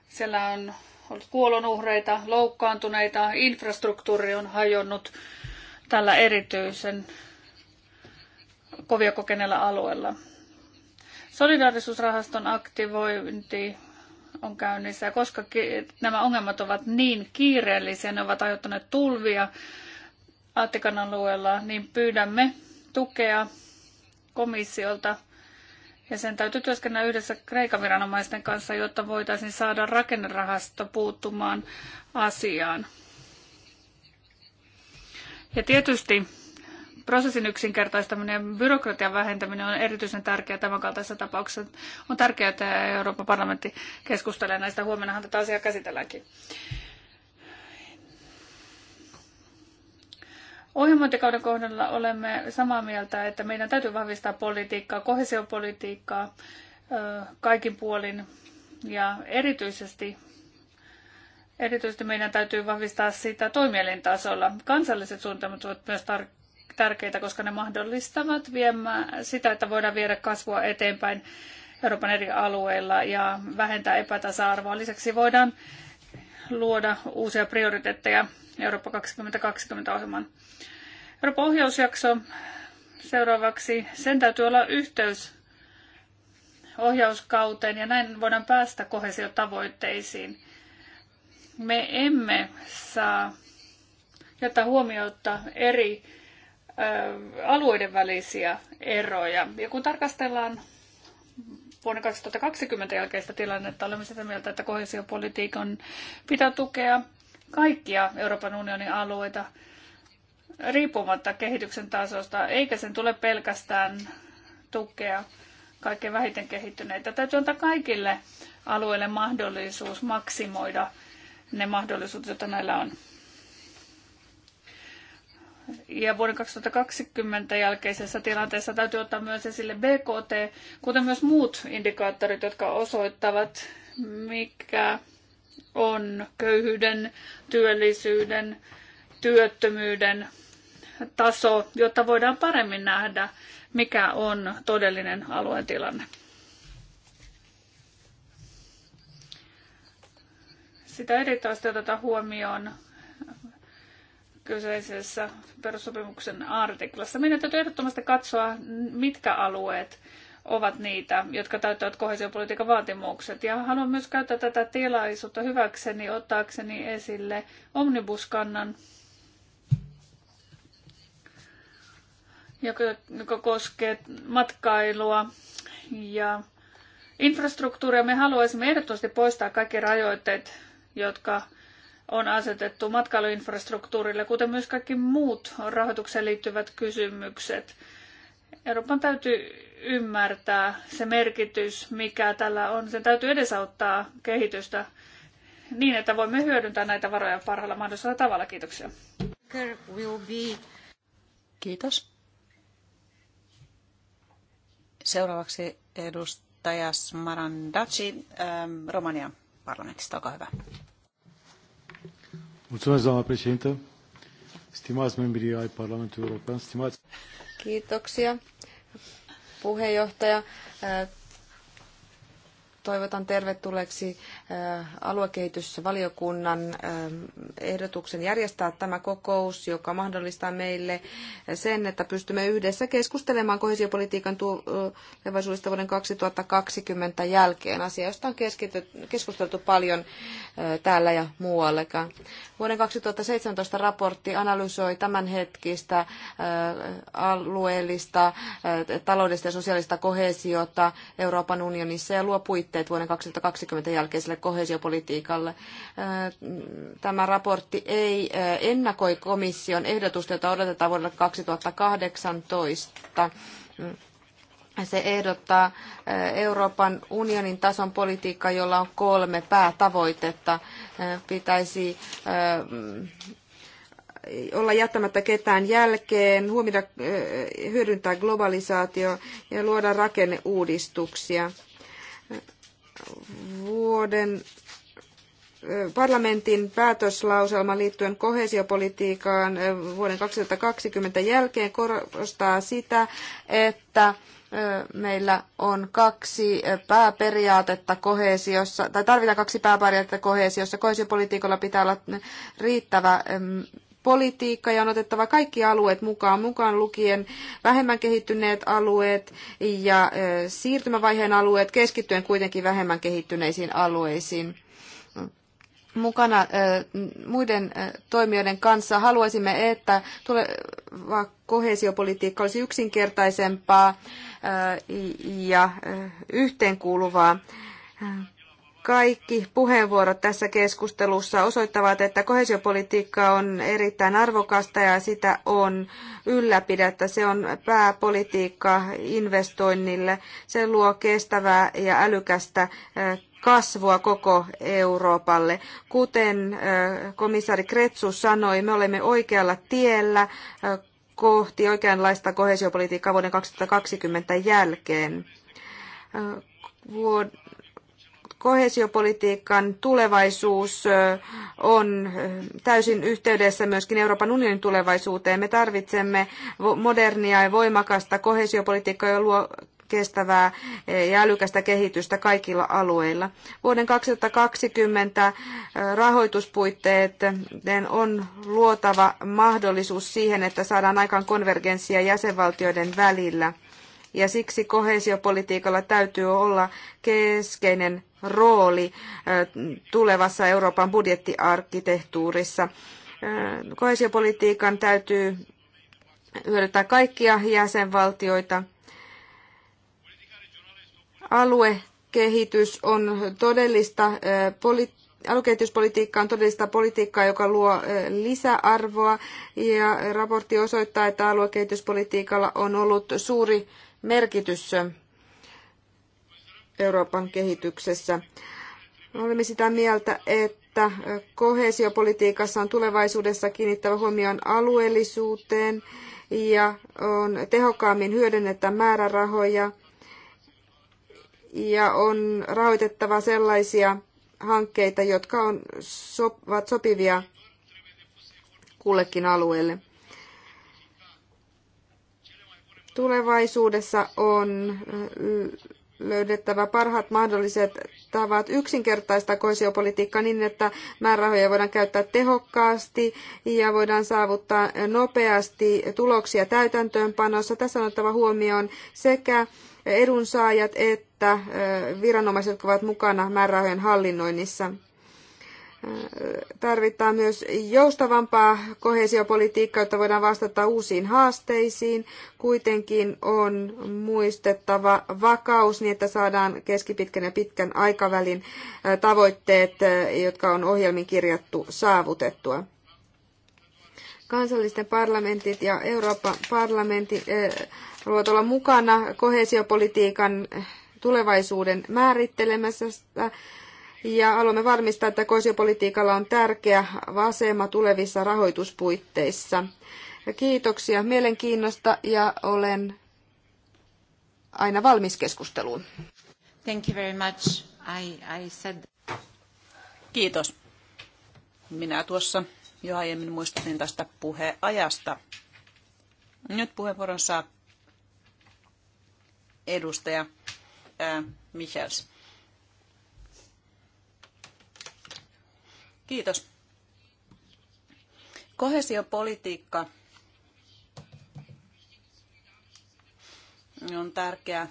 Siellä on ollut kuolonuhreita, loukkaantuneita, infrastruktuuri on hajonnut tällä erityisen kovia kokeneella alueella. Solidaarisuusrahaston aktivointi on käynnissä. Ja koska nämä ongelmat ovat niin kiireellisiä, ne ovat aiheuttaneet tulvia Aatikan alueella, niin pyydämme tukea komissiolta. Ja sen täytyy työskennellä yhdessä Kreikan viranomaisten kanssa, jotta voitaisiin saada rakennerahasto puuttumaan asiaan. Ja tietysti prosessin yksinkertaistaminen ja byrokratian vähentäminen on erityisen tärkeää tämän kaltaisessa tapauksessa. On tärkeää, että Euroopan parlamentti keskustelee näistä. Huomennahan tätä asiaa käsitelläänkin. Ohjelmointikauden kohdalla olemme samaa mieltä, että meidän täytyy vahvistaa politiikkaa, kohesiopolitiikkaa kaikin puolin ja erityisesti Erityisesti meidän täytyy vahvistaa sitä toimielintasolla. Kansalliset suunnitelmat ovat myös tar- tärkeitä, koska ne mahdollistavat viemään sitä, että voidaan viedä kasvua eteenpäin Euroopan eri alueilla ja vähentää epätasa-arvoa. Lisäksi voidaan luoda uusia prioriteetteja Eurooppa 2020-ohjelman. Euroopan ohjausjakso seuraavaksi. Sen täytyy olla yhteys ohjauskauteen ja näin voidaan päästä kohesiotavoitteisiin. Me emme saa jättää huomiota eri alueiden välisiä eroja. Ja kun tarkastellaan vuonna 2020 jälkeistä tilannetta, olemme sitä mieltä, että kohesiopolitiikan pitää tukea kaikkia Euroopan unionin alueita riippumatta kehityksen tasosta, eikä sen tule pelkästään tukea kaikkein vähiten kehittyneitä. Täytyy antaa kaikille alueille mahdollisuus maksimoida ne mahdollisuudet, joita näillä on ja vuoden 2020 jälkeisessä tilanteessa täytyy ottaa myös esille BKT, kuten myös muut indikaattorit, jotka osoittavat, mikä on köyhyyden, työllisyyden, työttömyyden taso, jotta voidaan paremmin nähdä, mikä on todellinen alueen tilanne. Sitä erityisesti otetaan huomioon kyseisessä perussopimuksen artiklassa. Meidän täytyy ehdottomasti katsoa, mitkä alueet ovat niitä, jotka täyttävät kohesiopolitiikan vaatimukset. Ja haluan myös käyttää tätä tilaisuutta hyväkseni, ottaakseni esille omnibuskannan, joka, joka koskee matkailua ja infrastruktuuria. Me haluaisimme ehdottomasti poistaa kaikki rajoitteet, jotka on asetettu matkailuinfrastruktuurille, kuten myös kaikki muut rahoitukseen liittyvät kysymykset. Euroopan täytyy ymmärtää se merkitys, mikä tällä on. Sen täytyy edesauttaa kehitystä niin, että voimme hyödyntää näitä varoja parhaalla mahdollisella tavalla. Kiitoksia. Kiitos. Seuraavaksi edustaja Smarandaci, ähm, Romania. parlamentista. Olkaa hyvä. Mulțumesc, doamna președintă. Stimați membrii ai Parlamentului European, stimați... Kiitoksia, puheenjohtaja toivotan tervetulleeksi äh, aluekehitysvaliokunnan äh, ehdotuksen järjestää tämä kokous, joka mahdollistaa meille sen, että pystymme yhdessä keskustelemaan kohesiopolitiikan tulevaisuudesta vuoden 2020 jälkeen. Asia, josta on keskusteltu paljon äh, täällä ja muuallekaan. Vuoden 2017 raportti analysoi tämänhetkistä alueellista, taloudellista ja sosiaalista kohesiota Euroopan unionissa ja luo puitteet tavoitteet vuoden 2020 jälkeiselle kohesiopolitiikalle. Tämä raportti ei ennakoi komission ehdotusta, jota odotetaan vuodelle 2018. Se ehdottaa Euroopan unionin tason politiikkaa, jolla on kolme päätavoitetta. Pitäisi olla jättämättä ketään jälkeen, huomioida, hyödyntää globalisaatio ja luoda rakenneuudistuksia vuoden parlamentin päätöslauselma liittyen kohesiopolitiikkaan vuoden 2020 jälkeen korostaa sitä, että meillä on kaksi pääperiaatetta kohesiossa, tai tarvitaan kaksi pääperiaatetta kohesiossa. Kohesiopolitiikalla pitää olla riittävä politiikka ja on otettava kaikki alueet mukaan, mukaan lukien vähemmän kehittyneet alueet ja siirtymävaiheen alueet, keskittyen kuitenkin vähemmän kehittyneisiin alueisiin mukana muiden toimijoiden kanssa. Haluaisimme, että tuleva kohesiopolitiikka olisi yksinkertaisempaa ja yhteenkuuluvaa. Kaikki puheenvuorot tässä keskustelussa osoittavat, että kohesiopolitiikka on erittäin arvokasta ja sitä on ylläpidettä. Se on pääpolitiikka investoinnille. Se luo kestävää ja älykästä kasvua koko Euroopalle. Kuten komissaari Kretsu sanoi, me olemme oikealla tiellä kohti oikeanlaista kohesiopolitiikkaa vuoden 2020 jälkeen. Kohesiopolitiikan tulevaisuus on täysin yhteydessä myöskin Euroopan unionin tulevaisuuteen. Me tarvitsemme modernia ja voimakasta kohesiopolitiikkaa, joka luo kestävää ja älykästä kehitystä kaikilla alueilla. Vuoden 2020 rahoituspuitteet on luotava mahdollisuus siihen, että saadaan aikaan konvergenssia jäsenvaltioiden välillä. Ja siksi kohesiopolitiikalla täytyy olla keskeinen rooli tulevassa Euroopan budjettiarkkitehtuurissa. Koesiopolitiikan täytyy hyödyttää kaikkia jäsenvaltioita. Aluekehitys on todellista politiikkaa aluekehityspolitiikka on todellista politiikkaa, joka luo lisäarvoa ja raportti osoittaa, että aluekehityspolitiikalla on ollut suuri merkitys Euroopan kehityksessä. Olemme sitä mieltä, että kohesiopolitiikassa on tulevaisuudessa kiinnittävä huomioon alueellisuuteen ja on tehokkaammin hyödynnettävä määrärahoja ja on rahoitettava sellaisia hankkeita, jotka on, ovat sopivia kullekin alueelle. Tulevaisuudessa on löydettävä parhaat mahdolliset tavat yksinkertaista koesiopolitiikkaa niin, että määrärahoja voidaan käyttää tehokkaasti ja voidaan saavuttaa nopeasti tuloksia täytäntöönpanossa. Tässä on otettava huomioon sekä edunsaajat että viranomaiset, jotka ovat mukana määrärahojen hallinnoinnissa. Tarvitaan myös joustavampaa kohesiopolitiikkaa, jotta voidaan vastata uusiin haasteisiin. Kuitenkin on muistettava vakaus niin, että saadaan keskipitkän ja pitkän aikavälin tavoitteet, jotka on ohjelmin kirjattu, saavutettua. Kansallisten parlamentit ja Euroopan parlamentti voivat olla mukana kohesiopolitiikan tulevaisuuden määrittelemässä ja haluamme varmistaa, että koisiopolitiikalla on tärkeä asema tulevissa rahoituspuitteissa. Kiitoksia mielenkiinnosta ja olen aina valmis keskusteluun. Thank you very much. I, I said... Kiitos. Minä tuossa jo aiemmin muistutin tästä puheajasta. Nyt puheenvuoron saa edustaja ää, äh, Michels. Kiitos. Kohesiopolitiikka on tärkeä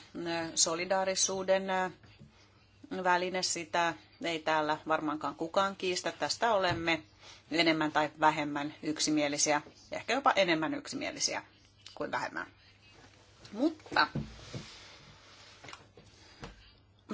solidaarisuuden väline. Sitä ei täällä varmaankaan kukaan kiistä. Tästä olemme enemmän tai vähemmän yksimielisiä, ehkä jopa enemmän yksimielisiä kuin vähemmän. Mutta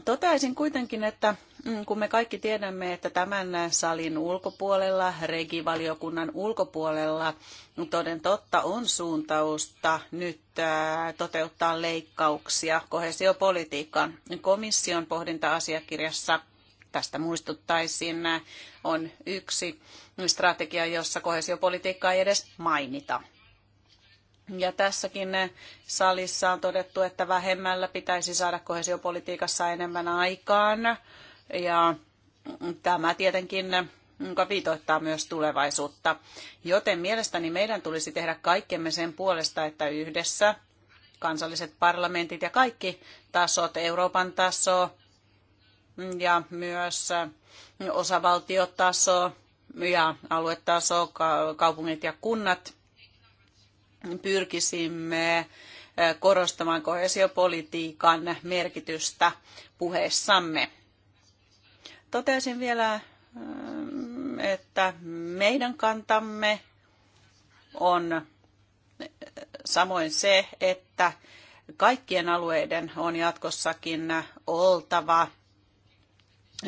toteaisin kuitenkin, että Mm, kun me kaikki tiedämme, että tämän salin ulkopuolella, regivaliokunnan ulkopuolella, niin toden totta on suuntausta nyt äh, toteuttaa leikkauksia kohesiopolitiikkaan. Komission pohdinta-asiakirjassa tästä muistuttaisin, on yksi strategia, jossa kohesiopolitiikkaa ei edes mainita. Ja tässäkin salissa on todettu, että vähemmällä pitäisi saada kohesiopolitiikassa enemmän aikaan ja tämä tietenkin mm, viitoittaa myös tulevaisuutta. Joten mielestäni meidän tulisi tehdä kaikkemme sen puolesta, että yhdessä kansalliset parlamentit ja kaikki tasot, Euroopan taso ja myös osavaltiotaso ja aluetaso, kaupungit ja kunnat pyrkisimme eh, korostamaan kohesiopolitiikan merkitystä puheessamme. Totesin vielä, mm, että meidän kantamme on samoin se, että kaikkien alueiden on jatkossakin oltava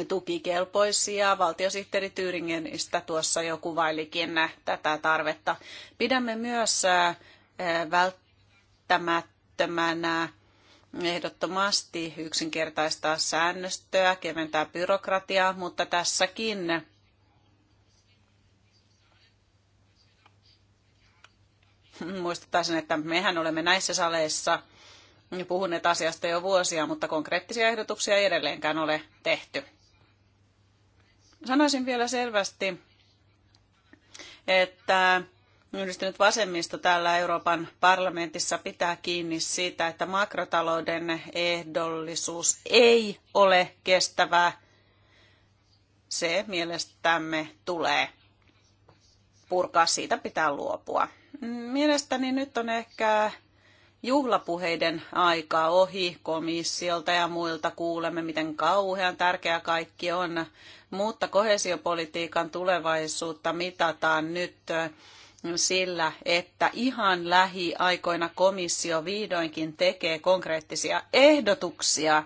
tukikelpoisia. Valtiosihteeri Tyyringenistä tuossa jo kuvailikin tätä tarvetta. Pidämme myös välttämättömänä ehdottomasti yksinkertaistaa säännöstöä, keventää byrokratiaa, mutta tässäkin muistuttaisin, että mehän olemme näissä saleissa puhuneet asiasta jo vuosia, mutta konkreettisia ehdotuksia ei edelleenkään ole tehty. Sanoisin vielä selvästi, että yhdistynyt vasemmisto täällä Euroopan parlamentissa pitää kiinni siitä, että makrotalouden ehdollisuus ei ole kestävää. Se mielestämme tulee purkaa, siitä pitää luopua. Mielestäni nyt on ehkä juhlapuheiden aika ohi komissiolta ja muilta kuulemme, miten kauhean tärkeä kaikki on, mutta kohesiopolitiikan tulevaisuutta mitataan nyt sillä, että ihan lähiaikoina komissio vihdoinkin tekee konkreettisia ehdotuksia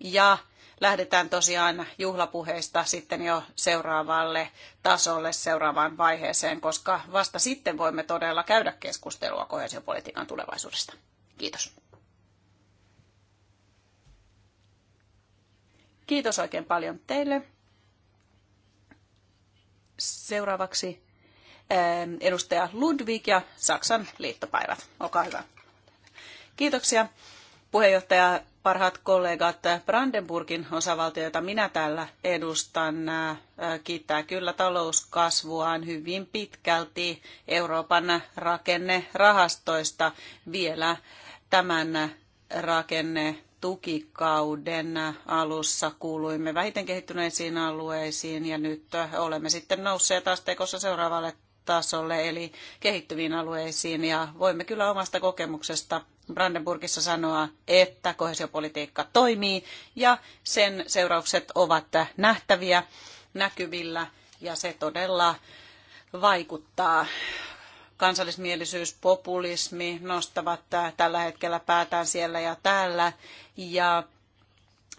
ja lähdetään tosiaan juhlapuheista sitten jo seuraavalle tasolle, seuraavaan vaiheeseen, koska vasta sitten voimme todella käydä keskustelua kohesiopolitiikan tulevaisuudesta. Kiitos. Kiitos oikein paljon teille. Seuraavaksi edustaja Ludwig ja Saksan liittopäivät. Olkaa hyvä. Kiitoksia puheenjohtaja, parhaat kollegat Brandenburgin osavaltio, jota minä täällä edustan, kiittää kyllä talouskasvuaan hyvin pitkälti Euroopan rakennerahastoista vielä tämän rakenne tukikauden alussa kuuluimme vähiten kehittyneisiin alueisiin ja nyt olemme sitten nousseet asteikossa seuraavalle tasolle, eli kehittyviin alueisiin. Ja voimme kyllä omasta kokemuksesta Brandenburgissa sanoa, että kohesiopolitiikka toimii ja sen seuraukset ovat nähtäviä, näkyvillä ja se todella vaikuttaa. Kansallismielisyys, populismi nostavat tällä hetkellä päätään siellä ja täällä ja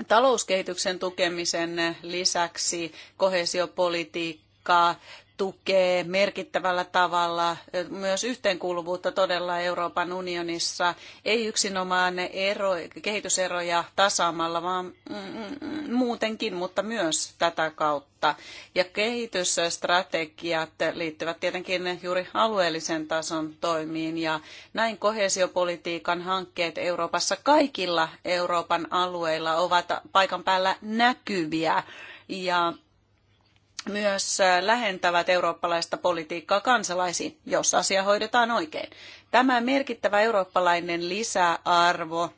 talouskehityksen tukemisen lisäksi kohesiopolitiikkaa tukee merkittävällä tavalla myös yhteenkuuluvuutta todella Euroopan unionissa, ei yksinomaan ero, kehityseroja tasaamalla, vaan mm, mm, mm, muutenkin, mutta myös tätä kautta. Ja kehitysstrategiat liittyvät tietenkin juuri alueellisen tason toimiin ja näin kohesiopolitiikan hankkeet Euroopassa kaikilla Euroopan alueilla ovat paikan päällä näkyviä ja myös lähentävät eurooppalaista politiikkaa kansalaisiin, jos asia hoidetaan oikein. Tämä merkittävä eurooppalainen lisäarvo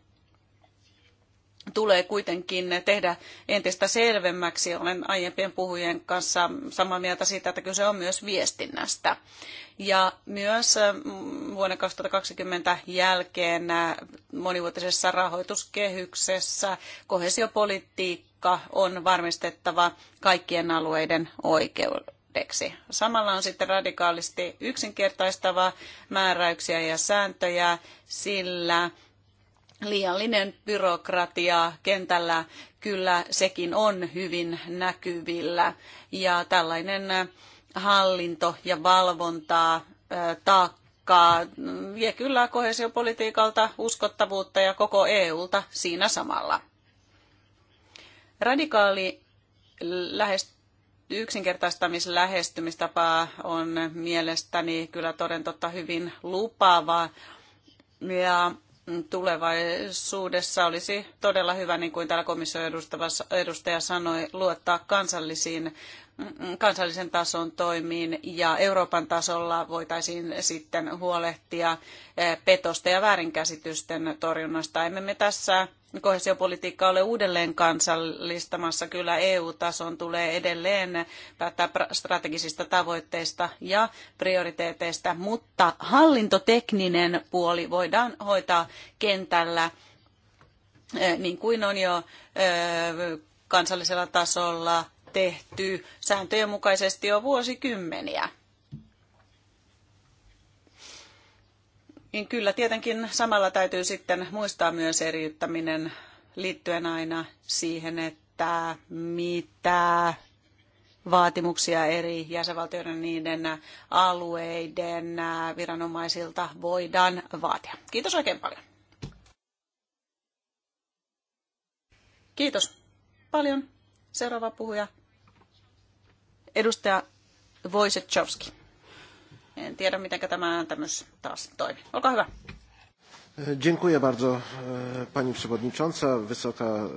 tulee kuitenkin tehdä entistä selvemmäksi. Olen aiempien puhujien kanssa samaa mieltä siitä, että kyse on myös viestinnästä. Ja myös mm, vuonna 2020 jälkeen äh, monivuotisessa rahoituskehyksessä kohesiopolitiikka on varmistettava kaikkien alueiden oikeudeksi. Samalla on sitten radikaalisti yksinkertaistava määräyksiä ja sääntöjä, sillä – liiallinen byrokratia kentällä kyllä sekin on hyvin näkyvillä ja tällainen hallinto ja valvontaa taakkaa vie kyllä kohesiopolitiikalta uskottavuutta ja koko EUlta siinä samalla. Radikaali lähestymistapa yksinkertaistamislähestymistapa on mielestäni kyllä toden totta hyvin lupaava. Ja tulevaisuudessa olisi todella hyvä, niin kuin täällä komission edustaja sanoi, luottaa kansallisiin, mm, kansallisen tason toimiin ja Euroopan tasolla voitaisiin sitten huolehtia eh, petosta ja väärinkäsitysten torjunnasta. Emme me tässä Koheesiopolitiikka ole uudelleen kansallistamassa. Kyllä EU-tason tulee edelleen päättää strategisista tavoitteista ja prioriteeteista, mutta hallintotekninen puoli voidaan hoitaa kentällä eh, niin kuin on jo eh, kansallisella tasolla tehty sääntöjen mukaisesti jo vuosikymmeniä. niin kyllä tietenkin samalla täytyy sitten muistaa myös eriyttäminen liittyen aina siihen, että mitä vaatimuksia eri jäsenvaltioiden niiden alueiden viranomaisilta voidaan vaatia. Kiitos oikein paljon. Kiitos paljon. Seuraava puhuja, edustaja Wojciechowski. En tiedä, miten tämä tämmöys taas toimii. Olkaa hyvä. Dziękuję bardzo e, Pani Przewodnicząca, Wysoka e,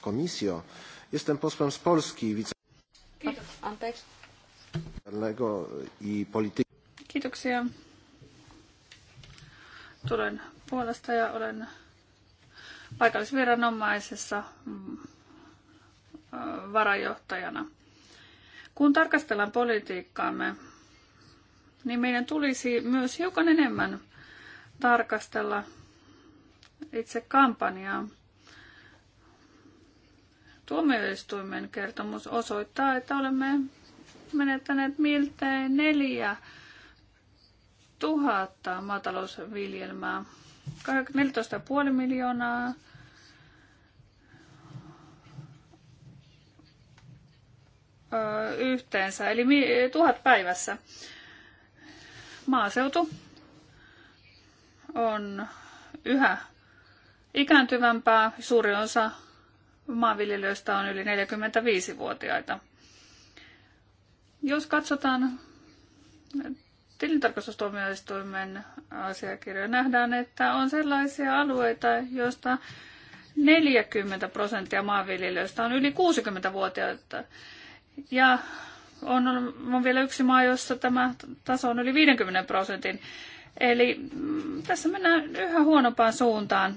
Komisjo. Jestem posłem z Polski, wice... i polityki. Kiitoksia. Tulen puolesta ja olen paikallisviranomaisessa mm, varajohtajana. Kun tarkastellaan politiikkaamme, niin meidän tulisi myös hiukan enemmän tarkastella itse kampanjaa. Tuomioistuimen kertomus osoittaa, että olemme menettäneet miltei neljä tuhatta maatalousviljelmää. 14,5 miljoonaa yhteensä, eli tuhat päivässä. Maaseutu on yhä ikääntyvämpää. Suuri osa maanviljelijöistä on yli 45-vuotiaita. Jos katsotaan tilintarkastustuomioistuimen asiakirjoja, nähdään, että on sellaisia alueita, joista 40 prosenttia maanviljelijöistä on yli 60-vuotiaita. Ja on, on vielä yksi maa, jossa tämä taso on yli 50 prosentin. Eli mm, tässä mennään yhä huonompaan suuntaan.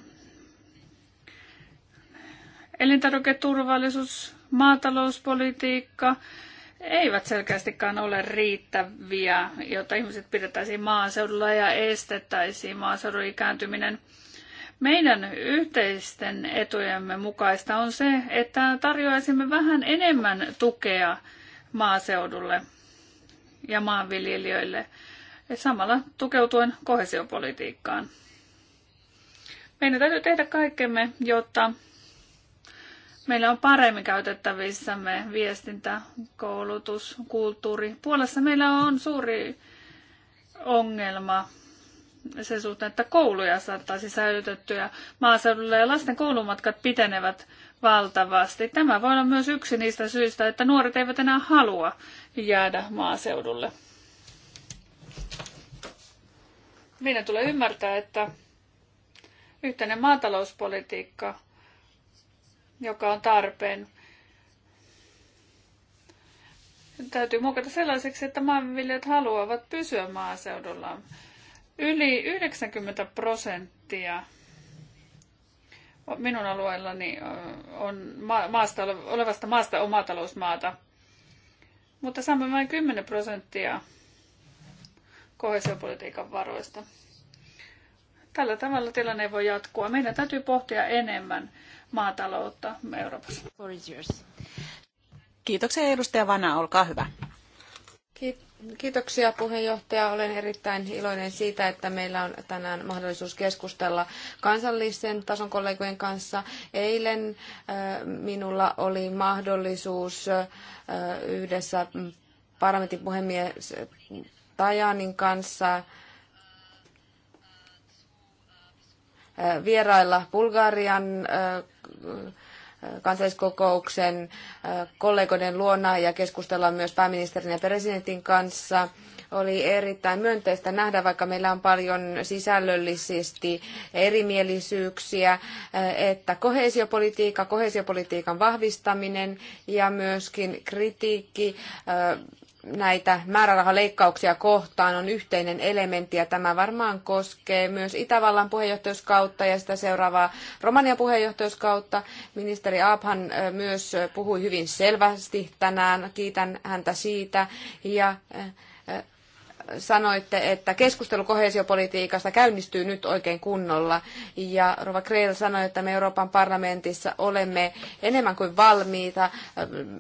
Elintarviketurvallisuus, maatalouspolitiikka eivät selkeästikään ole riittäviä, jotta ihmiset pidettäisiin maaseudulla ja estettäisiin maaseudun ikääntyminen. Meidän yhteisten etujemme mukaista on se, että tarjoaisimme vähän enemmän tukea maaseudulle ja maanviljelijöille samalla tukeutuen kohesiopolitiikkaan. Meidän täytyy tehdä kaikkemme, jotta meillä on paremmin käytettävissämme viestintä, koulutus, kulttuuri. Puolessa meillä on suuri ongelma sen suhteen, että kouluja saattaisi säilytettyä maaseudulla ja lasten koulumatkat pitenevät valtavasti. Tämä voi olla myös yksi niistä syistä, että nuoret eivät enää halua jäädä maaseudulle. Meidän tulee ymmärtää, että yhteinen maatalouspolitiikka, joka on tarpeen, täytyy muokata sellaiseksi, että maanviljelijät haluavat pysyä maaseudullaan. Yli 90 prosenttia minun alueellani on maasta, olevasta maasta omatalousmaata. Mutta saamme vain 10 prosenttia kohesiopolitiikan varoista. Tällä tavalla tilanne voi jatkua. Meidän täytyy pohtia enemmän maataloutta Euroopassa. Kiitoksia edustaja Vana, olkaa hyvä. Kiitoksia puheenjohtaja. Olen erittäin iloinen siitä, että meillä on tänään mahdollisuus keskustella kansallisen tason kollegojen kanssa. Eilen minulla oli mahdollisuus yhdessä parlamentin puhemies Tajanin kanssa vierailla Bulgarian kansalliskokouksen äh, kollegoiden luona ja keskustella myös pääministerin ja presidentin kanssa. Oli erittäin myönteistä nähdä, vaikka meillä on paljon sisällöllisesti erimielisyyksiä, äh, että kohesiopolitiikka, kohesiopolitiikan vahvistaminen ja myöskin kritiikki äh, näitä määrärahaleikkauksia kohtaan on yhteinen elementti ja tämä varmaan koskee myös Itävallan puheenjohtajuuskautta ja sitä seuraavaa Romanian puheenjohtajuuskautta. Ministeri Abhan myös puhui hyvin selvästi tänään. Kiitän häntä siitä ja sanoitte, että keskustelu kohesiopolitiikasta käynnistyy nyt oikein kunnolla. Ja Rova Kreil sanoi, että me Euroopan parlamentissa olemme enemmän kuin valmiita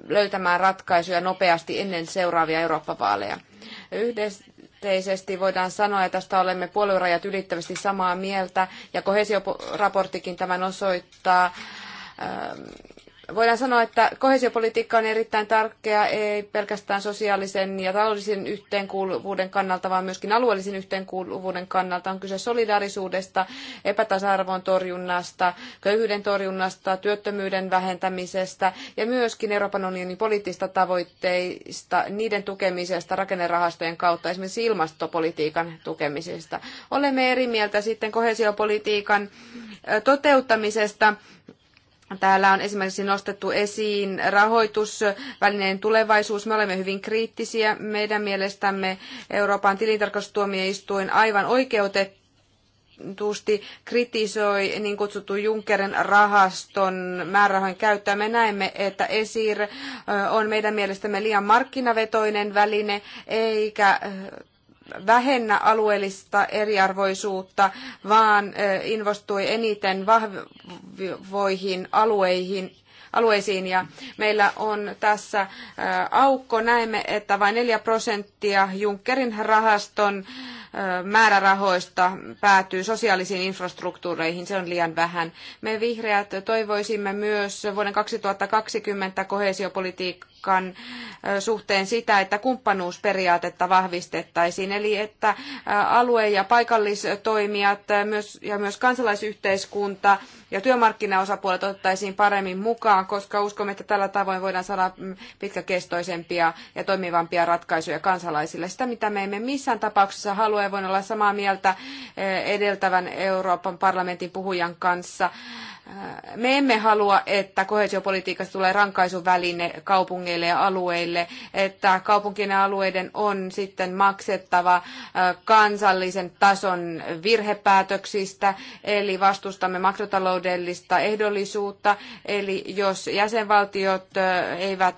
löytämään ratkaisuja nopeasti ennen seuraavia Eurooppa-vaaleja. Yhteisesti voidaan sanoa, että tästä olemme puoluerajat ylittävästi samaa mieltä, ja kohesioraporttikin tämän osoittaa voidaan sanoa, että kohesiopolitiikka on erittäin tärkeä, ei pelkästään sosiaalisen ja taloudellisen yhteenkuuluvuuden kannalta, vaan myöskin alueellisen yhteenkuuluvuuden kannalta. On kyse solidaarisuudesta, epätasa-arvon torjunnasta, köyhyyden torjunnasta, työttömyyden vähentämisestä ja myöskin Euroopan unionin poliittista tavoitteista, niiden tukemisesta rakennerahastojen kautta, esimerkiksi ilmastopolitiikan tukemisesta. Olemme eri mieltä sitten kohesiopolitiikan toteuttamisesta Täällä on esimerkiksi nostettu esiin rahoitusvälineen tulevaisuus. Me olemme hyvin kriittisiä. Meidän mielestämme Euroopan tilintarkastustuomioistuin aivan oikeutetusti kritisoi niin kutsuttu Junckerin rahaston määrärahojen käyttöä. Me näemme, että ESIR on meidän mielestämme liian markkinavetoinen väline, eikä vähennä alueellista eriarvoisuutta, vaan investoi eniten vahvoihin alueihin, alueisiin. Ja meillä on tässä aukko. Näemme, että vain 4 prosenttia Junckerin rahaston määrärahoista päätyy sosiaalisiin infrastruktuureihin. Se on liian vähän. Me vihreät toivoisimme myös vuoden 2020 kohesiopolitiikkaa Ranskan suhteen sitä, että kumppanuusperiaatetta vahvistettaisiin, eli että alue- ja paikallistoimijat ja myös kansalaisyhteiskunta ja työmarkkinaosapuolet ottaisiin paremmin mukaan, koska uskomme, että tällä tavoin voidaan saada mm, pitkäkestoisempia ja toimivampia ratkaisuja kansalaisille. Sitä, mitä me emme missään tapauksessa halua, ja voin olla samaa mieltä edeltävän Euroopan parlamentin puhujan kanssa, me emme halua, että kohesiopolitiikasta tulee rankaisuväline kaupungeille ja alueille, että kaupunkien ja alueiden on sitten maksettava kansallisen tason virhepäätöksistä, eli vastustamme makrotaloudellista ehdollisuutta, eli jos jäsenvaltiot eivät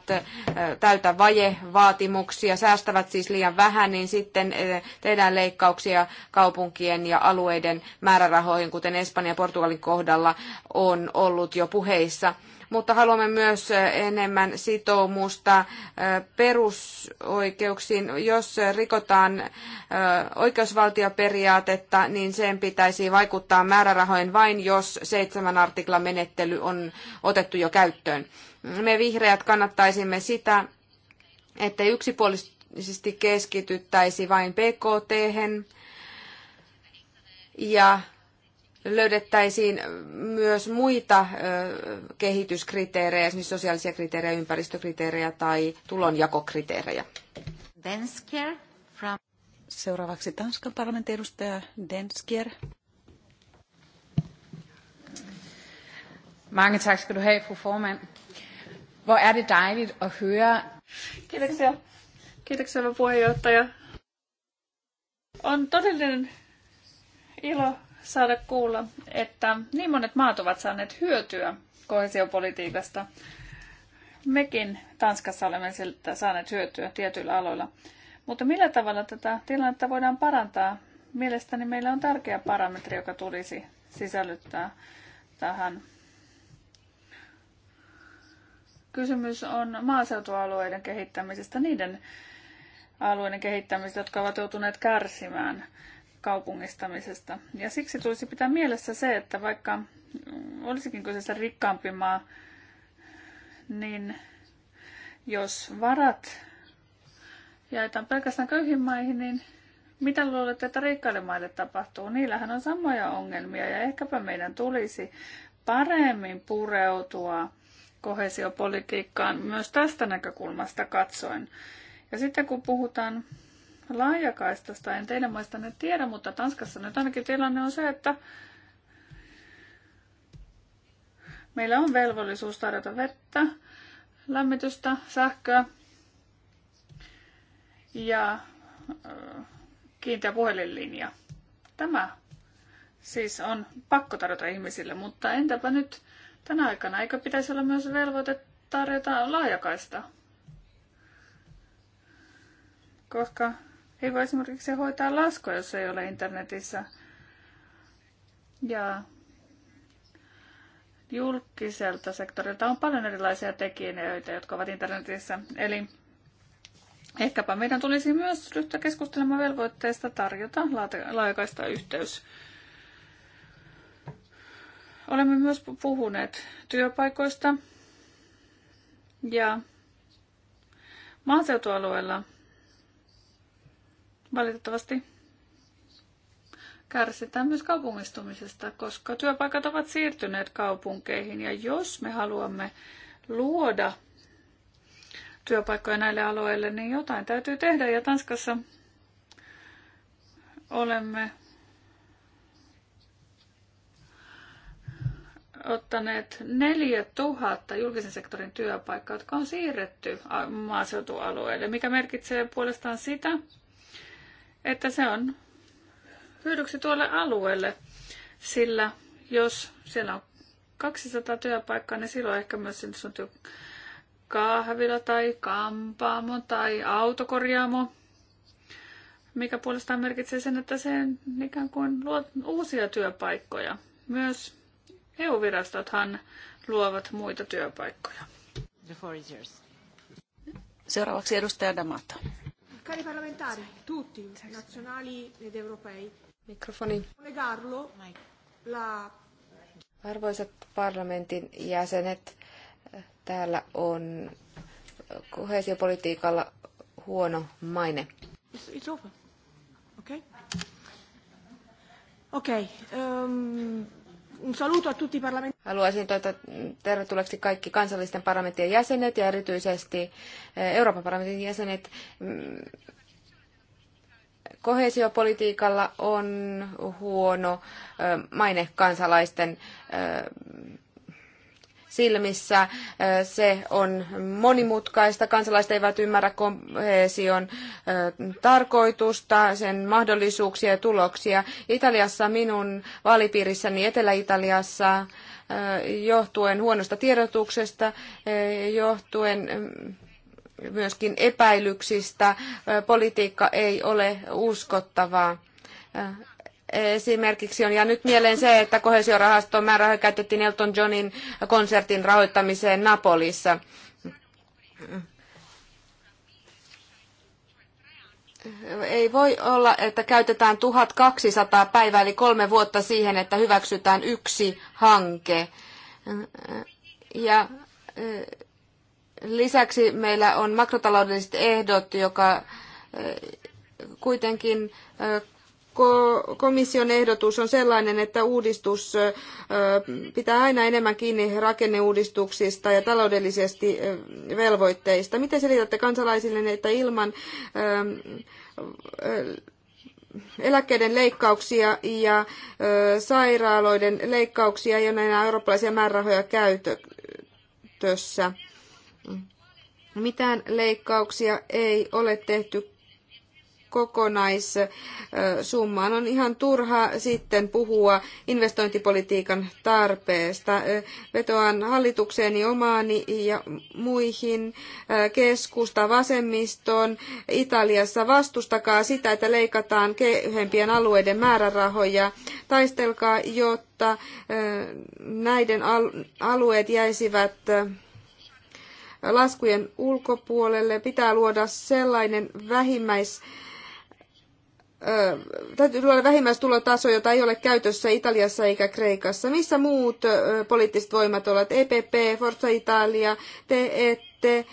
täytä vajevaatimuksia, säästävät siis liian vähän, niin sitten tehdään leikkauksia kaupunkien ja alueiden määrärahoihin, kuten Espanjan ja Portugalin kohdalla on ollut jo puheissa. Mutta haluamme myös enemmän sitoumusta perusoikeuksiin. Jos rikotaan oikeusvaltioperiaatetta, niin sen pitäisi vaikuttaa määrärahojen vain, jos seitsemän artiklan menettely on otettu jo käyttöön. Me vihreät kannattaisimme sitä, että yksipuolisesti keskityttäisi vain PKT hen ja löydettäisiin myös muita kehityskriteerejä, esimerkiksi sosiaalisia kriteerejä, ympäristökriteerejä tai tulonjakokriteerejä. Denskier from... Seuraavaksi Tanskan parlamentin edustaja Denskier. Mange tak skal du have, fru formand. Hvor er det dejligt at høre. Kiitoksia. Kiitoksia, puheenjohtaja. On todellinen ilo saada kuulla, että niin monet maat ovat saaneet hyötyä kohesiopolitiikasta. Mekin Tanskassa olemme siltä saaneet hyötyä tietyillä aloilla. Mutta millä tavalla tätä tilannetta voidaan parantaa? Mielestäni meillä on tärkeä parametri, joka tulisi sisällyttää tähän. Kysymys on maaseutualueiden kehittämisestä, niiden alueiden kehittämisestä, jotka ovat joutuneet kärsimään kaupungistamisesta. Ja siksi tulisi pitää mielessä se, että vaikka olisikin kyseessä rikkaampi maa, niin jos varat jaetaan pelkästään köyhiin maihin, niin mitä luulette, että rikkaille maille tapahtuu? Niillähän on samoja ongelmia ja ehkäpä meidän tulisi paremmin pureutua kohesiopolitiikkaan myös tästä näkökulmasta katsoen. Ja sitten kun puhutaan laajakaistasta en teidän nyt tiedä, mutta Tanskassa nyt ainakin tilanne on se, että meillä on velvollisuus tarjota vettä, lämmitystä, sähköä ja kiinteä puhelinlinja. Tämä siis on pakko tarjota ihmisille, mutta entäpä nyt tänä aikana, eikö pitäisi olla myös velvoite tarjota laajakaista? Koska ei voi esimerkiksi hoitaa laskua, jos ei ole internetissä. Ja julkiselta sektorilta on paljon erilaisia tekijöitä, jotka ovat internetissä. Eli ehkäpä meidän tulisi myös ryhtyä keskustelemaan velvoitteista tarjota laajakaista yhteys. Olemme myös puhuneet työpaikoista ja maaseutualueella – Valitettavasti kärsitään myös kaupungistumisesta, koska työpaikat ovat siirtyneet kaupunkeihin ja jos me haluamme luoda työpaikkoja näille alueille, niin jotain täytyy tehdä ja Tanskassa olemme ottaneet 4000 julkisen sektorin työpaikkaa, jotka on siirretty maaseutualueelle, mikä merkitsee puolestaan sitä, että se on hyödyksi tuolle alueelle, sillä jos siellä on 200 työpaikkaa, niin silloin ehkä myös sinne syntyy kahvila tai kampaamo tai autokorjaamo, mikä puolestaan merkitsee sen, että se ikään kuin luo uusia työpaikkoja. Myös EU-virastothan luovat muita työpaikkoja. Seuraavaksi edustaja Damata. Cari parlamentari, tutti, nazionali ed europei, Mikrofoni. Legarlo, la... Arvoisat parlamentin jäsenet, täällä on koheesiopolitiikalla huono maine. it's over. Okay. Okay. Um, Haluaisin toivottaa tervetulleeksi kaikki kansallisten parlamenttien jäsenet ja erityisesti eh, Euroopan parlamentin jäsenet. Mm, kohesiopolitiikalla on huono eh, maine kansalaisten eh, silmissä. Äh, se on monimutkaista. Kansalaiset eivät ymmärrä kohesion äh, tarkoitusta, sen mahdollisuuksia ja tuloksia. Italiassa minun vaalipiirissäni Etelä-Italiassa äh, johtuen huonosta tiedotuksesta, johtuen myöskin epäilyksistä, politiikka ei ole uskottavaa esimerkiksi on jäänyt mieleen se, että kohesiorahaston määräraha käytettiin Elton Johnin konsertin rahoittamiseen Napolissa. Ei voi olla, että käytetään 1200 päivää eli kolme vuotta siihen, että hyväksytään yksi hanke. Ja eh, lisäksi meillä on makrotaloudelliset ehdot, joka eh, kuitenkin eh, komission ehdotus on sellainen, että uudistus pitää aina enemmän kiinni rakenneuudistuksista ja taloudellisesti velvoitteista. Miten selitätte kansalaisille, että ilman eläkkeiden leikkauksia ja sairaaloiden leikkauksia ei ole enää eurooppalaisia määrärahoja käytössä? Mitään leikkauksia ei ole tehty kokonaissummaan. On ihan turha sitten puhua investointipolitiikan tarpeesta. Vetoan hallitukseeni omaani ja muihin keskusta vasemmistoon Italiassa. Vastustakaa sitä, että leikataan köyhempien alueiden määrärahoja. Taistelkaa, jotta eh, näiden alueet jäisivät eh, laskujen ulkopuolelle. Pitää luoda sellainen vähimmäis täytyy olla vähimmäistulotaso, jota ei ole käytössä Italiassa eikä Kreikassa. Missä muut poliittiset voimat ovat? EPP, Forza Italia, te ette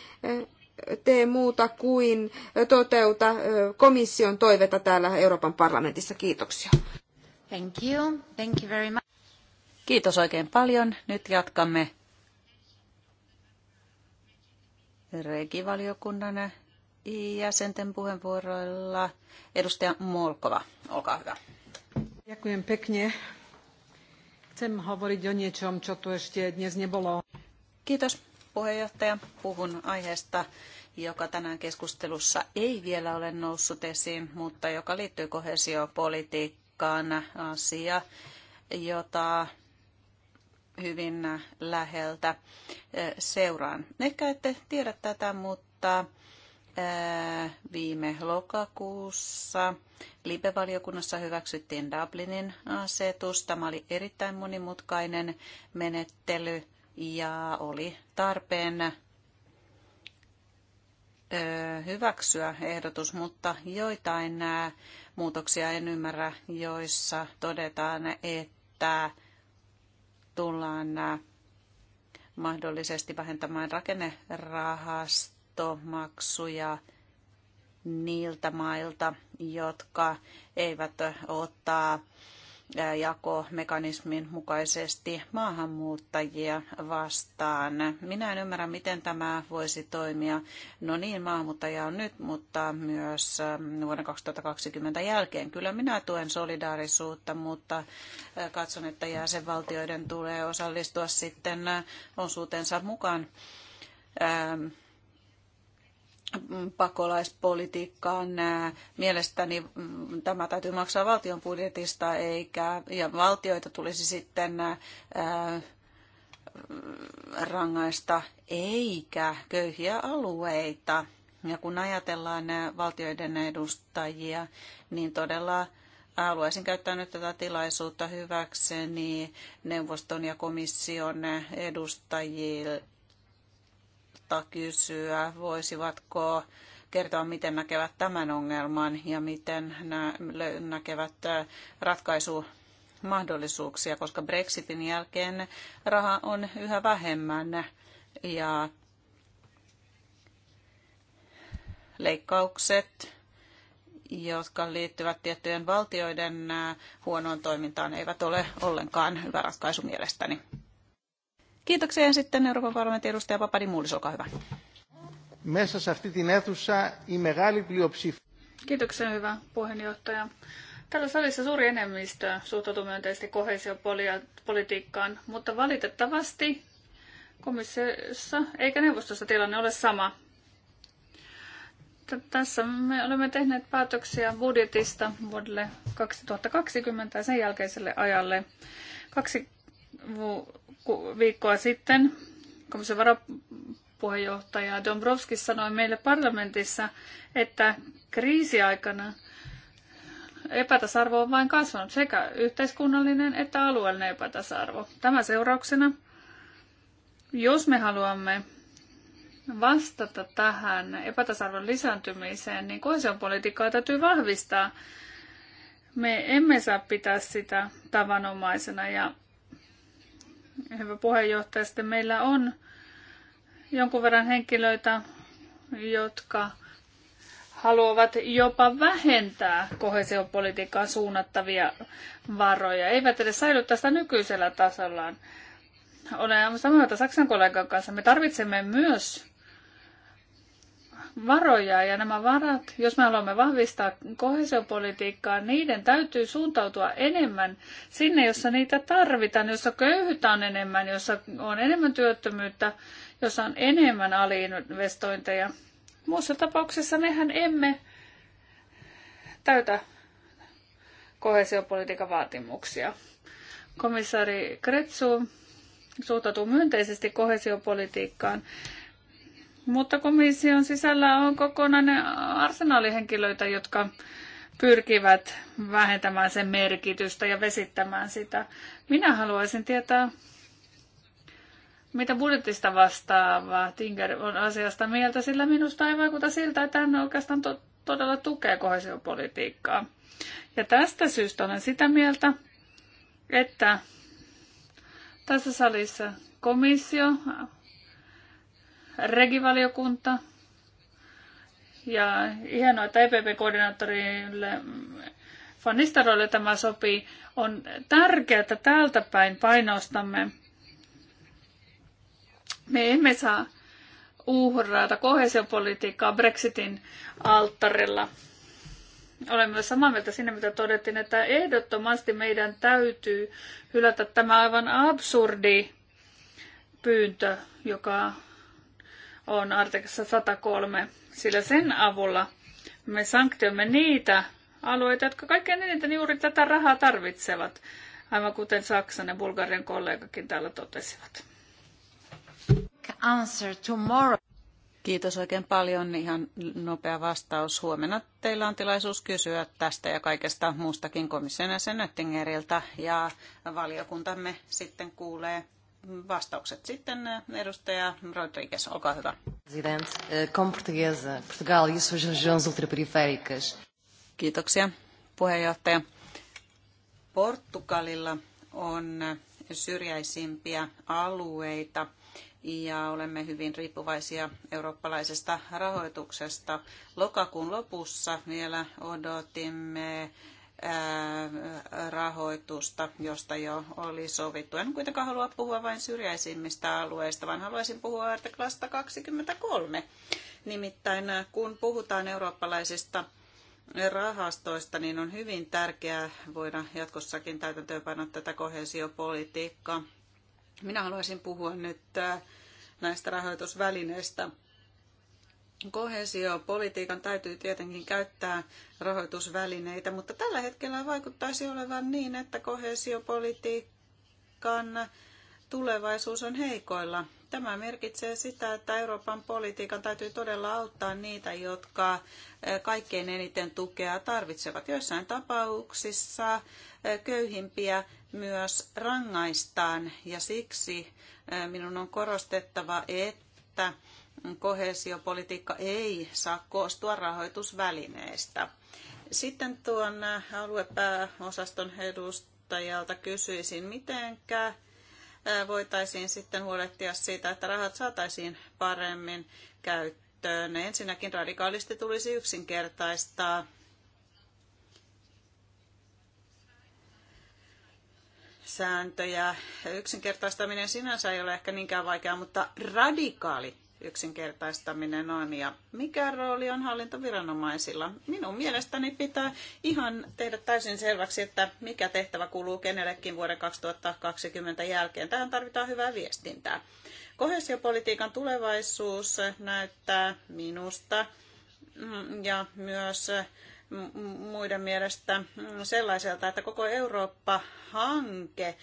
tee muuta kuin toteuta komission toiveta täällä Euroopan parlamentissa. Kiitoksia. Thank you. Thank you very much. Kiitos oikein paljon. Nyt jatkamme regivaliokunnan jäsenten puheenvuoroilla. Edustaja Molkova, olkaa hyvä. Ďakujem pekne. Chcem hovoriť o niečom, čo tu ešte dnes nebolo. Kiitos puheenjohtaja. Puhun aiheesta, joka tänään keskustelussa ei vielä ole noussut esiin, mutta joka liittyy kohesiopolitiikkaan asia, jota hyvin läheltä eh, seuraan. Ehkä ette tiedä tätä, mutta viime lokakuussa Libe-valiokunnassa hyväksyttiin Dublinin asetus. Tämä oli erittäin monimutkainen menettely ja oli tarpeen hyväksyä ehdotus, mutta joitain nämä muutoksia en ymmärrä, joissa todetaan, että tullaan mahdollisesti vähentämään rakennerahasta nettomaksuja niiltä mailta, jotka eivät ottaa jakomekanismin mukaisesti maahanmuuttajia vastaan. Minä en ymmärrä, miten tämä voisi toimia. No niin, maahanmuuttajia on nyt, mutta myös vuoden 2020 jälkeen. Kyllä minä tuen solidaarisuutta, mutta katson, että jäsenvaltioiden tulee osallistua sitten osuutensa mukaan pakolaispolitiikkaan. Mielestäni mm, tämä täytyy maksaa valtion budjetista, eikä, ja valtioita tulisi sitten rangaista, eikä köyhiä alueita. Ja kun ajatellaan valtioiden edustajia, niin todella haluaisin käyttää nyt tätä tilaisuutta hyväkseni neuvoston ja komission edustajille kannattaa kysyä, voisivatko kertoa, miten näkevät tämän ongelman ja miten näkevät äh, ratkaisu mahdollisuuksia, koska Brexitin jälkeen raha on yhä vähemmän ja leikkaukset, jotka liittyvät tiettyjen valtioiden äh, huonoon toimintaan, eivät ole ollenkaan hyvä ratkaisu mielestäni. Kiitoksia sitten Euroopan parlamentin edustaja Papadi Muulis, olkaa hyvä. Μέσα σε αυτή την αίθουσα η μεγάλη πλειοψηφία. Kiitoksia hyvä puheenjohtaja. Täällä salissa suuri enemmistö suhtautuu myönteisesti kohesiopolitiikkaan, mutta valitettavasti komissiossa eikä neuvostossa tilanne ole sama. Tässä me olemme tehneet päätöksiä budjetista vuodelle 2020 ja sen jälkeiselle ajalle. Kaksi viikkoa sitten komission varapuheenjohtaja Dombrovskis sanoi meille parlamentissa, että kriisiaikana epätasarvo on vain kasvanut, sekä yhteiskunnallinen että alueellinen epätasarvo. Tämä seurauksena, jos me haluamme vastata tähän epätasarvon lisääntymiseen, niin politiikkaa täytyy vahvistaa. Me emme saa pitää sitä tavanomaisena ja hyvä puheenjohtaja. Sitten meillä on jonkun verran henkilöitä, jotka haluavat jopa vähentää kohesiopolitiikkaan suunnattavia varoja, eivät edes säily sitä nykyisellä tasollaan. Olen samaa mieltä Saksan kollegan kanssa. Me tarvitsemme myös varoja ja nämä varat, jos me haluamme vahvistaa kohesiopolitiikkaa, niiden täytyy suuntautua enemmän sinne, jossa niitä tarvitaan, jossa köyhyyttä on enemmän, jossa on enemmän työttömyyttä, jossa on enemmän aliinvestointeja. Muussa tapauksessa mehän emme täytä kohesiopolitiikan vaatimuksia. Komissaari Kretsu suhtautuu myönteisesti kohesiopolitiikkaan mutta komission sisällä on kokonainen arsenaalihenkilöitä, jotka pyrkivät vähentämään sen merkitystä ja vesittämään sitä. Minä haluaisin tietää, mitä budjetista vastaava Tinker on asiasta mieltä, sillä minusta ei vaikuta siltä, että hän oikeastaan to- todella tukee kohesiopolitiikkaa. Ja tästä syystä olen sitä mieltä, että tässä salissa komissio regivaliokunta. Ja hienoa, että EPP-koordinaattorille Fannistaroille tämä sopii. On tärkeää, että täältä päin painostamme. Me emme saa uhraata kohesiopolitiikkaa Brexitin alttarilla. Olen myös samaa mieltä siinä, mitä todettiin, että ehdottomasti meidän täytyy hylätä tämä aivan absurdi pyyntö, joka on artiklassa 103, sillä sen avulla me sanktioimme niitä alueita, jotka kaikkein eniten juuri tätä rahaa tarvitsevat, aivan kuten Saksan ja Bulgarian kollegakin täällä totesivat. Answer tomorrow. Kiitos oikein paljon. Ihan nopea vastaus. Huomenna teillä on tilaisuus kysyä tästä ja kaikesta muustakin komission ja Oettingeriltä ja valiokuntamme sitten kuulee vastaukset. Sitten eh, edustaja Rodriguez, olkaa hyvä. Presidente, eh, como portuguesa, Portugal e suas regiões ultraperiféricas. Kiitoksia, puheenjohtaja. Portugalilla on syrjäisimpiä alueita ja olemme hyvin riippuvaisia eurooppalaisesta rahoituksesta. Lokakuun lopussa vielä odotimme rahoitusta, josta jo oli sovittu. En kuitenkaan halua puhua vain syrjäisimmistä alueista, vaan haluaisin puhua artiklasta 23. Nimittäin kun puhutaan eurooppalaisista rahastoista, niin on hyvin tärkeää voida jatkossakin täytäntöönpanna tätä kohesiopolitiikkaa. Minä haluaisin puhua nyt näistä rahoitusvälineistä – Kohesiopolitiikan täytyy tietenkin käyttää rahoitusvälineitä, mutta tällä hetkellä vaikuttaisi olevan niin, että kohesiopolitiikan tulevaisuus on heikoilla. Tämä merkitsee sitä, että Euroopan politiikan täytyy todella auttaa niitä, jotka eh, kaikkein eniten tukea tarvitsevat. Joissain tapauksissa eh, köyhimpiä myös rangaistaan ja siksi eh, minun on korostettava, että kohesiopolitiikka ei saa koostua rahoitusvälineistä. Sitten tuon aluepääosaston edustajalta kysyisin, mitenkä voitaisiin sitten huolehtia siitä, että rahat saataisiin paremmin käyttöön. Ensinnäkin radikaalisti tulisi yksinkertaistaa sääntöjä. Yksinkertaistaminen sinänsä ei ole ehkä niinkään vaikeaa, mutta radikaalit yksinkertaistaminen on ja mikä rooli on hallintoviranomaisilla. Minun mielestäni pitää ihan tehdä täysin selväksi, että mikä tehtävä kuuluu kenellekin vuoden 2020 jälkeen. Tähän tarvitaan hyvää viestintää. Kohesiopolitiikan tulevaisuus näyttää minusta ja myös muiden mielestä sellaiselta, että koko Eurooppa-hanke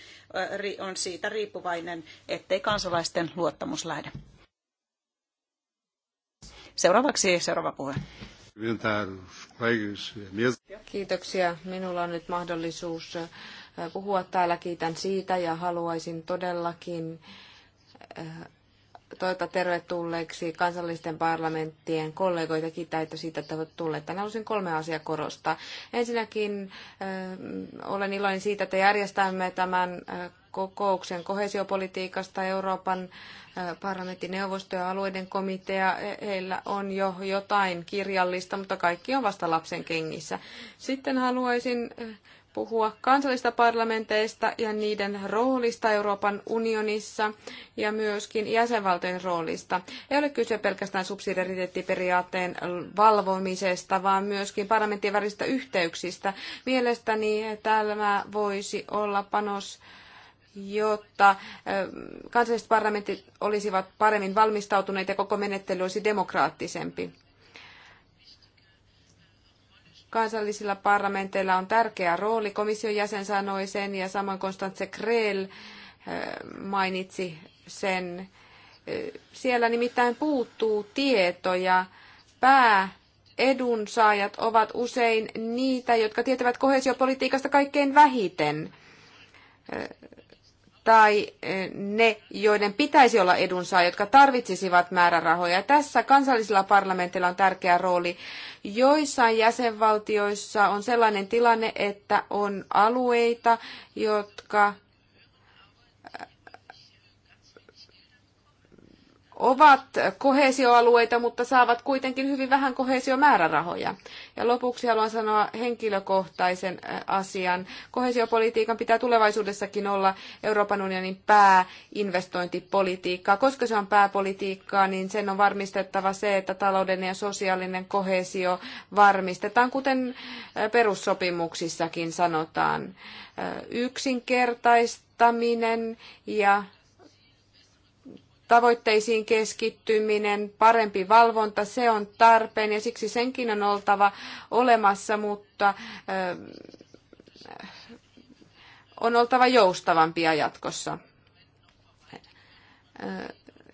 on siitä riippuvainen, ettei kansalaisten luottamus lähde Seuraavaksi seuraava puhe. Kiitoksia. Minulla on nyt mahdollisuus äh, puhua täällä. Kiitän siitä ja haluaisin todellakin äh, toivottaa tervetulleeksi kansallisten parlamenttien kollegoita kiitän siitä, että olet tulleet. Tänään haluaisin kolme asiaa korostaa. Ensinnäkin äh, olen iloinen siitä, että järjestämme tämän kokouksen kohesiopolitiikasta Euroopan parlamentin neuvosto ja alueiden komitea, e, heillä on jo jotain kirjallista, mutta kaikki on vasta lapsen kengissä. Sitten haluaisin puhua kansallista parlamenteista ja niiden roolista Euroopan unionissa ja myöskin jäsenvaltojen roolista. Ei ole kyse pelkästään subsidiariteettiperiaatteen valvomisesta, vaan myöskin parlamenttien välisistä yhteyksistä. Mielestäni tämä voisi olla panos jotta kansalliset parlamentit olisivat paremmin valmistautuneet ja koko menettely olisi demokraattisempi. Kansallisilla parlamenteilla on tärkeä rooli, komission jäsen sanoi sen ja samoin Konstantse Krell mainitsi sen. Siellä nimittäin puuttuu tietoja. Pääedunsaajat ovat usein niitä, jotka tietävät kohesiopolitiikasta kaikkein vähiten tai eh, ne, joiden pitäisi olla edunsaa, jotka tarvitsisivat määrärahoja. Tässä kansallisilla parlamentilla on tärkeä rooli. Joissain jäsenvaltioissa on sellainen tilanne, että on alueita, jotka ovat kohesioalueita, mutta saavat kuitenkin hyvin vähän kohesiomäärärahoja. Ja lopuksi haluan sanoa henkilökohtaisen asian. Kohesiopolitiikan pitää tulevaisuudessakin olla Euroopan unionin pääinvestointipolitiikkaa. Koska se on pääpolitiikkaa, niin sen on varmistettava se, että talouden ja sosiaalinen kohesio varmistetaan, kuten perussopimuksissakin sanotaan. Yksinkertaistaminen ja tavoitteisiin keskittyminen, parempi valvonta, se on tarpeen ja siksi senkin on oltava olemassa, mutta on oltava joustavampia jatkossa.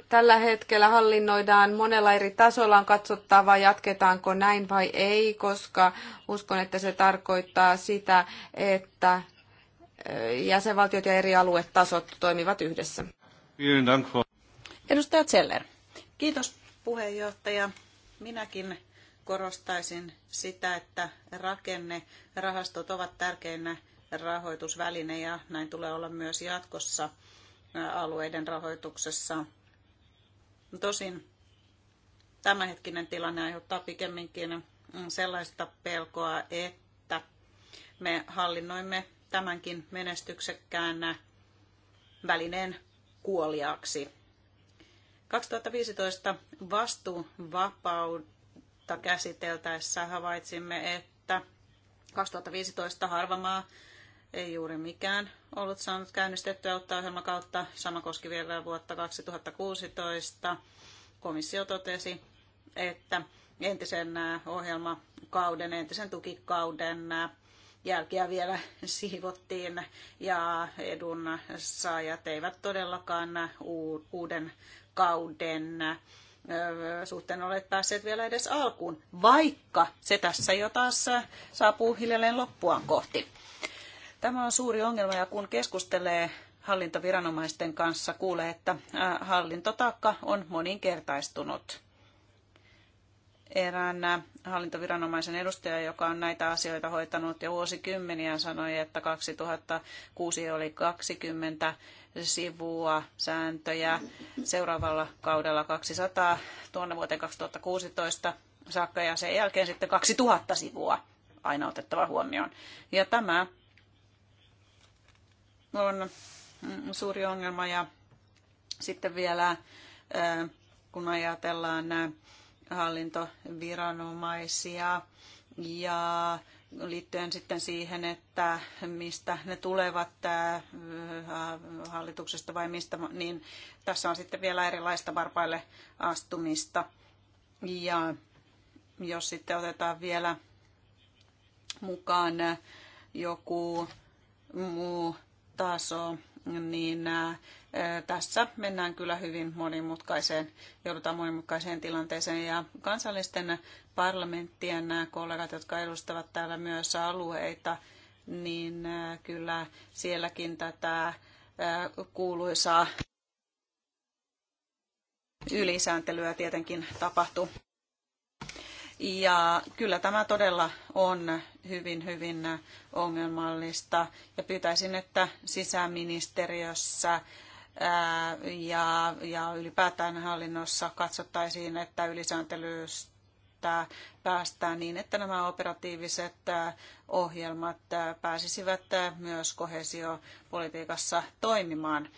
Tällä hetkellä hallinnoidaan monella eri tasolla, on katsottava jatketaanko näin vai ei, koska uskon, että se tarkoittaa sitä, että jäsenvaltiot ja eri aluetasot toimivat yhdessä. Edustaja Zeller. Kiitos puheenjohtaja. Minäkin korostaisin sitä, että rakennerahastot ovat tärkeinä rahoitusväline ja näin tulee olla myös jatkossa alueiden rahoituksessa. Tosin tämänhetkinen tilanne aiheuttaa pikemminkin sellaista pelkoa, että me hallinnoimme tämänkin menestyksekkään välineen kuoliaaksi. 2015 vastuuvapautta käsiteltäessä havaitsimme, että 2015 harvamaa ei juuri mikään ollut saanut käynnistettyä ottaa ohjelman kautta. Sama koski vielä vuotta 2016. Komissio totesi, että entisen äh, ohjelmakauden, entisen tukikauden äh, jälkiä vielä siivottiin ja edun saajat eivät todellakaan äh, uuden kauden suhteen olet päässeet vielä edes alkuun, vaikka se tässä jo taas saapuu hiljalleen loppuaan kohti. Tämä on suuri ongelma ja kun keskustelee hallintoviranomaisten kanssa, kuulee, että hallintotaakka on moninkertaistunut. Erään hallintoviranomaisen edustaja, joka on näitä asioita hoitanut jo vuosikymmeniä, sanoi, että 2006 oli 20 sivua sääntöjä seuraavalla kaudella 200 tuonne vuoteen 2016 saakka ja sen jälkeen sitten 2000 sivua aina otettava huomioon. Ja tämä on mm, suuri ongelma ja sitten vielä kun ajatellaan hallintoviranomaisia ja liittyen sitten siihen, että mistä ne tulevat hallituksesta vai mistä, niin tässä on sitten vielä erilaista varpaille astumista. Ja jos sitten otetaan vielä mukaan joku muu taso, niin tässä mennään kyllä hyvin monimutkaiseen, joudutaan monimutkaiseen tilanteeseen ja kansallisten parlamenttien nämä kollegat, jotka edustavat täällä myös alueita, niin kyllä sielläkin tätä kuuluisaa ylisääntelyä tietenkin tapahtuu. Ja kyllä tämä todella on hyvin, hyvin ongelmallista. Ja pyytäisin, että sisäministeriössä ja, ja ylipäätään hallinnossa katsottaisiin, että ylisääntelystä päästään niin, että nämä operatiiviset ohjelmat pääsisivät myös kohesiopolitiikassa toimimaan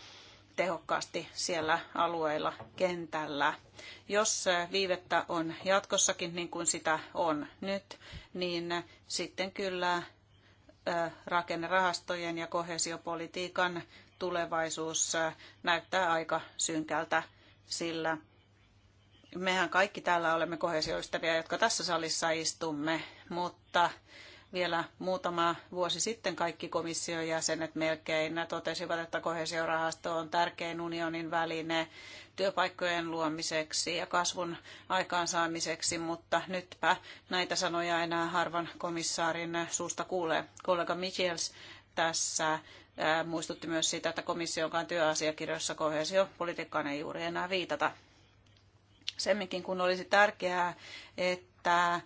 tehokkaasti siellä alueilla kentällä. Jos viivettä on jatkossakin niin kuin sitä on nyt, niin sitten kyllä rakennerahastojen ja kohesiopolitiikan tulevaisuus äh, näyttää aika synkältä, sillä mehän kaikki täällä olemme kohesioystäviä, jotka tässä salissa istumme, mutta vielä muutama vuosi sitten kaikki komission jäsenet melkein totesivat, että kohesiorahasto on tärkein unionin väline työpaikkojen luomiseksi ja kasvun aikaansaamiseksi, mutta nytpä näitä sanoja enää harvan komissaarin suusta kuulee. Kollega Michels tässä muistutti myös siitä, että komissionkaan työasiakirjoissa kohesiopolitiikkaan ei juuri enää viitata. Semminkin kun olisi tärkeää, että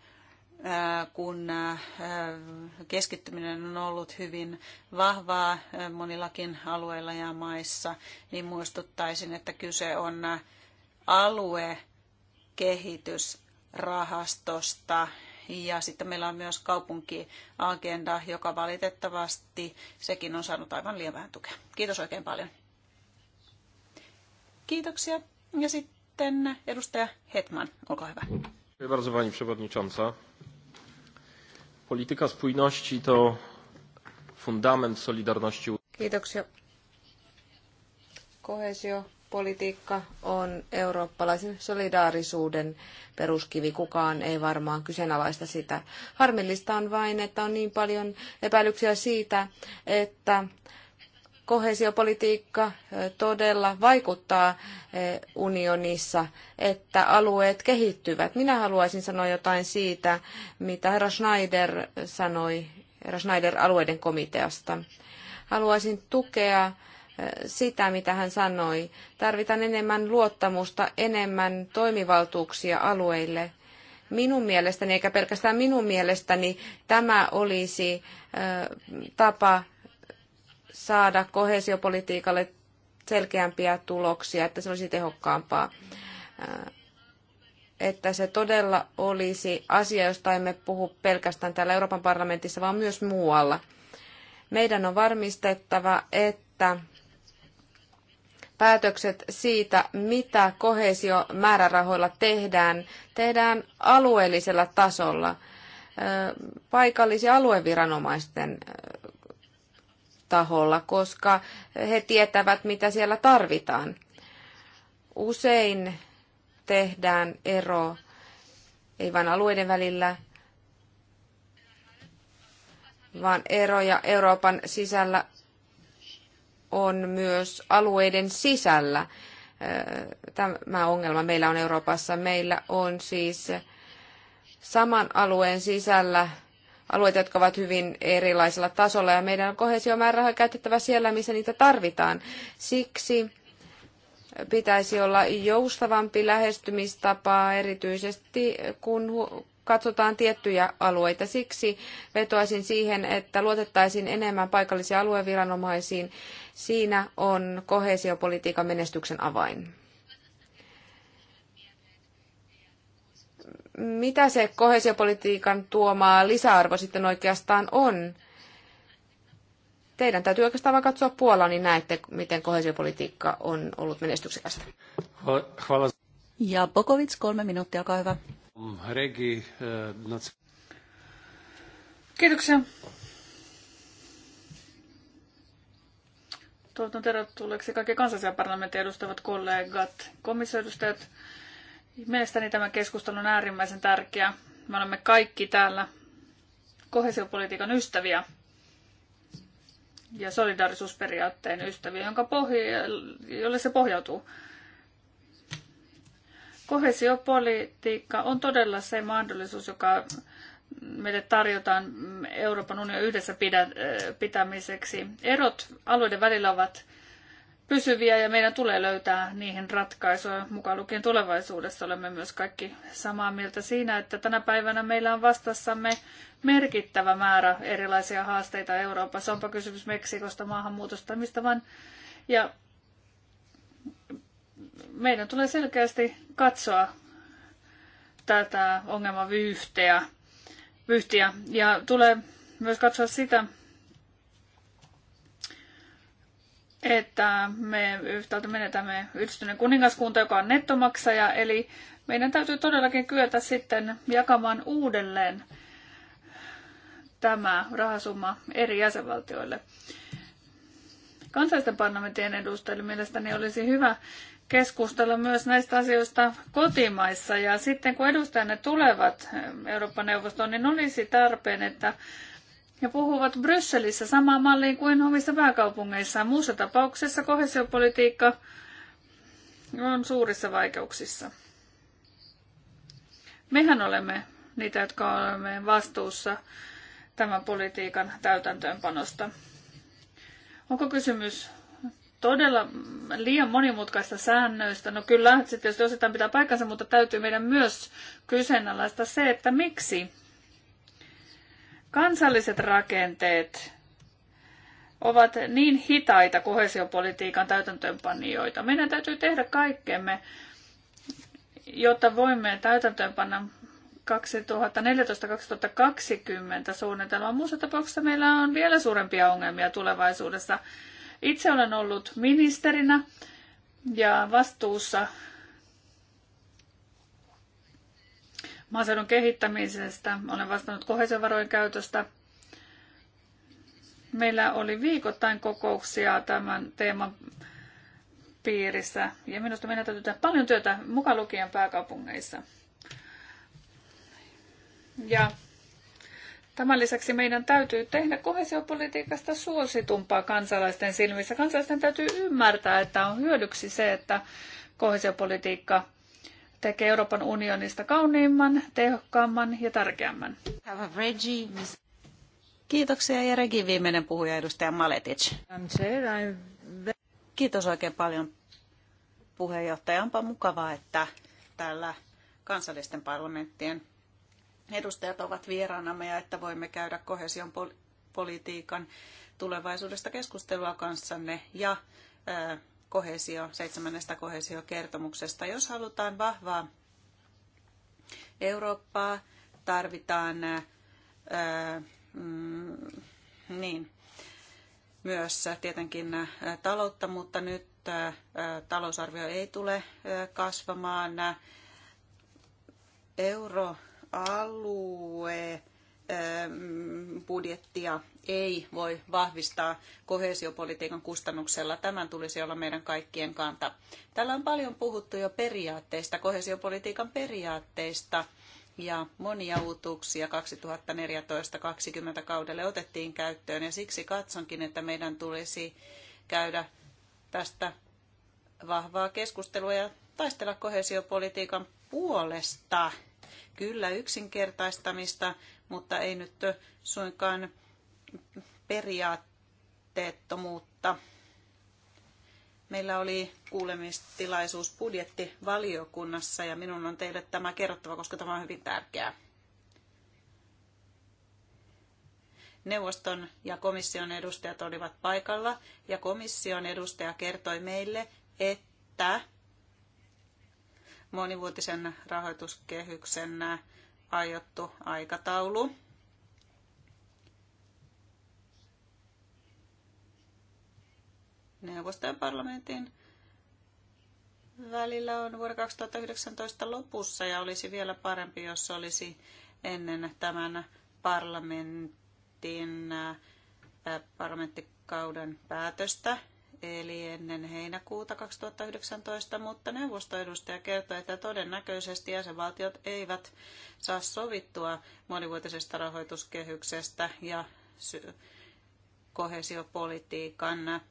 kun keskittyminen on ollut hyvin vahvaa monillakin alueilla ja maissa, niin muistuttaisin, että kyse on aluekehitysrahastosta, ja sitten meillä on myös kaupunkiagenda, joka valitettavasti sekin on saanut aivan liian vähän tukea. Kiitos oikein paljon. Kiitoksia. Ja sitten edustaja Hetman, olkaa hyvä. Dziękuję bardzo Pani Przewodnicząca. Polityka spójności to fundament solidarności. Kiitoksia. Kohesio Maatalouspolitiikka on eurooppalaisen solidaarisuuden peruskivi. Kukaan ei varmaan kyseenalaista sitä. Harmillista on vain, että on niin paljon epäilyksiä siitä, että kohesiopolitiikka todella vaikuttaa unionissa, että alueet kehittyvät. Minä haluaisin sanoa jotain siitä, mitä herra Schneider sanoi, herra Schneider alueiden komiteasta. Haluaisin tukea sitä, mitä hän sanoi. Tarvitaan enemmän luottamusta, enemmän toimivaltuuksia alueille. Minun mielestäni, eikä pelkästään minun mielestäni, tämä olisi tapa saada kohesiopolitiikalle selkeämpiä tuloksia, että se olisi tehokkaampaa. Että se todella olisi asia, josta emme puhu pelkästään täällä Euroopan parlamentissa, vaan myös muualla. Meidän on varmistettava, että päätökset siitä, mitä kohesiomäärärahoilla tehdään, tehdään alueellisella tasolla paikallisia alueviranomaisten taholla, koska he tietävät, mitä siellä tarvitaan. Usein tehdään ero ei vain alueiden välillä, vaan eroja Euroopan sisällä on myös alueiden sisällä tämä ongelma meillä on Euroopassa. Meillä on siis saman alueen sisällä alueita, jotka ovat hyvin erilaisella tasolla ja meidän on kohesiomäärärahoja käytettävä siellä, missä niitä tarvitaan. Siksi pitäisi olla joustavampi lähestymistapa, erityisesti kun katsotaan tiettyjä alueita. Siksi vetoaisin siihen, että luotettaisiin enemmän paikallisiin alueviranomaisiin. Siinä on kohesiopolitiikan menestyksen avain. Mitä se kohesiopolitiikan tuoma lisäarvo sitten oikeastaan on? Teidän täytyy oikeastaan vain katsoa Puolaa, niin näette, miten kohesiopolitiikka on ollut menestyksekästä. Ja Bokovic, kolme minuuttia, olkaa hyvä. Regi, e, not... Kiitoksia. Toivotan tervetulleeksi kaikki kansallisia parlamentin edustavat kollegat, komissioedustajat. Mielestäni tämä keskustelu on äärimmäisen tärkeä. Me olemme kaikki täällä kohesiopolitiikan ystäviä ja solidaarisuusperiaatteen ystäviä, jonka pohja, jolle se pohjautuu. Kohesiopolitiikka on todella se mahdollisuus, joka meille tarjotaan Euroopan unionin yhdessä äh, pitämiseksi. Erot alueiden välillä ovat pysyviä ja meidän tulee löytää niihin ratkaisuja. Mukaan lukien tulevaisuudessa olemme myös kaikki samaa mieltä siinä, että tänä päivänä meillä on vastassamme merkittävä määrä erilaisia haasteita Euroopassa. Onpa kysymys Meksikosta, maahanmuutosta, mistä vaan. Ja meidän tulee selkeästi katsoa tätä ongelmavyyhtiä vyyhtiä. Ja tulee myös katsoa sitä, että me yhtäältä menetämme yhdistyneen kuningaskunta, joka on nettomaksaja, eli meidän täytyy todellakin kyetä sitten jakamaan uudelleen tämä rahasumma eri jäsenvaltioille. Kansallisten parlamentien edustajille mielestäni olisi hyvä, keskustella myös näistä asioista kotimaissa. Ja sitten kun edustajanne tulevat Euroopan neuvostoon, niin olisi tarpeen, että ja puhuvat Brysselissä samaan malliin kuin omissa pääkaupungeissaan. Muussa tapauksessa kohesiopolitiikka on suurissa vaikeuksissa. Mehän olemme niitä, jotka olemme vastuussa tämän politiikan täytäntöönpanosta. Onko kysymys todella liian monimutkaista säännöistä. No kyllä, se tietysti osittain pitää paikkansa, mutta täytyy meidän myös kyseenalaista se, että miksi kansalliset rakenteet ovat niin hitaita kohesiopolitiikan täytäntöönpanijoita. Meidän täytyy tehdä kaikkemme, jotta voimme täytäntöönpanna 2014-2020 suunnitelmaa. Muussa tapauksessa meillä on vielä suurempia ongelmia tulevaisuudessa. Itse olen ollut ministerinä ja vastuussa maaseudun kehittämisestä. Olen vastannut kohesiovarojen käytöstä. Meillä oli viikoittain kokouksia tämän teeman piirissä. Ja minusta meidän täytyy tehdä paljon työtä mukaan lukien pääkaupungeissa. Ja Tämän lisäksi meidän täytyy tehdä kohesiopolitiikasta suositumpaa kansalaisten silmissä. Kansalaisten täytyy ymmärtää, että on hyödyksi se, että kohesiopolitiikka tekee Euroopan unionista kauniimman, tehokkaamman ja tärkeämmän. Kiitoksia ja Regi viimeinen puhuja edustaja Maletic. Kiitos oikein paljon puheenjohtaja. Onpa mukavaa, että täällä kansallisten parlamenttien edustajat ovat vieraanamme ja että voimme käydä kohesion politiikan tulevaisuudesta keskustelua kanssanne ja kohesio, seitsemännestä kohesiokertomuksesta. Jos halutaan vahvaa Eurooppaa, tarvitaan ää, mm, niin, myös tietenkin taloutta, mutta nyt ää, talousarvio ei tule ää, kasvamaan. Euro alue ähm, budjettia ei voi vahvistaa kohesiopolitiikan kustannuksella. Tämän tulisi olla meidän kaikkien kanta. Täällä on paljon puhuttu jo periaatteista, kohesiopolitiikan periaatteista ja monia uutuuksia 2014-2020 kaudelle otettiin käyttöön ja siksi katsonkin, että meidän tulisi käydä tästä vahvaa keskustelua ja taistella kohesiopolitiikan puolesta kyllä yksinkertaistamista, mutta ei nyt suinkaan periaatteettomuutta. Meillä oli kuulemistilaisuus budjettivaliokunnassa ja minun on teille tämä kerrottava, koska tämä on hyvin tärkeää. Neuvoston ja komission edustajat olivat paikalla ja komission edustaja kertoi meille, että monivuotisen rahoituskehyksen aiottu aikataulu. Neuvoston ja parlamentin välillä on vuoden 2019 lopussa ja olisi vielä parempi, jos olisi ennen tämän parlamentin äh, parlamenttikauden päätöstä eli ennen heinäkuuta 2019, mutta neuvostoedustaja kertoi, että todennäköisesti jäsenvaltiot eivät saa sovittua monivuotisesta rahoituskehyksestä ja kohesiopolitiikan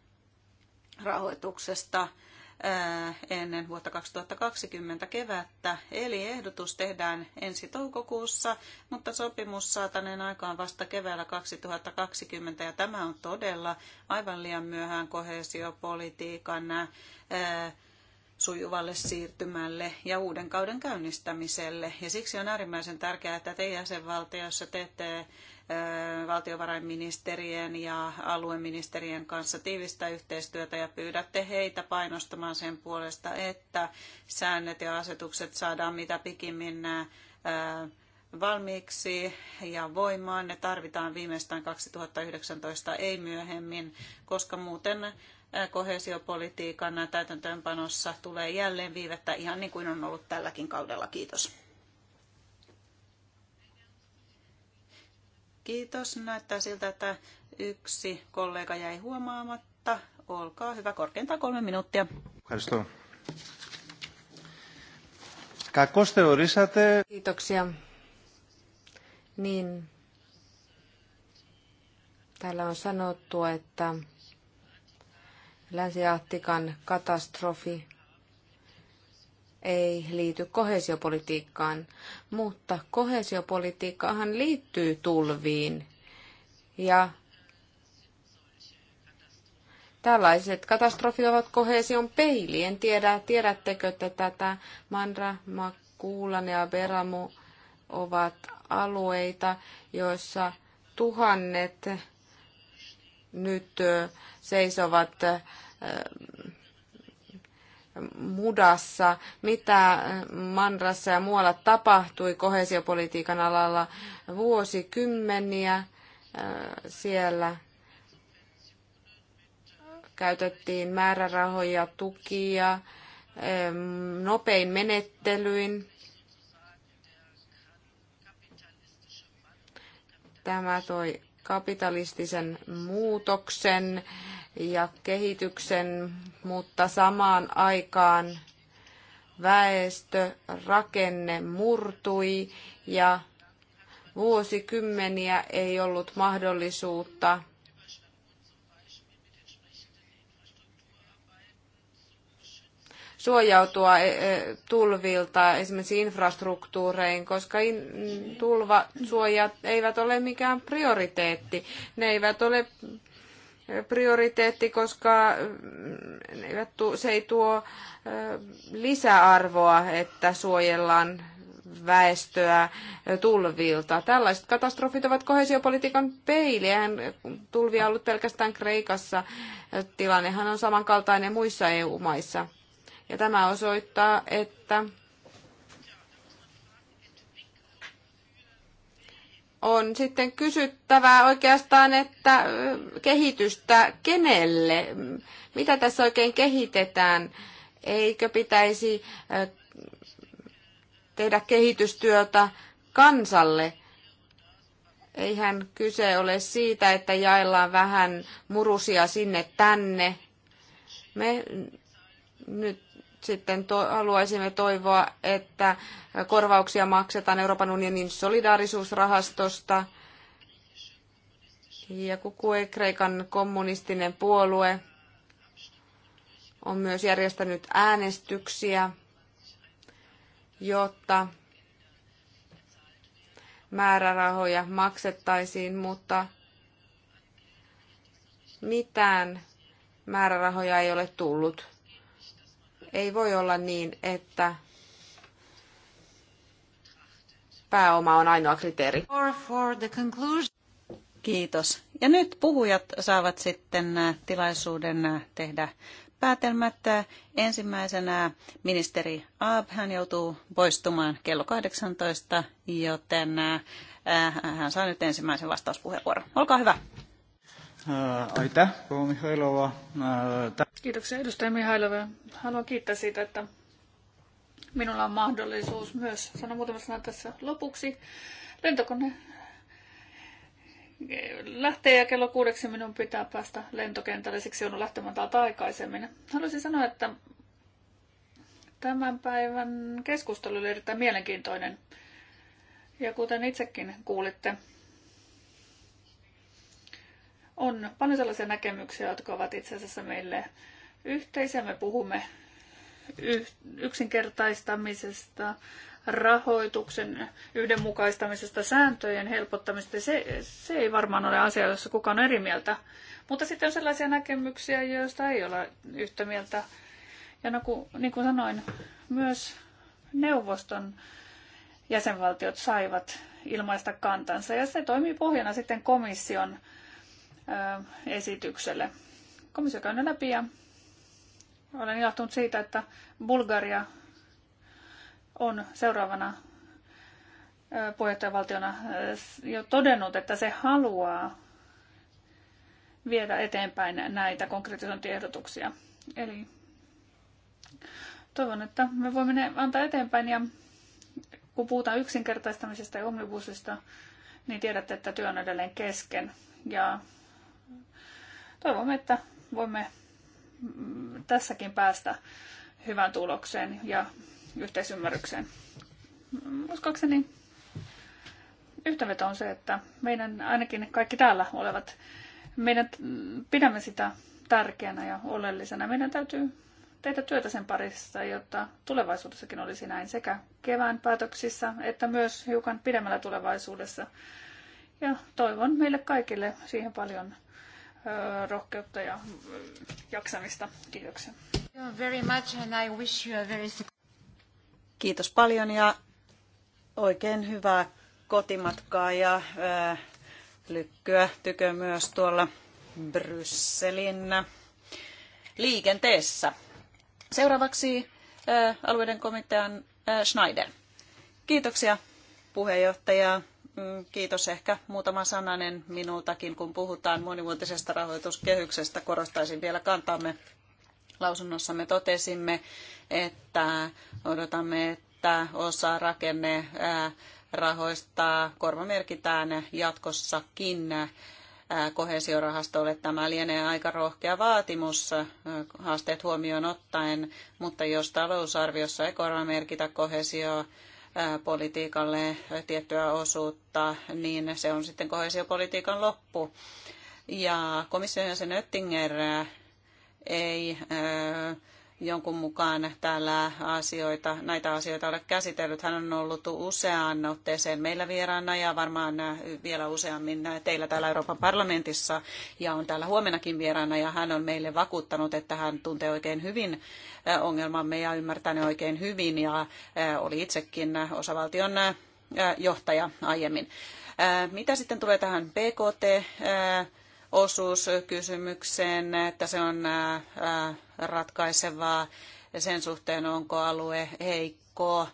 rahoituksesta ennen vuotta 2020 kevättä, eli ehdotus tehdään ensi toukokuussa, mutta sopimus saataneen aikaan vasta keväällä 2020, ja tämä on todella aivan liian myöhään kohesiopolitiikan sujuvalle siirtymälle ja uuden kauden käynnistämiselle. Ja siksi on äärimmäisen tärkeää, että te jäsenvaltiossa teette valtiovarainministerien ja alueministerien kanssa tiivistä yhteistyötä ja pyydätte heitä painostamaan sen puolesta, että säännöt ja asetukset saadaan mitä pikimmin valmiiksi ja voimaan. Ne tarvitaan viimeistään 2019, ei myöhemmin, koska muuten kohesiopolitiikan täytäntöönpanossa tulee jälleen viivettä ihan niin kuin on ollut tälläkin kaudella. Kiitos. Kiitos. Näyttää siltä, että yksi kollega jäi huomaamatta. Olkaa hyvä, korkeintaan kolme minuuttia. Kiitoksia. Niin, täällä on sanottu, että Länsi-Ahtikan katastrofi ei liity kohesiopolitiikkaan, mutta kohesiopolitiikkaahan liittyy tulviin. Ja tällaiset katastrofit ovat kohesion peili. En tiedä, tiedättekö te tätä. Mandra, Makuulan ja Beramu ovat alueita, joissa tuhannet nyt seisovat mudassa, mitä Mandrassa ja muualla tapahtui kohesiopolitiikan alalla vuosikymmeniä äh, siellä käytettiin määrärahoja, tukia, ähm, nopein menettelyin. Tämä toi kapitalistisen muutoksen ja kehityksen, mutta samaan aikaan väestörakenne murtui ja vuosikymmeniä ei ollut mahdollisuutta suojautua e, e, tulvilta, esimerkiksi infrastruktuurein, koska in, tulvasuojat eivät ole mikään prioriteetti. Ne eivät ole prioriteetti, koska mm, ne eivät tu, se ei tuo lisäarvoa, että suojellaan väestöä tulvilta. Tällaiset katastrofit ovat kohesiopolitiikan peiliä. Tulvia on ollut pelkästään Kreikassa. Tilannehan on samankaltainen muissa EU-maissa. Ja tämä osoittaa, että on sitten kysyttävää oikeastaan, että kehitystä kenelle? Mitä tässä oikein kehitetään? Eikö pitäisi tehdä kehitystyötä kansalle? Eihän kyse ole siitä, että jaellaan vähän murusia sinne tänne. Me nyt sitten to- haluaisimme toivoa, että korvauksia maksetaan Euroopan unionin solidaarisuusrahastosta. Ja Kukue, Kreikan kommunistinen puolue, on myös järjestänyt äänestyksiä, jotta määrärahoja maksettaisiin, mutta mitään määrärahoja ei ole tullut. Ei voi olla niin, että pääoma on ainoa kriteeri. Kiitos. Ja nyt puhujat saavat sitten äh, tilaisuuden äh, tehdä päätelmät. Äh, ensimmäisenä ministeri Aab, hän joutuu poistumaan kello 18, joten hän saa nyt ensimmäisen vastauspuheenvuoron. Olkaa hyvä. Aita, Mihailova. Kiitoksia edustaja Mihailova. Haluan kiittää siitä, että minulla on mahdollisuus myös sanoa muutama sana tässä lopuksi. Lentokone lähtee ja kello kuudeksi minun pitää päästä lentokentälle, siksi joudun lähtemään täältä aikaisemmin. Haluaisin sanoa, että tämän päivän keskustelu oli erittäin mielenkiintoinen. Ja kuten itsekin kuulitte, on paljon sellaisia näkemyksiä, jotka ovat itse asiassa meille yhteisiä. Me puhumme yksinkertaistamisesta, rahoituksen yhdenmukaistamisesta, sääntöjen helpottamisesta. Se, se ei varmaan ole asia, jossa kukaan on eri mieltä. Mutta sitten on sellaisia näkemyksiä, joista ei ole yhtä mieltä. Ja no, kun, niin kuin sanoin, myös neuvoston jäsenvaltiot saivat ilmaista kantansa. Ja se toimii pohjana sitten komission esitykselle. Komissio käy ne läpi ja olen ilahtunut siitä, että Bulgaria on seuraavana puheenjohtajavaltiona jo todennut, että se haluaa viedä eteenpäin näitä konkretisointiehdotuksia. Eli toivon, että me voimme ne antaa eteenpäin ja kun puhutaan yksinkertaistamisesta ja omnibusista, niin tiedätte, että työ on edelleen kesken ja Toivomme, että voimme mm, tässäkin päästä hyvään tulokseen ja yhteisymmärrykseen. Mm, uskoakseni yhtäveto on se, että meidän ainakin kaikki täällä olevat, meidän mm, pidämme sitä tärkeänä ja oleellisena. Meidän täytyy tehdä työtä sen parissa, jotta tulevaisuudessakin olisi näin sekä kevään päätöksissä että myös hiukan pidemmällä tulevaisuudessa. Ja toivon meille kaikille siihen paljon rohkeutta ja jaksamista. Kiitoksia. Very much and I wish you a very... Kiitos paljon ja oikein hyvää kotimatkaa ja lykkyä tykö myös tuolla Brysselin liikenteessä. Seuraavaksi alueiden komitean Schneider. Kiitoksia puheenjohtaja Mm, kiitos ehkä muutama sananen minultakin, kun puhutaan monivuotisesta rahoituskehyksestä. Korostaisin vielä kantamme. Lausunnossamme totesimme, että odotamme, että osa rakenne rahoista korvamerkitään jatkossakin kohesiorahastolle. Tämä lienee aika rohkea vaatimus haasteet huomioon ottaen, mutta jos talousarviossa ei korvamerkitä kohesio politiikalle tiettyä osuutta, niin se on sitten kohesiopolitiikan loppu. Ja komission jäsen Oettinger ei jonkun mukaan täällä asioita, näitä asioita ole käsitellyt. Hän on ollut useaan otteeseen meillä vieraana ja varmaan vielä useammin teillä täällä Euroopan parlamentissa ja on täällä huomenakin vieraana ja hän on meille vakuuttanut, että hän tuntee oikein hyvin ongelmamme ja ymmärtää ne oikein hyvin ja oli itsekin osavaltion johtaja aiemmin. Mitä sitten tulee tähän PKT osuuskysymykseen, että se on ratkaisevaa sen suhteen, onko alue heikko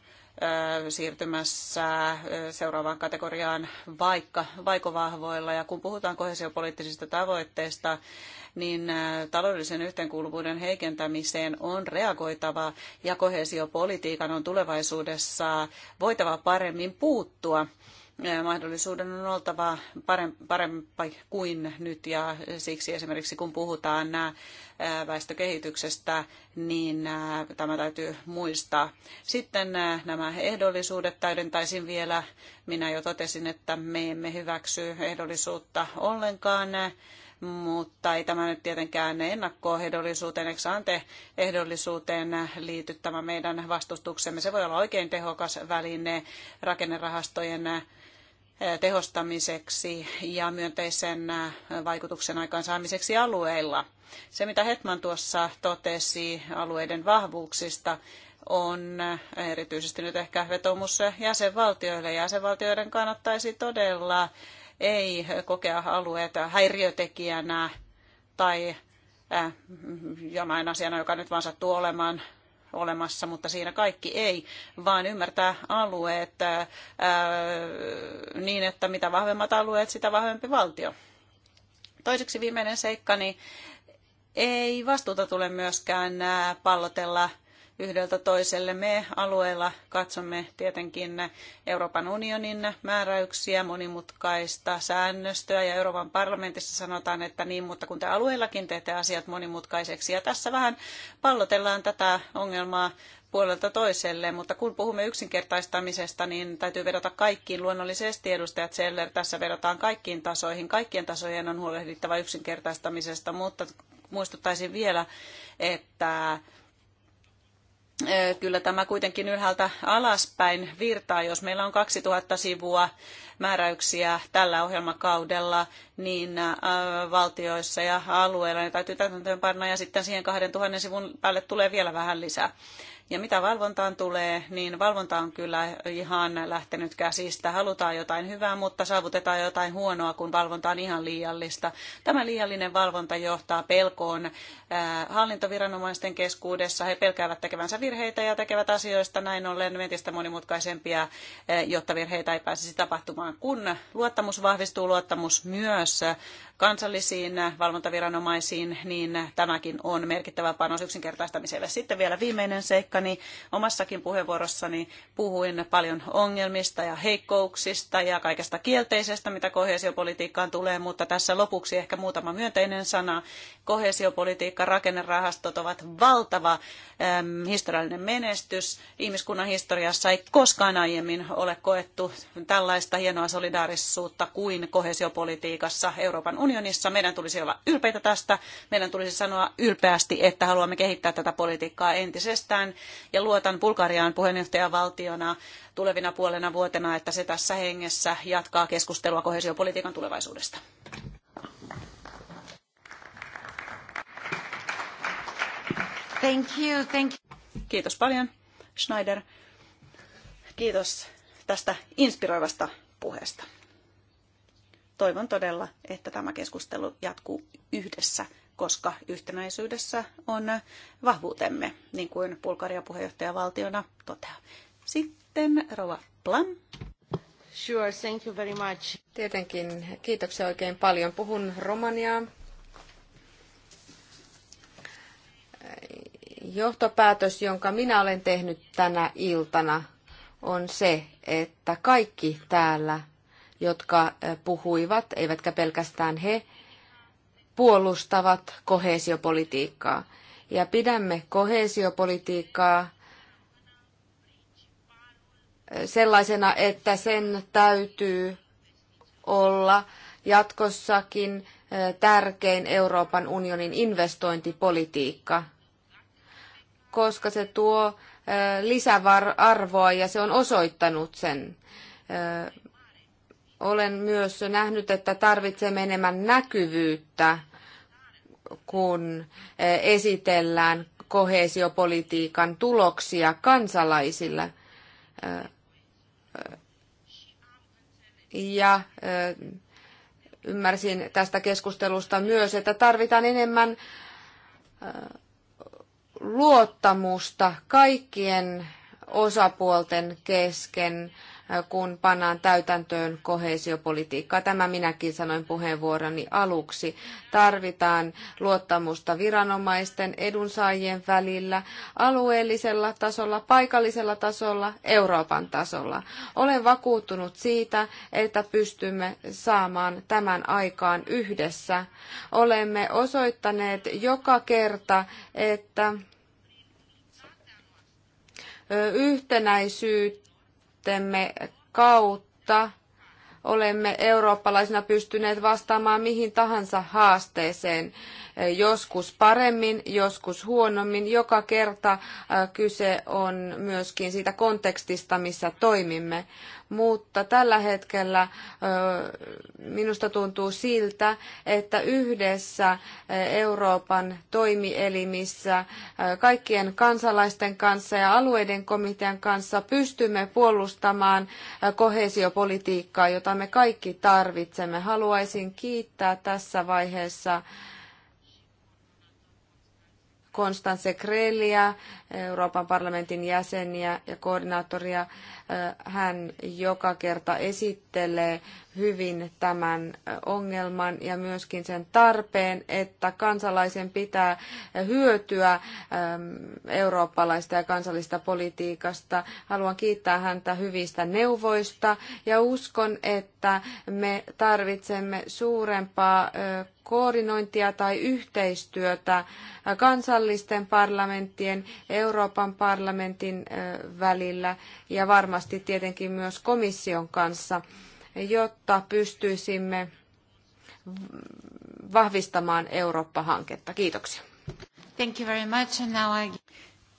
siirtymässä seuraavaan kategoriaan vaikka, vaiko vahvoilla. Ja kun puhutaan kohesiopoliittisista tavoitteista, niin taloudellisen yhteenkuuluvuuden heikentämiseen on reagoitava ja kohesiopolitiikan on tulevaisuudessa voitava paremmin puuttua mahdollisuuden on oltava parempi kuin nyt ja siksi esimerkiksi kun puhutaan äh, väestökehityksestä, niin äh, tämä täytyy muistaa. Sitten äh, nämä ehdollisuudet täydentäisin vielä. Minä jo totesin, että me emme hyväksy ehdollisuutta ollenkaan mutta ei tämä nyt tietenkään ennakkoehdollisuuteen, eikö ante ehdollisuuteen liity tämä meidän vastustuksemme. Se voi olla oikein tehokas väline rakennerahastojen Eh, tehostamiseksi ja myönteisen eh, vaikutuksen aikaansaamiseksi alueilla. Se, mitä Hetman tuossa totesi alueiden vahvuuksista, on eh, erityisesti nyt ehkä vetomus jäsenvaltioille. Jäsenvaltioiden kannattaisi todella ei kokea alueita häiriötekijänä tai jonain asiana, joka nyt vaan sattuu olemaan olemassa, mutta siinä kaikki ei, vaan ymmärtää alueet ää, niin, että mitä vahvemmat alueet, sitä vahvempi valtio. Toiseksi viimeinen seikka, niin ei vastuuta tule myöskään pallotella yhdeltä toiselle. Me alueella katsomme tietenkin Euroopan unionin määräyksiä, monimutkaista säännöstöä ja Euroopan parlamentissa sanotaan, että niin, mutta kun te alueellakin teette asiat monimutkaiseksi ja tässä vähän pallotellaan tätä ongelmaa puolelta toiselle, mutta kun puhumme yksinkertaistamisesta, niin täytyy vedota kaikkiin. Luonnollisesti edustajat Zeller, tässä vedotaan kaikkiin tasoihin. Kaikkien tasojen on huolehdittava yksinkertaistamisesta, mutta muistuttaisin vielä, että kyllä tämä kuitenkin ylhäältä alaspäin virtaa. Jos meillä on 2000 sivua määräyksiä tällä ohjelmakaudella, niin valtioissa ja alueilla ne niin täytyy panna ja sitten siihen 2000 sivun päälle tulee vielä vähän lisää. Ja mitä valvontaan tulee, niin valvonta on kyllä ihan lähtenyt käsistä. Halutaan jotain hyvää, mutta saavutetaan jotain huonoa, kun valvonta on ihan liiallista. Tämä liiallinen valvonta johtaa pelkoon äh, hallintoviranomaisten keskuudessa. He pelkäävät tekevänsä virheitä ja tekevät asioista näin ollen entistä monimutkaisempia, äh, jotta virheitä ei pääsisi tapahtumaan. Kun luottamus vahvistuu, luottamus myös kansallisiin valvontaviranomaisiin, niin tämäkin on merkittävä panos yksinkertaistamiselle. Sitten vielä viimeinen seikka, aikani omassakin puheenvuorossani puhuin paljon ongelmista ja heikkouksista ja kaikesta kielteisestä, mitä kohesiopolitiikkaan tulee, mutta tässä lopuksi ehkä muutama myönteinen sana. Kohesiopolitiikka, rakennerahastot ovat valtava historiallinen menestys. Ihmiskunnan historiassa ei koskaan aiemmin ole koettu tällaista hienoa solidaarisuutta kuin kohesiopolitiikassa Euroopan unionissa. Meidän tulisi olla ylpeitä tästä. Meidän tulisi sanoa ylpeästi, että haluamme kehittää tätä politiikkaa entisestään ja luotan Bulgariaan puheenjohtajavaltiona tulevina puolena vuotena, että se tässä hengessä jatkaa keskustelua kohesiopolitiikan tulevaisuudesta. Thank you, thank you. Kiitos paljon, Schneider. Kiitos tästä inspiroivasta puheesta toivon todella, että tämä keskustelu jatkuu yhdessä koska yhtenäisyydessä on vahvuutemme, niin kuin Bulgaria puheenjohtajavaltiona toteaa. Sitten Rova Plan. Sure, thank you very much. Tietenkin, kiitoksia oikein paljon. Puhun romaniaa. Johtopäätös, jonka minä olen tehnyt tänä iltana, on se, että kaikki täällä, jotka puhuivat, eivätkä pelkästään he, puolustavat kohesiopolitiikkaa. Ja pidämme kohesiopolitiikkaa sellaisena, että sen täytyy olla jatkossakin tärkein Euroopan unionin investointipolitiikka, koska se tuo lisäarvoa ja se on osoittanut sen. Olen myös nähnyt, että tarvitsemme enemmän näkyvyyttä kun eh, esitellään kohesiopolitiikan tuloksia kansalaisilla. Eh, eh, ja ymmärsin tästä keskustelusta myös, että tarvitaan enemmän luottamusta kaikkien osapuolten kesken kun pannaan täytäntöön kohesiopolitiikkaa. Tämä minäkin sanoin puheenvuoroni aluksi. Tarvitaan luottamusta viranomaisten edunsaajien välillä, alueellisella tasolla, paikallisella tasolla, Euroopan tasolla. Olen vakuuttunut siitä, että pystymme saamaan tämän aikaan yhdessä. Olemme osoittaneet joka kerta, että yhtenäisyyttä toimintojemme kautta olemme eurooppalaisina pystyneet vastaamaan mihin tahansa haasteeseen joskus paremmin, joskus huonommin. Joka kerta äh, kyse on myöskin siitä kontekstista, missä toimimme. Mutta tällä hetkellä äh, minusta tuntuu siltä, että yhdessä äh, Euroopan toimielimissä kaikkien kansalaisten kanssa ja alueiden komitean kanssa pystymme puolustamaan kohesiopolitiikkaa, jota me kaikki tarvitsemme. Haluaisin kiittää tässä vaiheessa Konstanze Krelia, Euroopan parlamentin jäseniä ja koordinaattoria. Hän joka kerta esittelee hyvin tämän ongelman ja myöskin sen tarpeen, että kansalaisen pitää hyötyä eurooppalaista ja kansallista politiikasta. Haluan kiittää häntä hyvistä neuvoista ja uskon, että me tarvitsemme suurempaa koordinointia tai yhteistyötä kansallisten parlamenttien, Euroopan parlamentin välillä ja varmasti tietenkin myös komission kanssa, jotta pystyisimme vahvistamaan Eurooppa-hanketta. Kiitoksia. Thank you very much. And now I...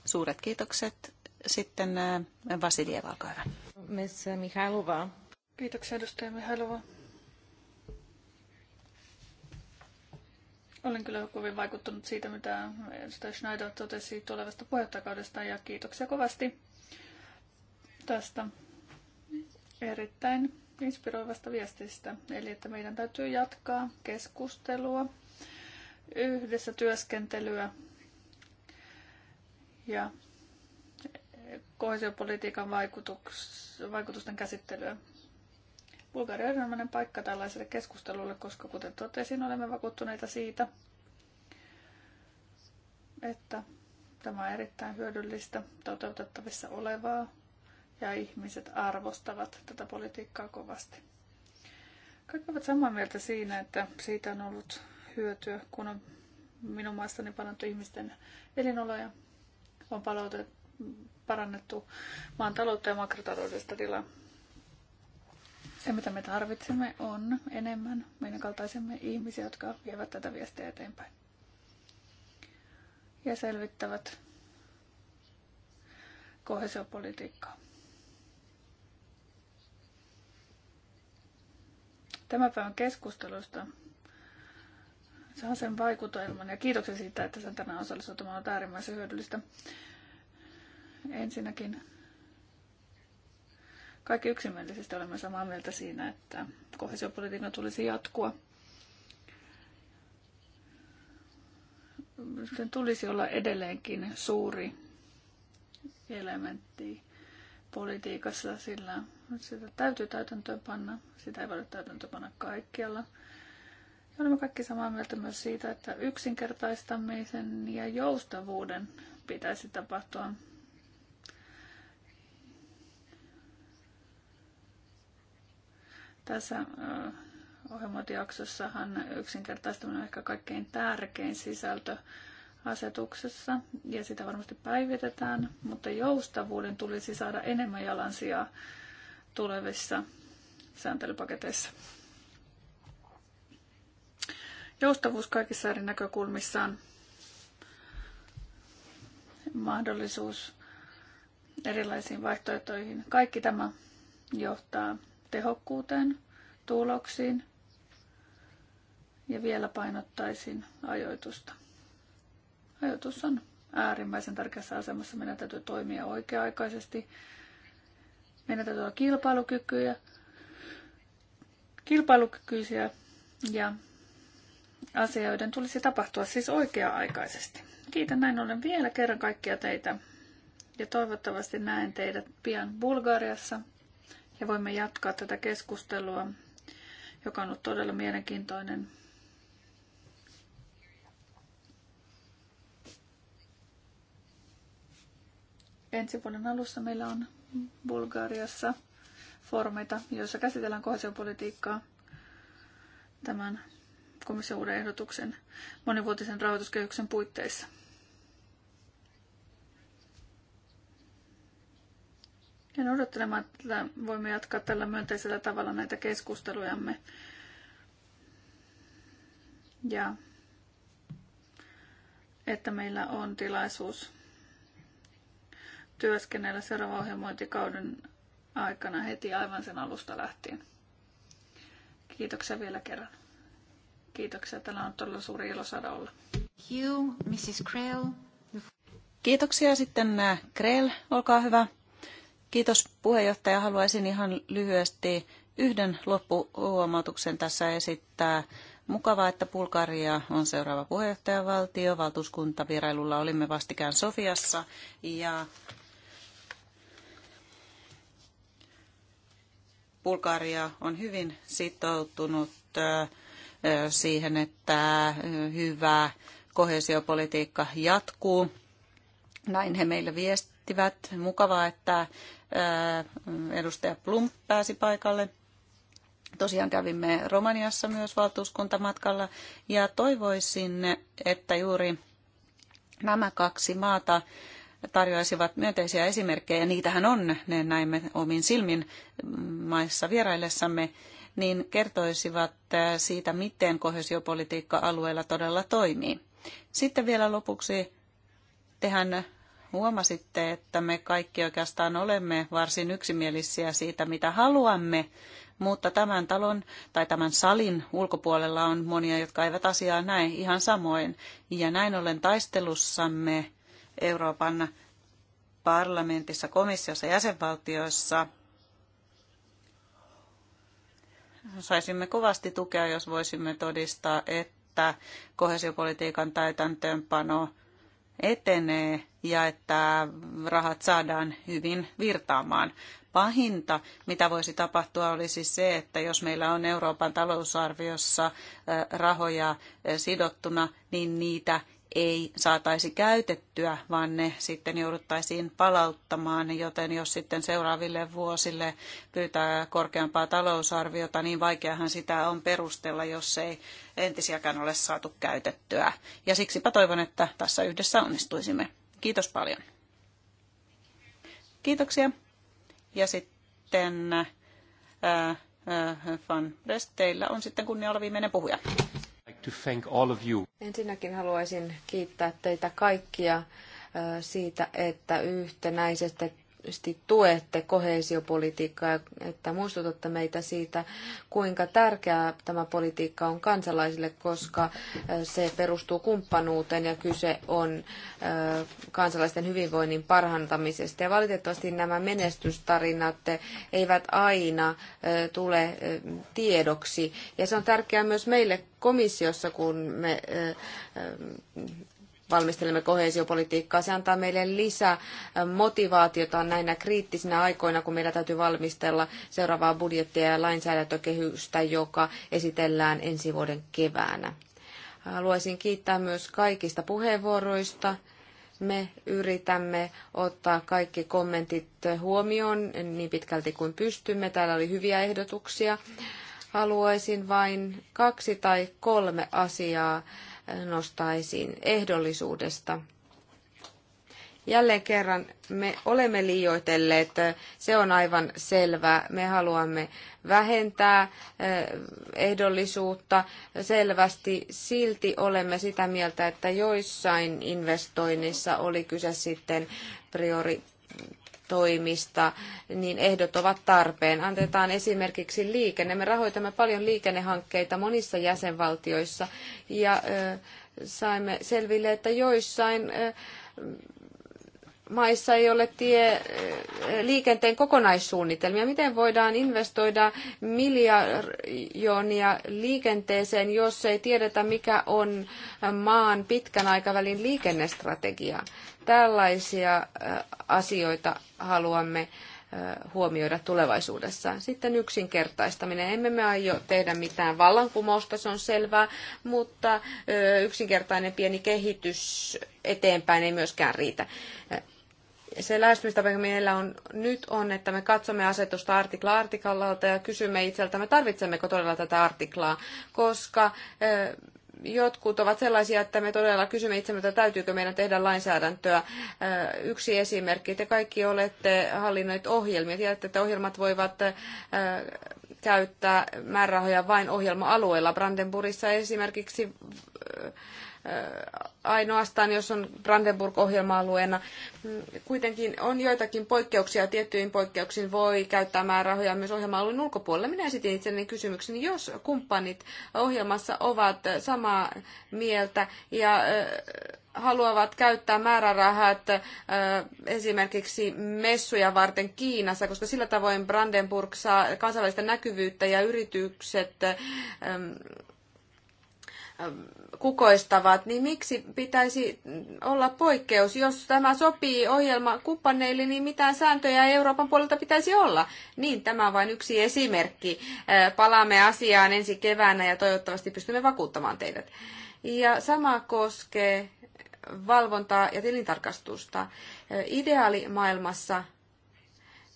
Suuret kiitokset. Sitten Vasilieva, olkaa hyvä. Miss Mihailova. Kiitoksia edustaja Mihailova. Olen kyllä kovin vaikuttunut siitä, mitä edustaja Schneider totesi tulevasta puheenjohtajakaudesta ja kiitoksia kovasti tästä erittäin inspiroivasta viestistä. Eli että meidän täytyy jatkaa keskustelua, yhdessä työskentelyä ja kohesiopolitiikan vaikutusten käsittelyä. Bulgaria on erinomainen paikka tällaiselle keskustelulle, koska kuten totesin, olemme vakuuttuneita siitä, että tämä on erittäin hyödyllistä, toteutettavissa olevaa ja ihmiset arvostavat tätä politiikkaa kovasti. Kaikki ovat samaa mieltä siinä, että siitä on ollut hyötyä, kun on minun maastani parannettu ihmisten elinoloja, on palautettu, parannettu maan taloutta ja makrotaloudellista tilaa. Se, mitä me tarvitsemme, on enemmän meidän kaltaisemme ihmisiä, jotka vievät tätä viestiä eteenpäin. Ja selvittävät kohesiopolitiikkaa. Tämän päivän keskustelusta saa sen vaikutelman ja kiitoksia siitä, että sen tänään Tämä on äärimmäisen hyödyllistä. Ensinnäkin kaikki yksimielisesti olemme samaa mieltä siinä, että kohesiopolitiikan tulisi jatkua. Sen tulisi olla edelleenkin suuri elementti politiikassa, sillä sitä täytyy täytäntöönpanna. Sitä ei voida täytäntöönpanna kaikkialla. Ja olemme kaikki samaa mieltä myös siitä, että yksinkertaistamisen ja joustavuuden pitäisi tapahtua Tässä ohjelmointijaksossahan yksinkertaistaminen on ehkä kaikkein tärkein sisältö asetuksessa ja sitä varmasti päivitetään, mutta joustavuuden tulisi saada enemmän jalansijaa tulevissa sääntelypaketeissa. Joustavuus kaikissa eri näkökulmissaan, mahdollisuus erilaisiin vaihtoehtoihin, kaikki tämä johtaa tehokkuuteen, tuloksiin ja vielä painottaisin ajoitusta. Ajoitus on äärimmäisen tärkeässä asemassa. Meidän täytyy toimia oikea-aikaisesti. Meidän täytyy olla kilpailukykyjä, kilpailukykyisiä ja asioiden tulisi tapahtua siis oikea-aikaisesti. Kiitän näin ollen vielä kerran kaikkia teitä ja toivottavasti näen teidät pian Bulgariassa ja voimme jatkaa tätä keskustelua, joka on ollut todella mielenkiintoinen. Ensi vuoden alussa meillä on Bulgariassa foorumeita, joissa käsitellään kohesiopolitiikkaa tämän komission uuden ehdotuksen monivuotisen rahoituskehyksen puitteissa. Jään odottelemaan, että voimme jatkaa tällä myönteisellä tavalla näitä keskustelujamme. Ja että meillä on tilaisuus työskennellä seuraavan ohjelmointikauden aikana heti aivan sen alusta lähtien. Kiitoksia vielä kerran. Kiitoksia. Tällä on todella suuri ilo saada olla. You, Mrs. Krell. Kiitoksia sitten äh, Krell. Olkaa hyvä. Kiitos puheenjohtaja. Haluaisin ihan lyhyesti yhden loppuhuomautuksen tässä esittää. Mukavaa, että Bulgaria on seuraava puheenjohtajavaltio. Valtuuskuntavierailulla olimme vastikään Sofiassa ja Bulgaria on hyvin sitoutunut siihen, että hyvä kohesiopolitiikka jatkuu. Näin he meille viestivät. Mukavaa, että edustaja Plum pääsi paikalle. Tosiaan kävimme Romaniassa myös valtuuskuntamatkalla ja toivoisin, että juuri nämä kaksi maata tarjoaisivat myönteisiä esimerkkejä, ja niitähän on, ne näimme omin silmin maissa vieraillessamme, niin kertoisivat siitä, miten kohesiopolitiikka alueella todella toimii. Sitten vielä lopuksi tehän huomasitte, että me kaikki oikeastaan olemme varsin yksimielisiä siitä, mitä haluamme, mutta tämän talon tai tämän salin ulkopuolella on monia, jotka eivät asiaa näe ihan samoin. Ja näin ollen taistelussamme Euroopan parlamentissa, komissiossa, jäsenvaltioissa saisimme kovasti tukea, jos voisimme todistaa, että kohesiopolitiikan täytäntöönpano etenee ja että rahat saadaan hyvin virtaamaan. Pahinta, mitä voisi tapahtua, olisi se, että jos meillä on Euroopan talousarviossa rahoja sidottuna, niin niitä ei saataisi käytettyä, vaan ne sitten jouduttaisiin palauttamaan, joten jos sitten seuraaville vuosille pyytää korkeampaa talousarviota, niin vaikeahan sitä on perustella, jos ei entisiäkään ole saatu käytettyä. Ja siksipä toivon, että tässä yhdessä onnistuisimme. Kiitos paljon. Kiitoksia. Ja sitten ää, äh, ää, äh, Van Rest, teillä on sitten kunnia olla viimeinen puhuja to thank all of you. Ensinnäkin haluaisin kiittää teitä kaikkia siitä, että yhtenäisesti erityisesti tuette kohesiopolitiikkaa, että muistutatte meitä siitä, kuinka tärkeää tämä politiikka on kansalaisille, koska se perustuu kumppanuuteen ja kyse on kansalaisten hyvinvoinnin parhantamisesta. Ja valitettavasti nämä menestystarinat eivät aina tule tiedoksi. Ja se on tärkeää myös meille komissiossa, kun me valmistelemme kohesiopolitiikkaa. Se antaa meille lisää motivaatiota näinä kriittisinä aikoina, kun meillä täytyy valmistella seuraavaa budjettia ja lainsäädäntökehystä, joka esitellään ensi vuoden keväänä. Haluaisin kiittää myös kaikista puheenvuoroista. Me yritämme ottaa kaikki kommentit huomioon niin pitkälti kuin pystymme. Täällä oli hyviä ehdotuksia. Haluaisin vain kaksi tai kolme asiaa nostaa esiin ehdollisuudesta. Jälleen kerran me olemme liioitelleet, se on aivan selvää. Me haluamme vähentää eh, ehdollisuutta selvästi. Silti olemme sitä mieltä, että joissain investoinnissa oli kyse sitten priori toimista, niin ehdot ovat tarpeen. Antetaan esimerkiksi liikenne. Me rahoitamme paljon liikennehankkeita monissa jäsenvaltioissa ja saimme selville, että joissain maissa ei ole tie, liikenteen kokonaissuunnitelmia. Miten voidaan investoida miljoonia liikenteeseen, jos ei tiedetä, mikä on maan pitkän aikavälin liikennestrategia? Tällaisia äh, asioita haluamme äh, huomioida tulevaisuudessa. Sitten yksinkertaistaminen. Emme me aio tehdä mitään vallankumousta, se on selvää, mutta äh, yksinkertainen pieni kehitys eteenpäin ei myöskään riitä se lähestymistapa, joka meillä on nyt, on, että me katsomme asetusta artikla artiklalta ja kysymme itseltämme, tarvitsemmeko todella tätä artiklaa, koska jotkut ovat sellaisia, että me todella kysymme itsemme, että täytyykö meidän tehdä lainsäädäntöä. Yksi esimerkki, te kaikki olette hallinnoit ohjelmia. Tiedätte, että ohjelmat voivat käyttää määrärahoja vain ohjelma-alueella. Brandenburgissa esimerkiksi ainoastaan, jos on Brandenburg-ohjelma-alueena. Kuitenkin on joitakin poikkeuksia, tiettyihin poikkeuksiin voi käyttää määrärahoja myös ohjelma-alueen ulkopuolella. Minä esitin itselleni kysymyksen, jos kumppanit ohjelmassa ovat samaa mieltä ja haluavat käyttää määrärahat esimerkiksi messuja varten Kiinassa, koska sillä tavoin Brandenburg saa kansainvälistä näkyvyyttä ja yritykset kukoistavat, niin miksi pitäisi olla poikkeus? Jos tämä sopii ohjelma kuppaneille, niin mitään sääntöjä Euroopan puolelta pitäisi olla. Niin, tämä on vain yksi esimerkki. Palaamme asiaan ensi keväänä ja toivottavasti pystymme vakuuttamaan teidät. Ja sama koskee valvontaa ja tilintarkastusta. Ideaalimaailmassa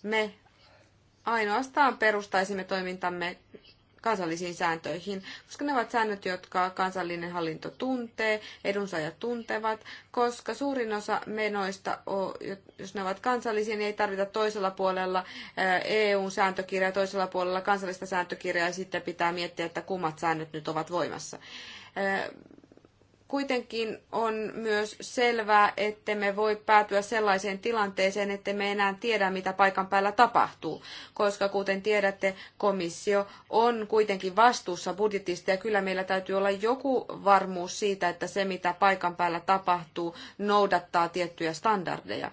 me ainoastaan perustaisimme toimintamme kansallisiin sääntöihin, koska ne ovat säännöt, jotka kansallinen hallinto tuntee, edunsaajat tuntevat, koska suurin osa menoista, jos ne ovat kansallisia, niin ei tarvita toisella puolella EU-sääntökirjaa, eh, e toisella puolella kansallista sääntökirjaa, ja sitten pitää miettiä, että kummat säännöt nyt ovat voimassa eh, Kuitenkin on myös selvää, että me voi päätyä sellaiseen tilanteeseen, että me enää tiedä, mitä paikan päällä tapahtuu, koska kuten tiedätte, komissio on kuitenkin vastuussa budjetista ja kyllä meillä täytyy olla joku varmuus siitä, että se, mitä paikan päällä tapahtuu, noudattaa tiettyjä standardeja.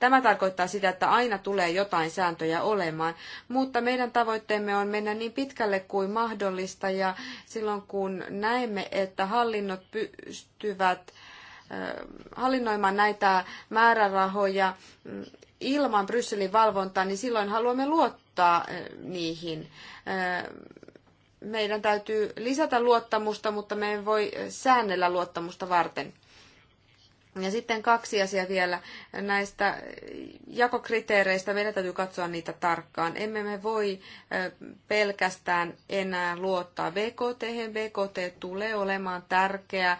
Tämä tarkoittaa sitä, että aina tulee jotain sääntöjä olemaan, mutta meidän tavoitteemme on mennä niin pitkälle kuin mahdollista ja silloin kun näemme, että hallinnot pystyvät hallinnoimaan näitä määrärahoja mm, ilman Brysselin valvontaa, niin silloin haluamme luottaa niihin. Meidän täytyy lisätä luottamusta, mutta me emme voi säännellä luottamusta varten. Ja sitten kaksi asiaa vielä näistä jakokriteereistä. Meidän täytyy katsoa niitä tarkkaan. Emme me voi pelkästään enää luottaa BKT. BKT tulee olemaan tärkeä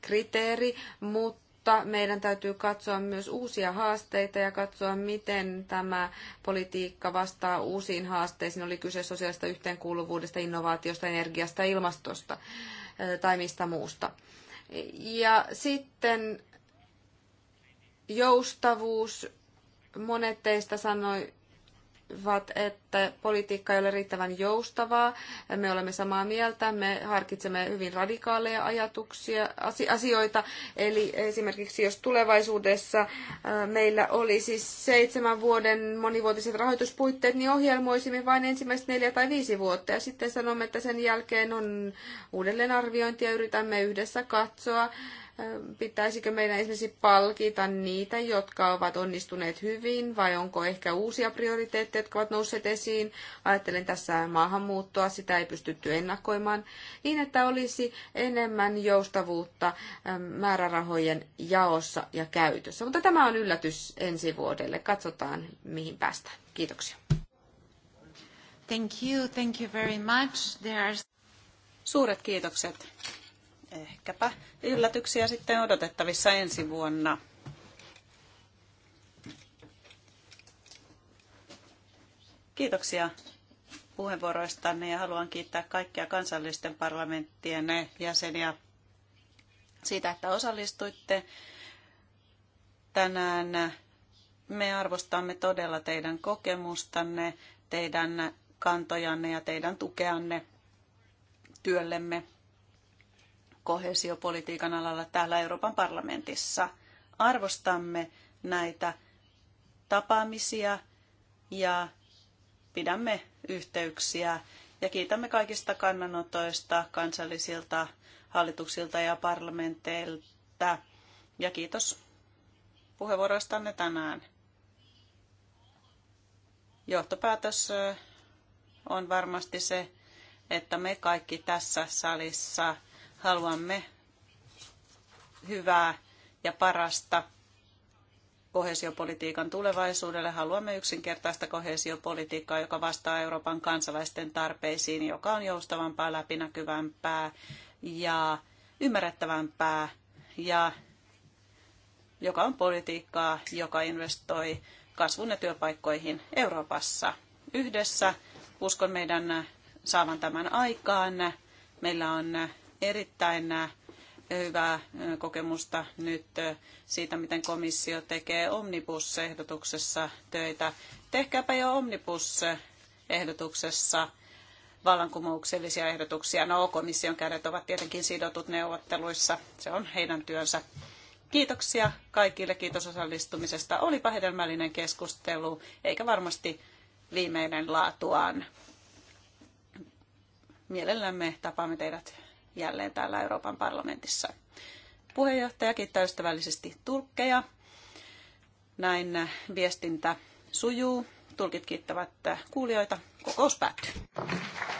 kriteeri, mutta meidän täytyy katsoa myös uusia haasteita ja katsoa, miten tämä politiikka vastaa uusiin haasteisiin. Oli kyse sosiaalista yhteenkuuluvuudesta, innovaatiosta, energiasta, ilmastosta tai mistä muusta ja sitten joustavuus. Monet teistä sanoi, ovat, että politiikka ei ole riittävän joustavaa. Me olemme samaa mieltä, me harkitsemme hyvin radikaaleja ajatuksia, asioita. Eli esimerkiksi jos tulevaisuudessa äh, meillä olisi seitsemän vuoden monivuotiset rahoituspuitteet, niin ohjelmoisimme vain ensimmäiset neljä tai viisi vuotta. Ja sitten sanomme, että sen jälkeen on uudelleenarviointi ja yritämme yhdessä katsoa, Pitäisikö meidän esimerkiksi palkita niitä, jotka ovat onnistuneet hyvin, vai onko ehkä uusia prioriteetteja, jotka ovat nousseet esiin? Ajattelen tässä maahanmuuttoa, sitä ei pystytty ennakoimaan, niin että olisi enemmän joustavuutta määrärahojen jaossa ja käytössä. Mutta tämä on yllätys ensi vuodelle. Katsotaan, mihin päästään. Kiitoksia. Thank you, thank you very much. There are... Suuret kiitokset ehkäpä yllätyksiä sitten odotettavissa ensi vuonna. Kiitoksia puheenvuoroistanne ja haluan kiittää kaikkia kansallisten parlamenttien jäseniä siitä, että osallistuitte tänään. Me arvostamme todella teidän kokemustanne, teidän kantojanne ja teidän tukeanne työllemme. Koheesiopolitiikan alalla täällä Euroopan parlamentissa. Arvostamme näitä tapaamisia ja pidämme yhteyksiä ja kiitämme kaikista kannanotoista kansallisilta hallituksilta ja parlamenteilta. Ja kiitos puheenvuoroistanne tänään. Johtopäätös äh, on varmasti se, että me kaikki tässä salissa haluamme hyvää ja parasta kohesiopolitiikan tulevaisuudelle. Haluamme yksinkertaista kohesiopolitiikkaa, joka vastaa Euroopan kansalaisten tarpeisiin, joka on joustavampaa, läpinäkyvämpää ja ymmärrettävämpää ja joka on politiikkaa, joka investoi kasvun ja työpaikkoihin Euroopassa. Yhdessä uskon meidän saavan tämän aikaan. Meillä on erittäin äh, hyvää äh, kokemusta nyt äh, siitä, miten komissio tekee omnibus-ehdotuksessa töitä. Tehkääpä jo omnibus-ehdotuksessa vallankumouksellisia ehdotuksia. No, komission kädet ovat tietenkin sidotut neuvotteluissa. Se on heidän työnsä. Kiitoksia kaikille, kiitos osallistumisesta. Olipa hedelmällinen keskustelu, eikä varmasti viimeinen laatuaan. Mielellämme tapaamme teidät jälleen täällä Euroopan parlamentissa. Puheenjohtaja kiittää ystävällisesti tulkkeja. Näin viestintä sujuu. Tulkit kiittävät kuulijoita. Kokous päättyy.